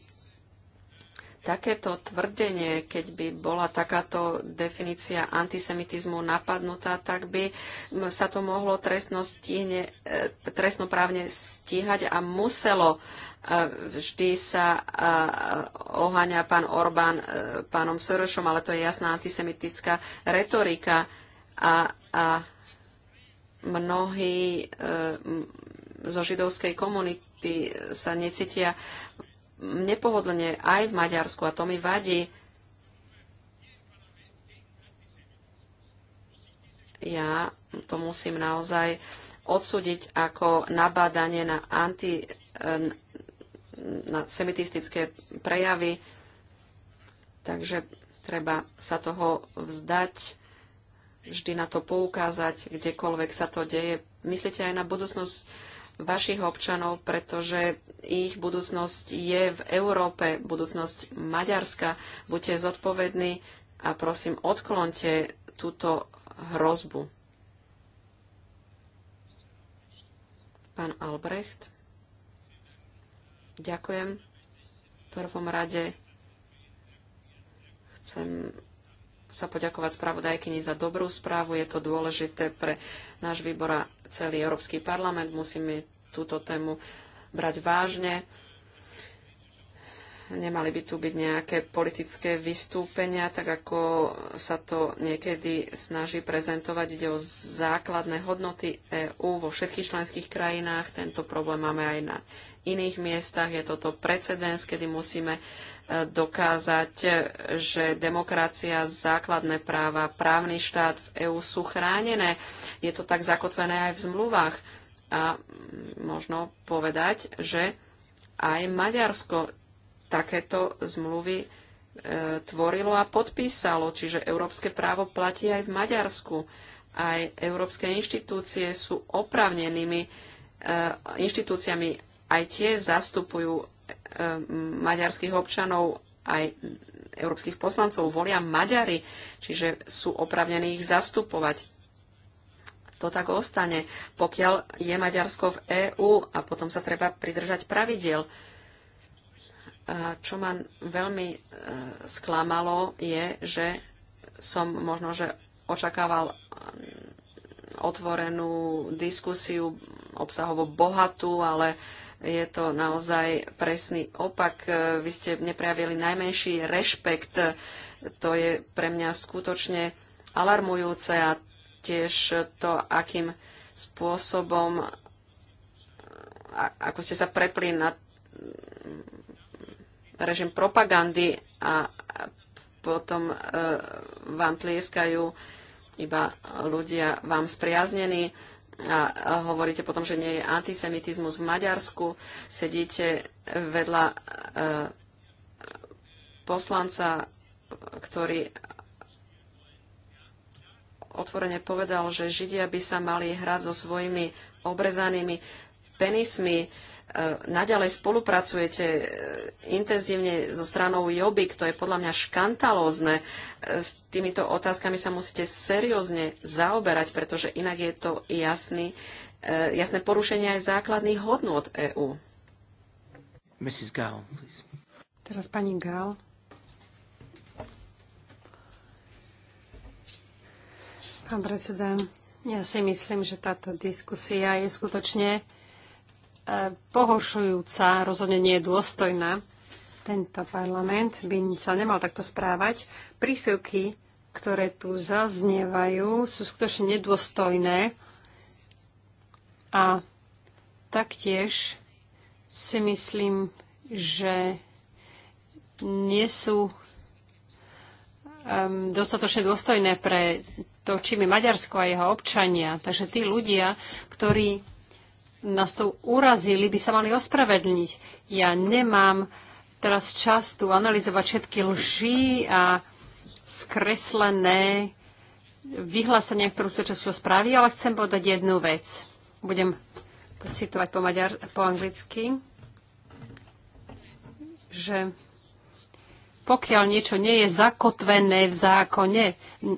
Takéto tvrdenie, keď by bola takáto definícia antisemitizmu napadnutá, tak by sa to mohlo trestno stihne, eh, trestnoprávne stíhať a muselo. Eh, vždy sa eh, oháňa pán Orbán pánom Sorošom, ale to je jasná antisemitická retorika a, a mnohí eh, zo židovskej komunity sa necítia nepohodlne aj v Maďarsku a to mi vadí. Ja to musím naozaj odsúdiť ako nabádanie na anti eh, na semitistické prejavy. Takže treba sa toho vzdať vždy na to poukázať, kdekoľvek sa to deje. Myslíte aj na budúcnosť vašich občanov, pretože ich budúcnosť je v Európe, budúcnosť Maďarska. Buďte zodpovední a prosím, odklonte túto hrozbu. Pán Albrecht. Ďakujem. V prvom rade chcem sa poďakovať spravodajkyni za dobrú správu. Je to dôležité pre náš výbor a celý Európsky parlament. Musíme túto tému brať vážne. Nemali by tu byť nejaké politické vystúpenia, tak ako sa to niekedy snaží prezentovať. Ide o základné hodnoty EÚ vo všetkých členských krajinách. Tento problém máme aj na iných miestach. Je toto precedens, kedy musíme dokázať, že demokracia, základné práva, právny štát v EÚ sú chránené. Je to tak zakotvené aj v zmluvách. A možno povedať, že aj Maďarsko takéto zmluvy e, tvorilo a podpísalo, čiže európske právo platí aj v Maďarsku. Aj európske inštitúcie sú opravnenými e, inštitúciami, aj tie zastupujú Eh, maďarských občanov aj európskych poslancov volia Maďari, čiže sú opravnení ich zastupovať. To tak ostane, pokiaľ je Maďarsko v EÚ a potom sa treba pridržať pravidiel. Čo ma veľmi eh, sklamalo je, že som možno, že očakával eh, otvorenú diskusiu, obsahovo bohatú, ale uh, je to naozaj presný opak. E, Vy ste neprejavili najmenší rešpekt. To je pre mňa skutočne alarmujúce a tiež to, akým spôsobom, e, ako ste sa prepli na režim propagandy a potom e, vám tlieskajú iba ľudia vám spriaznení a hovoríte potom, že nie je antisemitizmus v Maďarsku, sedíte vedľa e, poslanca, ktorý otvorene povedal, že Židia by sa mali hrať so svojimi obrezanými penismi. Uh, E, naďalej spolupracujete e, intenzívne so stranou Joby, to je podľa mňa škandalózne. E, s týmito otázkami sa musíte seriózne zaoberať, pretože inak je to jasný, jasné porušenie aj základných hodnot EÚ. Mrs. Gall, Teraz pani Gall. Pán predseda, ja si myslím, že táto diskusia je skutočne pohoršujúca, rozhodne nie je dôstojná. Tento parlament by sa nemal takto správať. Príspevky, ktoré tu zaznievajú, sú skutočne nedôstojné a taktiež si myslím, že nie sú um, dostatočne dôstojné pre to, čím je Maďarsko a jeho občania. Takže tí ľudia, ktorí nás tu urazili, by sa mali ospravedlniť. Ja nemám teraz čas tu analyzovať všetky lži a skreslené vyhlásenia, ktorú sú často správy, ale chcem povedať jednu vec. Budem to citovať po, maďar, po anglicky, že pokiaľ niečo nie je zakotvené v zákone,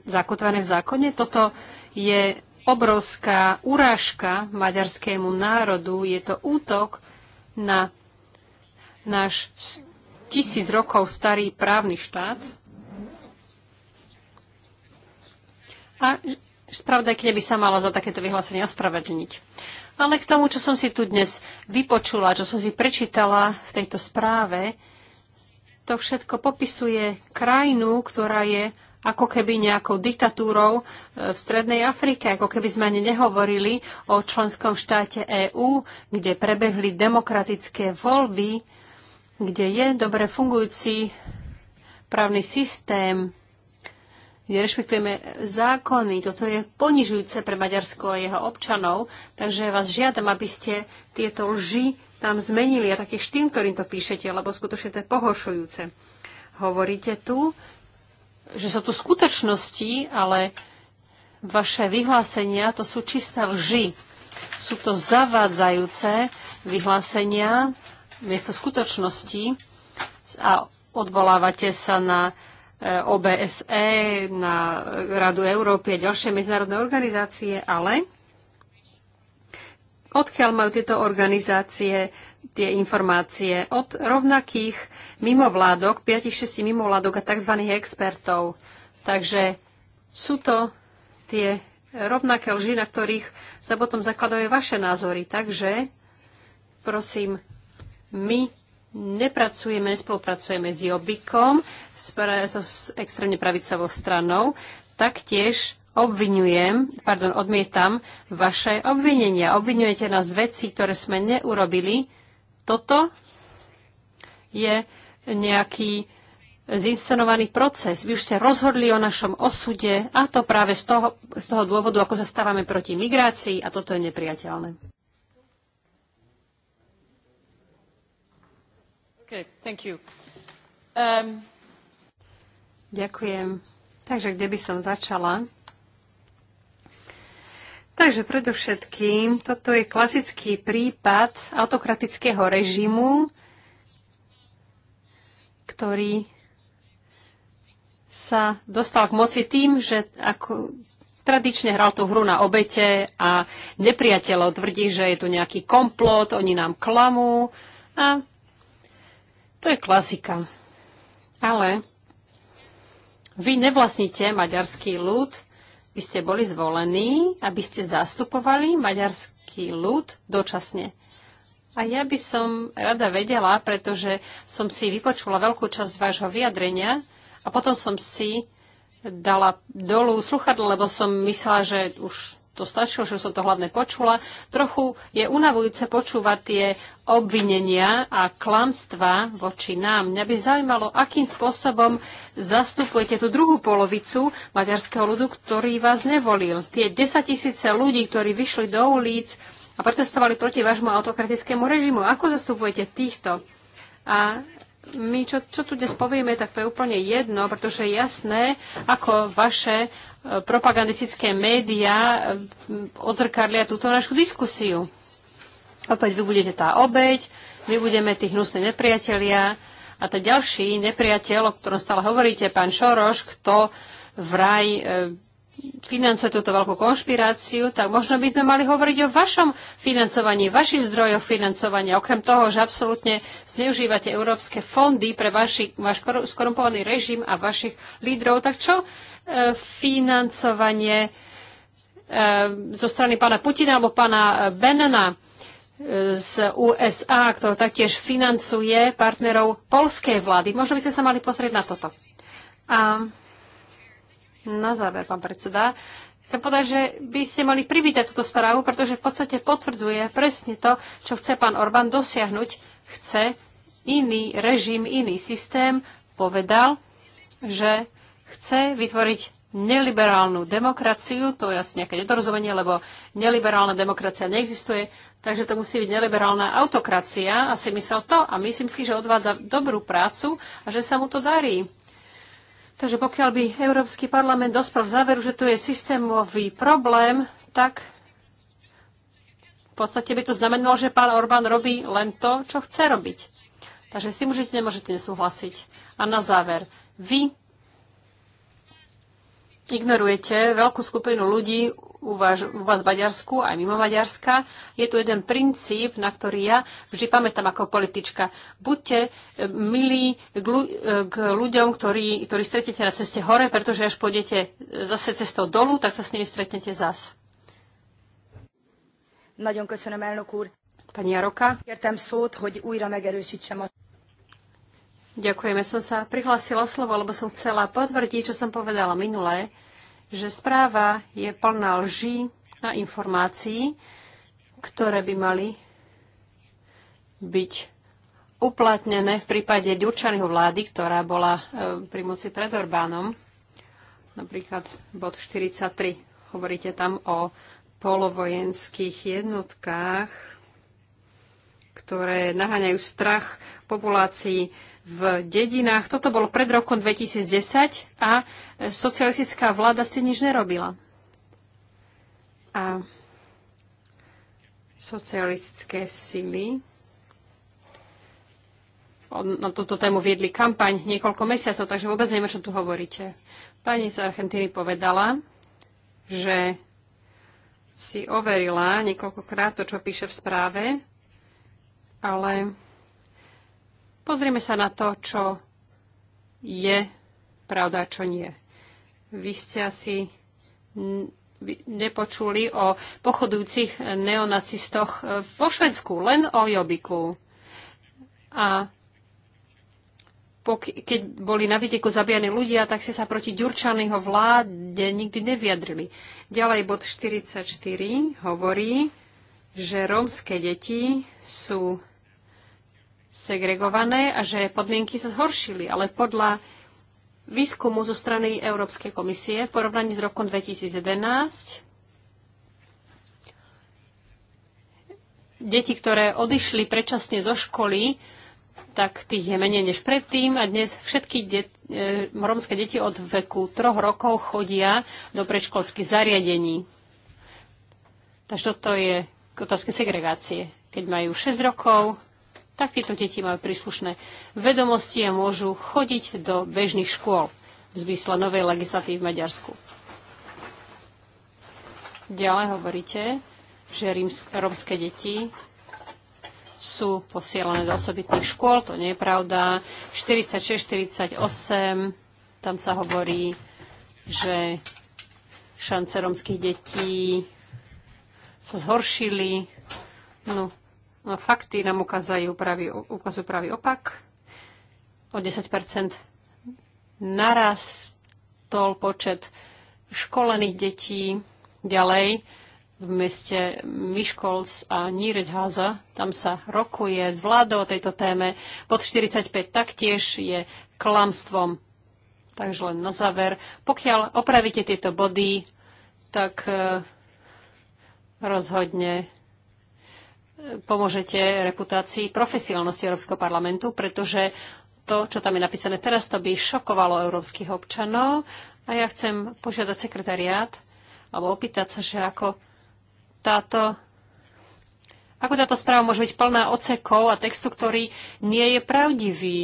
zakotvené v zákone, toto je obrovská urážka maďarskému národu. Je to útok na náš tisíc rokov starý právny štát. A keď by sa mala za takéto vyhlásenie ospravedlniť. Ale k tomu, čo som si tu dnes vypočula, čo som si prečítala v tejto správe, to všetko popisuje krajinu, ktorá je ako keby nejakou diktatúrou e, v Strednej Afrike, ako keby sme ani nehovorili o členskom štáte EÚ, kde prebehli demokratické voľby, kde je dobre fungujúci právny systém, kde rešpektujeme zákony. Toto je ponižujúce pre Maďarsko a jeho občanov, takže vás žiadam, aby ste tieto lži tam zmenili a taký štým, ktorým to píšete, lebo skutočne to je pohoršujúce. Hovoríte tu, že sú tu skutočnosti, ale vaše vyhlásenia to sú čisté lži. Sú to zavádzajúce vyhlásenia miesto skutočnosti a odvolávate sa na OBSE, e, na Radu Európy a ďalšie medzinárodné organizácie, ale odkiaľ majú tieto organizácie tie informácie od rovnakých mimovládok, 5-6 mimovládok a tzv. expertov. Takže sú to tie rovnaké lži, na ktorých sa potom zakladajú vaše názory. Takže, prosím, my nepracujeme, spolupracujeme s Jobikom, s, so, s extrémne pravicovou stranou, taktiež obvinujem, pardon, odmietam vaše obvinenia. Obvinujete nás veci, ktoré sme neurobili, toto je nejaký zinscenovaný proces. Vy už ste rozhodli o našom osude a to práve z toho, z toho dôvodu, ako sa stávame proti migrácii a toto je nepriateľné. Okay, thank you. Um... Ďakujem. Takže kde by som začala? Takže predovšetkým, toto je klasický prípad autokratického režimu, ktorý sa dostal k moci tým, že ako tradične hral tú hru na obete a nepriateľov tvrdí, že je tu nejaký komplot, oni nám klamú a to je klasika. Ale vy nevlastníte maďarský ľud, by ste boli zvolení, aby ste zastupovali maďarský ľud dočasne. A ja by som rada vedela, pretože som si vypočula veľkú časť vášho vyjadrenia a potom som si dala dolu sluchadlo, lebo som myslela, že už to stačilo, že som to hlavne počula. Trochu je unavujúce počúvať tie obvinenia a klamstva voči nám. Mňa by zaujímalo, akým spôsobom zastupujete tú druhú polovicu maďarského ľudu, ktorý vás nevolil. Tie 10 tisíce ľudí, ktorí vyšli do ulic a protestovali proti vášmu autokratickému režimu. Ako zastupujete týchto? A my, čo, čo tu dnes povieme, tak to je úplne jedno, pretože je jasné, ako vaše e, propagandistické médiá e, odzrkadlia túto našu diskusiu. Opäť vy budete tá obeď, my budeme tí hnusné nepriatelia a ten ďalší nepriateľ, o ktorom stále hovoríte, pán Šoroš, kto vraj e, financuje túto veľkú konšpiráciu, tak možno by sme mali hovoriť o vašom financovaní, vašich zdrojoch financovania. Okrem toho, že absolútne zneužívate európske fondy pre vaši, váš skorumpovaný režim a vašich lídrov, tak čo e, financovanie e, zo strany pána Putina alebo pána Benena e, z USA, ktorý taktiež financuje partnerov polskej vlády. Možno by ste sa mali pozrieť na toto. A na záver, pán predseda, chcem povedať, že by ste mali privítať túto správu, pretože v podstate potvrdzuje presne to, čo chce pán Orbán dosiahnuť. Chce iný režim, iný systém. Povedal, že chce vytvoriť neliberálnu demokraciu, to je asi nejaké nedorozumenie, lebo neliberálna demokracia neexistuje, takže to musí byť neliberálna autokracia, asi myslel to a myslím si, že odvádza dobrú prácu a že sa mu to darí. Takže pokiaľ by Európsky parlament dospel v záveru, že tu je systémový problém, tak v podstate by to znamenalo, že pán Orbán robí len to, čo chce robiť. Takže s tým určite nemôžete nesúhlasiť. A na záver, vy ignorujete veľkú skupinu ľudí u vás, u vás v Maďarsku, aj mimo Maďarska, je tu jeden princíp, na ktorý ja vždy pamätám ako politička. Buďte e, milí k, e, k ľuďom, ktorí, ktorí stretnete na ceste hore, pretože až pôjdete e, zase cestou dolu, tak sa s nimi stretnete zas. Pani Jaroka. Ďakujeme, som sa prihlásila slovo, lebo som chcela potvrdiť, čo som povedala minulé že správa je plná lží a informácií, ktoré by mali byť uplatnené v prípade Ďurčanho vlády, ktorá bola e, pri moci pred Orbánom. Napríklad bod 43. Hovoríte tam o polovojenských jednotkách, ktoré naháňajú strach populácii v dedinách. Toto bolo pred rokom 2010 a socialistická vláda s tým nič nerobila. A socialistické sily na túto tému viedli kampaň niekoľko mesiacov, takže vôbec neviem, čo tu hovoríte. Pani z Argentíny povedala, že si overila niekoľkokrát to, čo píše v správe, ale Pozrieme sa na to, čo je pravda, čo nie. Vy ste asi nepočuli o pochodujúcich neonacistoch vo Švedsku, len o Jobiku. A keď boli na vidieku zabíjani ľudia, tak si sa proti Ďurčanýho vláde nikdy neviadrili. Ďalej bod 44 hovorí, že rómske deti sú segregované a že podmienky sa zhoršili, ale podľa výskumu zo strany Európskej komisie v porovnaní s rokom 2011 deti, ktoré odišli predčasne zo školy, tak tých je menej než predtým a dnes všetky de- e, romské deti od veku troch rokov chodia do predškolských zariadení. Takže toto je k otázke segregácie. Keď majú 6 rokov, tak tieto deti majú príslušné vedomosti a môžu chodiť do bežných škôl v zmysle novej legislatívy v Maďarsku. Ďalej hovoríte, že rómske deti sú posielané do osobitných škôl, to nie je pravda. 46-48, tam sa hovorí, že šance rómskych detí sa zhoršili. No, No fakty nám ukazujú pravý, ukazujú pravý opak. O 10 narastol počet školených detí ďalej v meste Miškolc a Níreďháza. Tam sa rokuje s vládou o tejto téme. Pod 45 taktiež je klamstvom. Takže len na záver. Pokiaľ opravíte tieto body, tak eh, rozhodne pomôžete reputácii profesionálnosti Európskeho parlamentu, pretože to, čo tam je napísané teraz, to by šokovalo európskych občanov. A ja chcem požiadať sekretariát, alebo opýtať sa, že ako táto, ako táto správa môže byť plná ocekov a textu, ktorý nie je pravdivý.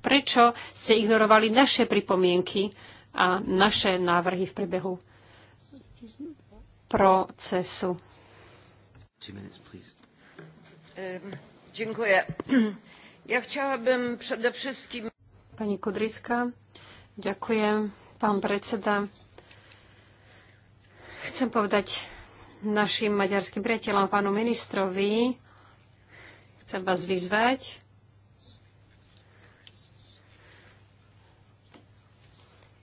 Prečo ste ignorovali naše pripomienky a naše návrhy v priebehu procesu? Two minutes, please. Ja chciałabym przede wszystkim... Pani Kudrická, ďakujem. Pán predseda, chcem povedať našim maďarským priateľom, pánu ministrovi, chcem vás vyzvať,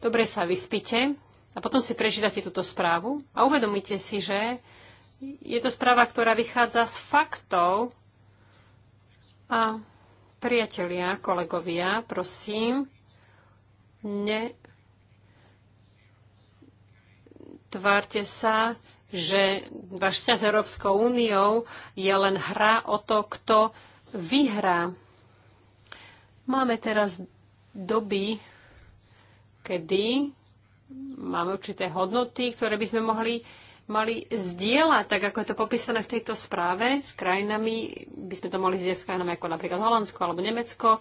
dobre sa vyspite a potom si prečítate túto správu a uvedomíte si, že je to správa, ktorá vychádza z faktov a priatelia, kolegovia, prosím, ne tvárte sa, že váš vzťah s Európskou úniou je len hra o to, kto vyhrá. Máme teraz doby, kedy máme určité hodnoty, ktoré by sme mohli mali zdieľať, tak ako je to popísané v tejto správe, s krajinami, by sme to mohli zdieľať s krajinami ako napríklad Holandsko alebo Nemecko.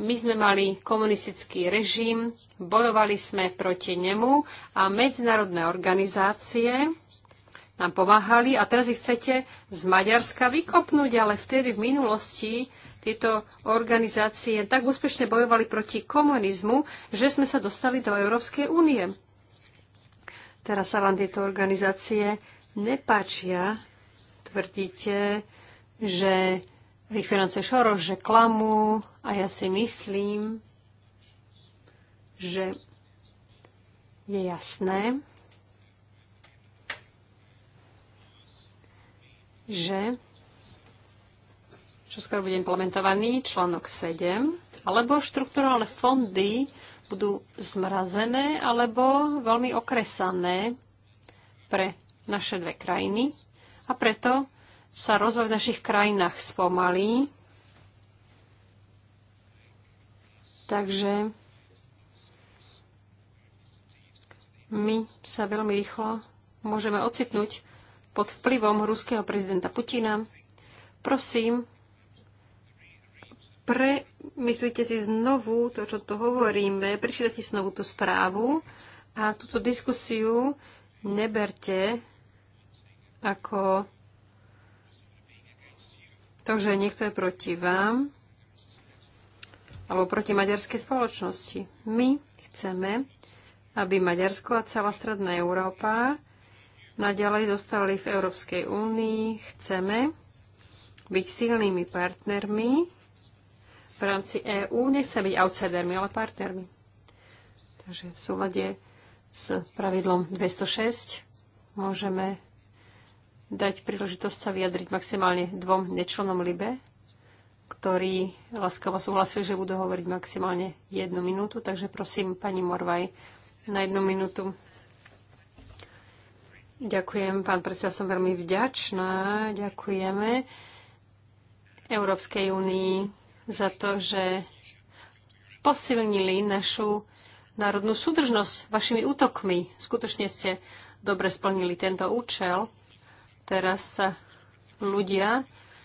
My sme mali komunistický režim, bojovali sme proti nemu a medzinárodné organizácie nám pomáhali a teraz ich chcete z Maďarska vykopnúť, ale vtedy v minulosti tieto organizácie tak úspešne bojovali proti komunizmu, že sme sa dostali do Európskej únie. Teraz sa vám tieto organizácie nepáčia. Tvrdíte, že ich financuje Šoroš, že klamú a ja si myslím, že je jasné, že čo skoro bude implementovaný článok 7, alebo štruktúrálne fondy budú zmrazené alebo veľmi okresané pre naše dve krajiny. A preto sa rozvoj v našich krajinách spomalí. Takže my sa veľmi rýchlo môžeme ocitnúť pod vplyvom ruského prezidenta Putina. Prosím, pre myslíte si znovu to, čo tu hovoríme, prečítate znovu tú správu a túto diskusiu neberte ako to, že niekto je proti vám alebo proti maďarskej spoločnosti. My chceme, aby Maďarsko a celá stredná Európa naďalej zostali v Európskej únii. Chceme byť silnými partnermi v rámci EÚ nechce byť outsidermi, ale partnermi. Takže v súlade s pravidlom 206 môžeme dať príležitosť sa vyjadriť maximálne dvom nečlenom LIBE, ktorí láskavo súhlasili, že budú hovoriť maximálne jednu minútu. Takže prosím, pani Morvaj, na jednu minútu. Ďakujem, pán predseda, som veľmi vďačná. Ďakujeme Európskej únii za to, že posilnili našu národnú súdržnosť vašimi útokmi. Skutočne ste dobre splnili tento účel. Teraz sa ľudia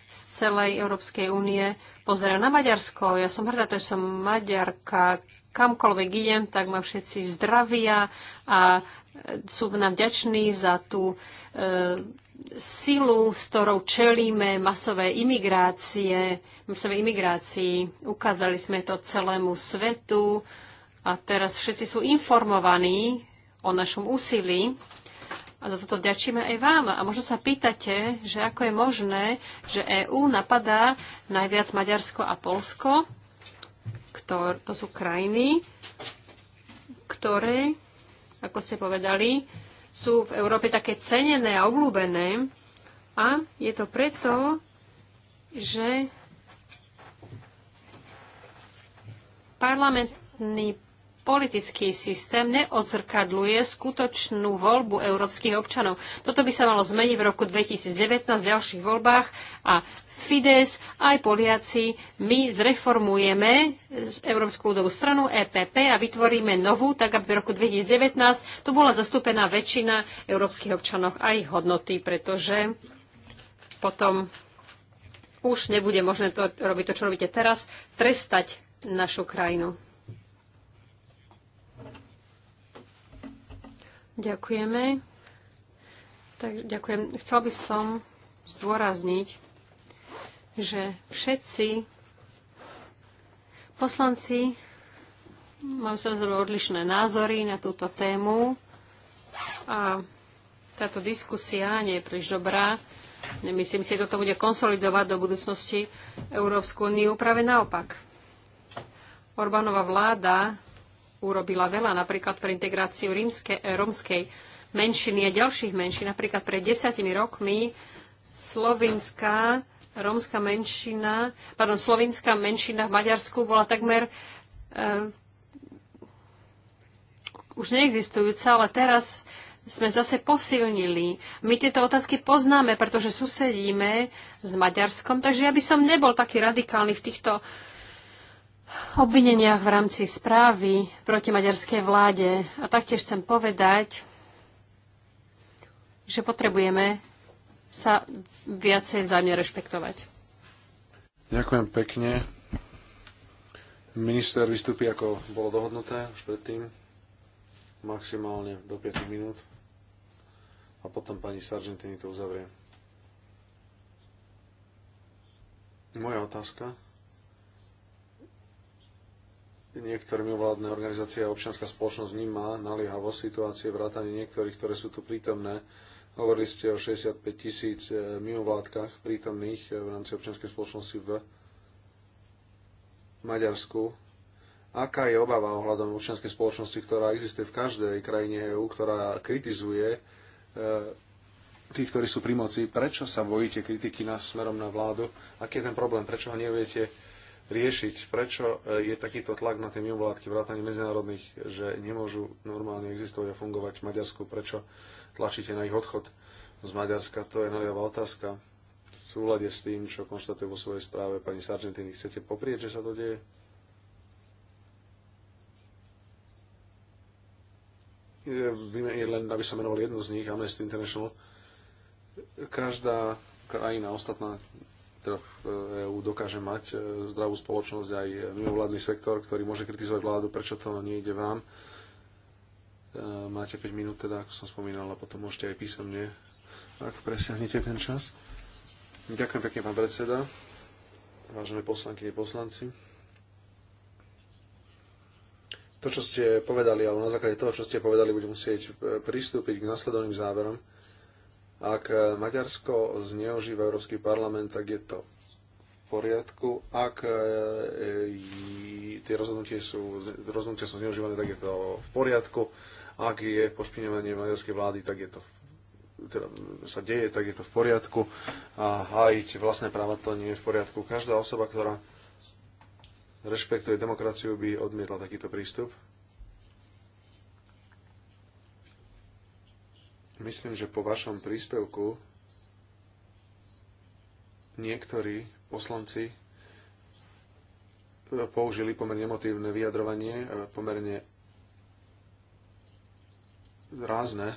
z celej Európskej únie pozerajú na Maďarsko. Ja som hrdá, že som Maďarka. Kamkoľvek idem, tak ma všetci zdravia a sú nám vďační za tú e, silu, s ktorou čelíme masové imigrácie, masové imigrácii. Ukázali sme to celému svetu a teraz všetci sú informovaní o našom úsilí. A za toto ďačíme aj vám. A možno sa pýtate, že ako je možné, že EÚ napadá najviac Maďarsko a Polsko, ktor, to sú krajiny, ktoré, ako ste povedali, sú v Európe také cenené a obľúbené. A je to preto, že parlamentný politický systém neodzrkadluje skutočnú voľbu európskych občanov. Toto by sa malo zmeniť v roku 2019 v ďalších voľbách a Fides, aj Poliaci, my zreformujeme Európsku ľudovú stranu EPP a vytvoríme novú, tak aby v roku 2019 tu bola zastúpená väčšina európskych občanov a ich hodnoty, pretože potom už nebude možné to robiť to, čo robíte teraz, trestať našu krajinu. Ďakujeme. Tak, ďakujem. Chcel by som zdôrazniť, že všetci poslanci majú sa odlišné názory na túto tému a táto diskusia nie je príliš dobrá. Nemyslím si, že toto bude konsolidovať do budúcnosti Európsku úniu práve naopak. Orbánova vláda urobila veľa, napríklad pre integráciu rímske, eh, rómskej menšiny a ďalších menšín. Napríklad pred desiatimi rokmi slovinská rómska menšina, pardon, slovinská menšina v Maďarsku bola takmer e, už neexistujúca, ale teraz sme zase posilnili. My tieto otázky poznáme, pretože susedíme s Maďarskom, takže ja by som nebol taký radikálny v týchto uh, obvineniach v rámci správy proti maďarskej vláde. A taktiež chcem povedať, že potrebujeme sa viacej vzájomne rešpektovať. Ďakujem pekne. Minister vystúpi, ako bolo dohodnuté už predtým, maximálne do 5 minút a potom pani Sargentini to uzavrie. Moja otázka niektoré mimovládne organizácie a občianská spoločnosť vníma naliehavosť situácie vrátane niektorých, ktoré sú tu prítomné. Hovorili ste o 65 tisíc e, mimovládkach prítomných e, v rámci občianskej spoločnosti v Maďarsku. Aká je obava ohľadom občianskej spoločnosti, ktorá existuje v každej krajine EÚ, ktorá kritizuje e, tých, ktorí sú pri moci? Prečo sa bojíte kritiky na smerom na vládu? Aký je ten problém? Prečo ho neviete riešiť, prečo e, je takýto tlak na tie mimovládky vrátane medzinárodných, že nemôžu normálne existovať a fungovať v Maďarsku, prečo tlačíte na ich odchod z Maďarska, to je naliavá otázka. V súlade s tým, čo konštatuje vo svojej správe pani Sargentini, chcete poprieť, že sa to deje? len aby sa menoval jednu z nich, Amnesty International, každá krajina ostatná trh EÚ e dokáže mať e, zdravú spoločnosť aj mimovládny sektor, ktorý môže kritizovať vládu, prečo to nejde vám. E, máte 5 minút, teda, ako som spomínal, a potom môžete aj písomne, ak presiahnete ten čas. Ďakujem pekne, pán predseda, vážené poslankyne, poslanci. To, čo ste povedali, alebo na základe toho, čo ste povedali, budem musieť pristúpiť k nasledovným záverom. Ak e, Maďarsko zneužíva Európsky parlament, tak je to v poriadku. Ak e, e, tie rozhodnutia sú, rozhodnutia sú zneužívané, tak je to v poriadku. Ak je pošpinovanie maďarskej vlády, tak je to teda sa deje, tak je to v poriadku. A hájiť vlastné práva to nie je v poriadku. Každá osoba, ktorá rešpektuje demokraciu, by odmietla takýto prístup. Myslím, že po vašom príspevku niektorí poslanci použili pomerne emotívne vyjadrovanie, e, pomerne rázne.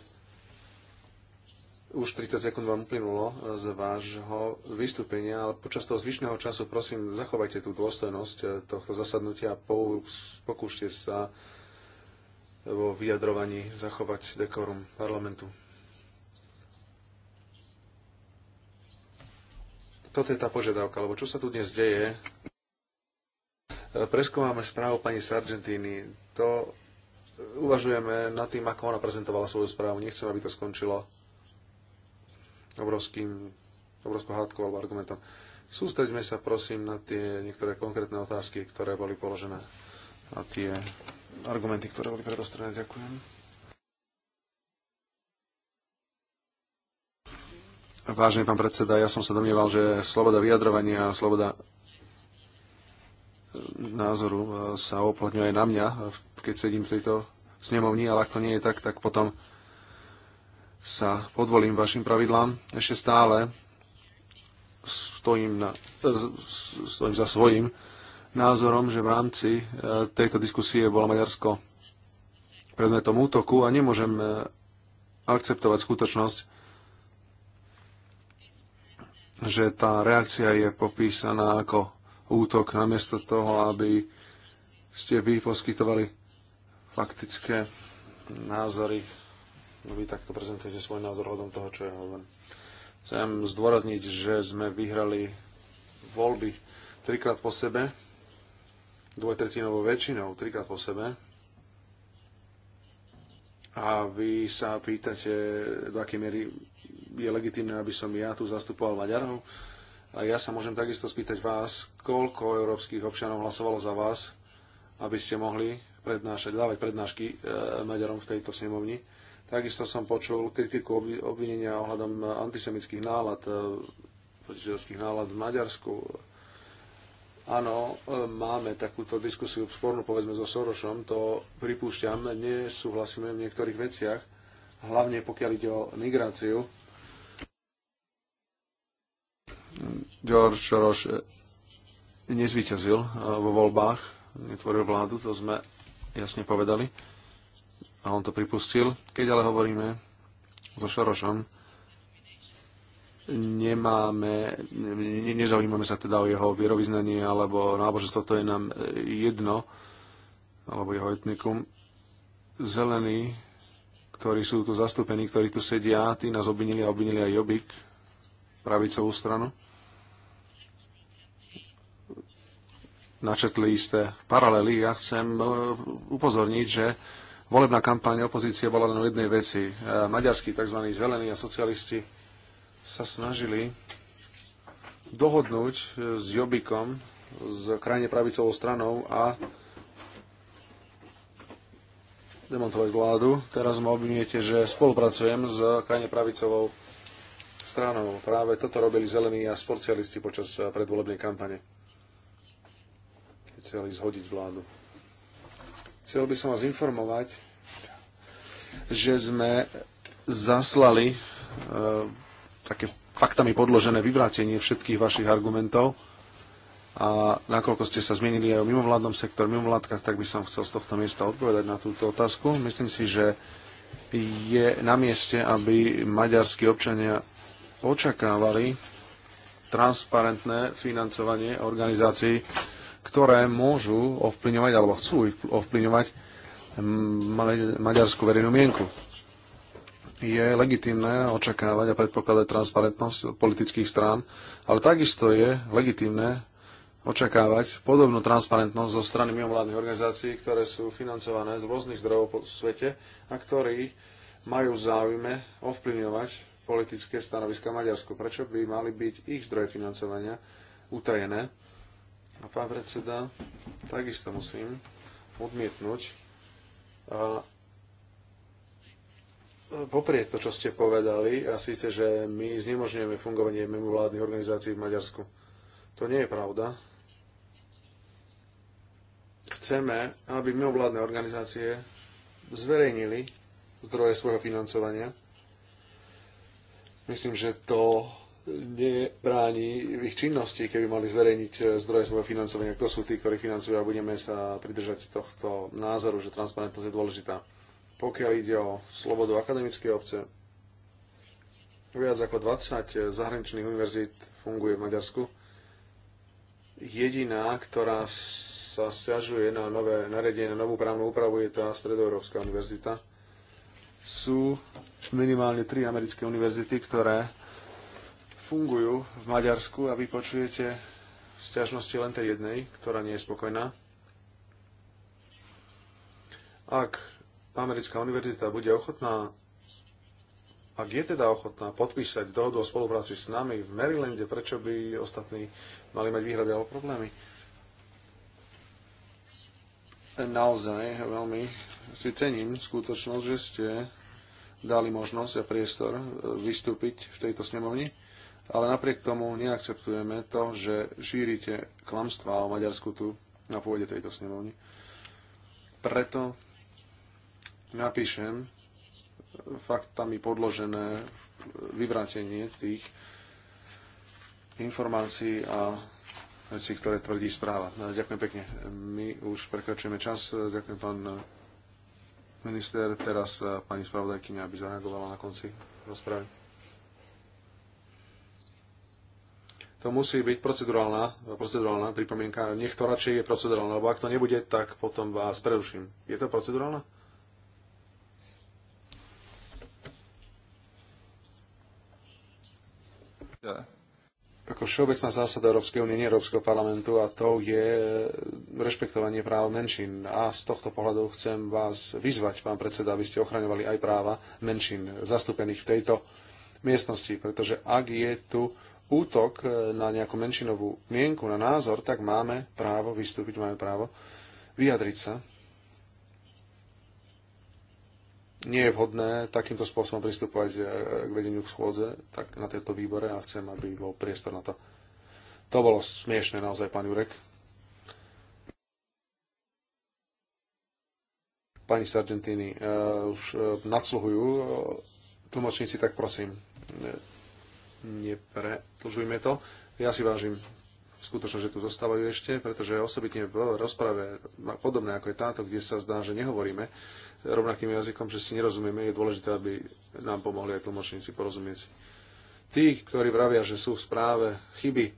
Už 30 sekúnd vám uplynulo e, z vášho vystúpenia, ale počas toho zvyšného času prosím, zachovajte tú dôstojnosť e, tohto zasadnutia a pokúšte sa vo vyjadrovaní zachovať dekorum parlamentu. toto je tá požiadavka, lebo čo sa tu dnes deje, preskúmame správu pani Sargentini. To uvažujeme nad tým, ako ona prezentovala svoju správu. Nechcem, aby to skončilo obrovským, obrovskou hádkou alebo argumentom. Sústreďme sa prosím na tie niektoré konkrétne otázky, ktoré boli položené a tie argumenty, ktoré boli predostrené. Ďakujem. Vážený pán predseda, ja som sa domnieval, že sloboda vyjadrovania a sloboda eh, názoru eh, sa oplatňuje aj na mňa, eh, keď sedím v tejto snemovni, ale ak to nie je tak, tak potom sa podvolím vašim pravidlám. Ešte stále stojím, na, stojím za svojím názorom, že v rámci tejto diskusie bolo Maďarsko predmetom útoku a nemôžem akceptovať skutočnosť, že tá reakcia je popísaná ako útok namiesto toho, aby ste vy poskytovali faktické názory. No, vy takto prezentujete svoj názor hľadom toho, čo ja hovorím. Chcem zdôrazniť, že sme vyhrali voľby trikrát po sebe, dvojtretinovou väčšinou, trikrát po sebe. A vy sa pýtate, do akej miery je legitimné, aby som ja tu zastupoval Maďarov. A ja sa môžem takisto spýtať vás, koľko európskych občanov hlasovalo za vás, aby ste mohli prednášať, dávať prednášky e, Maďarom v tejto snemovni. Takisto som počul kritiku obvinenia ohľadom e, antisemických nálad, e, nálad v Maďarsku. Áno, e, máme takúto diskusiu spornú, povedzme, so Sorošom, to pripúšťam, nesúhlasíme v niektorých veciach, hlavne pokiaľ ide o migráciu George Soros nezvíťazil eh, vo voľbách, netvoril vládu, to sme jasne povedali. A on to pripustil. Keď ale hovoríme so Šorošom, nemáme, ne, nezaujímame sa teda o jeho vierovýznanie alebo náboženstvo, to je nám eh, jedno, alebo jeho etnikum. Zelení, ktorí sú tu zastúpení, ktorí tu sedia, tí nás obvinili a obvinili aj Jobik, pravicovú stranu načetli isté paralely. Ja chcem e, upozorniť, že volebná kampaň opozície bola len o jednej veci. E, maďarskí tzv. zelení a socialisti sa snažili dohodnúť e, s Jobikom, s krajine pravicovou stranou a demontovať vládu. Teraz ma obviniete, že spolupracujem s krajine pravicovou stranou. Práve toto robili zelení a sporcialisti počas predvolebnej kampane chceli zhodiť vládu. Chcel by som vás informovať, že sme zaslali e, také faktami podložené vyvrátenie všetkých vašich argumentov a nakoľko ste sa zmienili aj o mimovládnom sektoru, mimovládkach, tak by som chcel z tohto miesta odpovedať na túto otázku. Myslím si, že je na mieste, aby maďarskí občania očakávali transparentné financovanie organizácií, ktoré môžu ovplyňovať alebo chcú ovplyňovať maďarskú verejnú mienku. Je legitimné očakávať a predpokladať transparentnosť politických strán, ale takisto je legitimné očakávať podobnú transparentnosť zo strany mimovládnych organizácií, ktoré sú financované z rôznych zdrojov po svete a ktorí majú záujme ovplyvňovať politické stanoviska Maďarsku. Prečo by mali byť ich zdroje financovania utajené? A pán predseda, takisto musím odmietnúť a poprieť to, čo ste povedali, a síce, že my znemožňujeme fungovanie mimovládnych organizácií v Maďarsku. To nie je pravda. Chceme, aby mimovládne organizácie zverejnili zdroje svojho financovania. Myslím, že to nebráni ich činnosti, keby mali zverejniť eh, zdroje svojho financovania, kto sú tí, ktorí financujú a budeme sa pridržať tohto názoru, že transparentnosť je dôležitá. Pokiaľ ide o slobodu akademickej obce, viac ako 20 eh, zahraničných univerzít funguje v Maďarsku. Jediná, ktorá sa stiažuje na nové naredenie, na novú právnu úpravu, je tá Stredoeurópska univerzita. Sú minimálne tri americké univerzity, ktoré fungujú v Maďarsku a vy počujete sťažnosti len tej jednej, ktorá nie je spokojná. Ak americká univerzita bude ochotná, ak je teda ochotná podpísať dohodu o spolupráci s nami v Marylande, prečo by ostatní mali mať výhrady alebo problémy? Naozaj veľmi si cením skutočnosť, že ste dali možnosť a priestor vystúpiť v tejto snemovni ale napriek tomu neakceptujeme to, že šírite klamstvá o Maďarsku tu na pôde tejto snemovni. Preto napíšem faktami podložené vyvrátenie tých informácií a veci, ktoré tvrdí správa. No, ďakujem pekne. My už prekračujeme čas. Ďakujem pán minister. Teraz eh, pani spravodajkyňa, aby zareagovala na konci rozpravy. to musí byť procedurálna, procedurálna pripomienka. Nech to radšej je procedurálna, lebo ak to nebude, tak potom vás preruším. Je to procedurálna? Ja. Ako všeobecná zásada Európskej únie, nie Európskeho parlamentu, a to je rešpektovanie práv menšín. A z tohto pohľadu chcem vás vyzvať, pán predseda, aby ste ochraňovali aj práva menšín zastúpených v tejto miestnosti, pretože ak je tu útok e, na nejakú menšinovú mienku, na názor, tak máme právo vystúpiť, máme právo vyjadriť sa. Nie je vhodné takýmto spôsobom pristupovať e, k vedeniu k schôdze tak na tejto výbore a chcem, aby bol priestor na to. To bolo smiešne naozaj, pán Jurek. Pani Sargentini, e, už nadsluhujú tlmočníci, tak prosím, nepredlžujme to. Ja si vážim skutočnosť, že tu zostávajú ešte, pretože osobitne v rozprave podobné ako je táto, kde sa zdá, že nehovoríme rovnakým jazykom, že si nerozumieme, je dôležité, aby nám pomohli aj tlmočníci porozumieť si. Tí, ktorí vravia, že sú v správe chyby,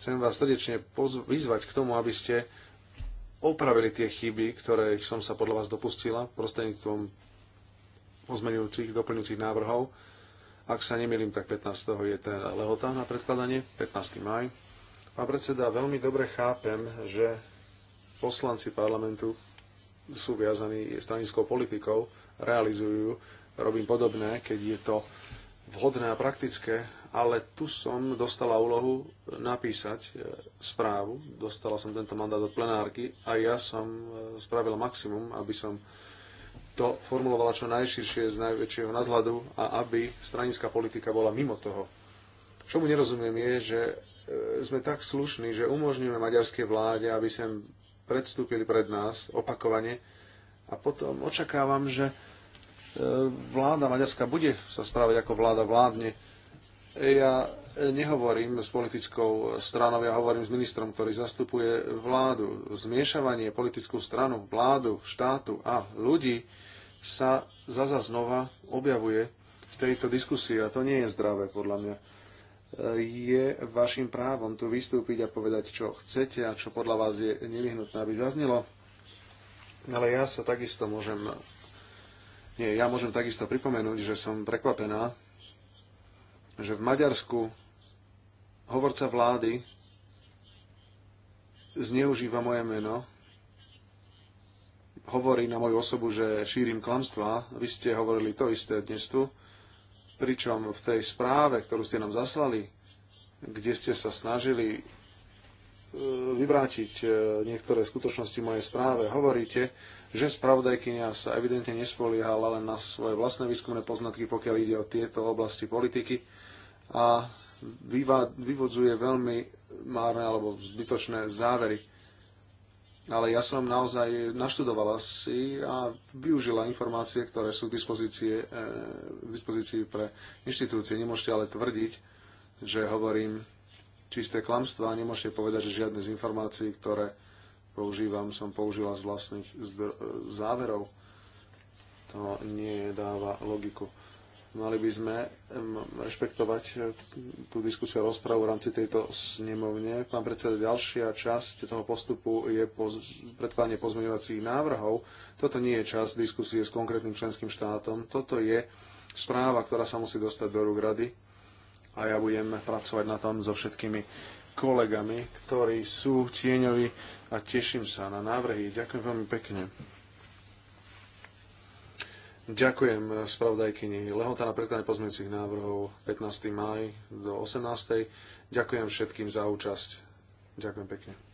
chcem vás srdečne vyzvať k tomu, aby ste opravili tie chyby, ktoré som sa podľa vás dopustila prostredníctvom pozmenujúcich, doplňujúcich návrhov ak sa nemýlim, tak 15. je ten lehota na predkladanie, 15. maj. Pán predseda, veľmi dobre chápem, že poslanci parlamentu sú viazaní stranickou politikou, realizujú, robím podobné, keď je to vhodné a praktické, ale tu som dostala úlohu napísať e, správu, dostala som tento mandát od plenárky a ja som e, spravil maximum, aby som to formulovala čo najširšie z najväčšieho nadhľadu a aby stranická politika bola mimo toho. Čo mu nerozumiem je, že e, sme tak slušní, že umožníme maďarskej vláde, aby sem predstúpili pred nás opakovane a potom očakávam, že e, vláda maďarská bude sa správať ako vláda vládne ja nehovorím s politickou stranou, ja hovorím s ministrom, ktorý zastupuje vládu. Zmiešavanie politickú stranu, vládu, štátu a ľudí sa zaza znova objavuje v tejto diskusii a to nie je zdravé podľa mňa. Je vašim právom tu vystúpiť a povedať, čo chcete a čo podľa vás je nevyhnutné, aby zaznelo. Ale ja sa takisto môžem, nie, ja môžem takisto pripomenúť, že som prekvapená že v Maďarsku hovorca vlády zneužíva moje meno, hovorí na moju osobu, že šírim klamstvá. Vy ste hovorili to isté dnes tu, pričom v tej správe, ktorú ste nám zaslali, kde ste sa snažili e, vyvrátiť e, niektoré skutočnosti mojej správe. Hovoríte, že spravodajkynia sa evidentne nespoliehala len na svoje vlastné výskumné poznatky, pokiaľ ide o tieto oblasti politiky a vyvodzuje veľmi márne alebo zbytočné závery. Ale ja som naozaj naštudovala si a využila informácie, ktoré sú v e, v dispozícii pre inštitúcie. Nemôžete ale tvrdiť, že hovorím čisté klamstvá. Nemôžete povedať, že žiadne z informácií, ktoré používam, som použila z vlastných e, záverov. To nie dáva logiku. Mali by sme rešpektovať eh, tú diskusiu a rozpravu v rámci tejto snemovne. Pán predseda, ďalšia časť toho postupu je poz, predkladanie pozmeňovacích návrhov. Toto nie je čas diskusie s konkrétnym členským štátom. Toto je správa, ktorá sa musí dostať do rúk rady a ja budem pracovať na tom so všetkými kolegami, ktorí sú tieňoví a teším sa na návrhy. Ďakujem veľmi pekne. Ďakujem eh, spravodajkyni. Lehota na predkladanie pozmeňujúcich návrhov 15. maj do 18. Ďakujem všetkým za účasť. Ďakujem pekne.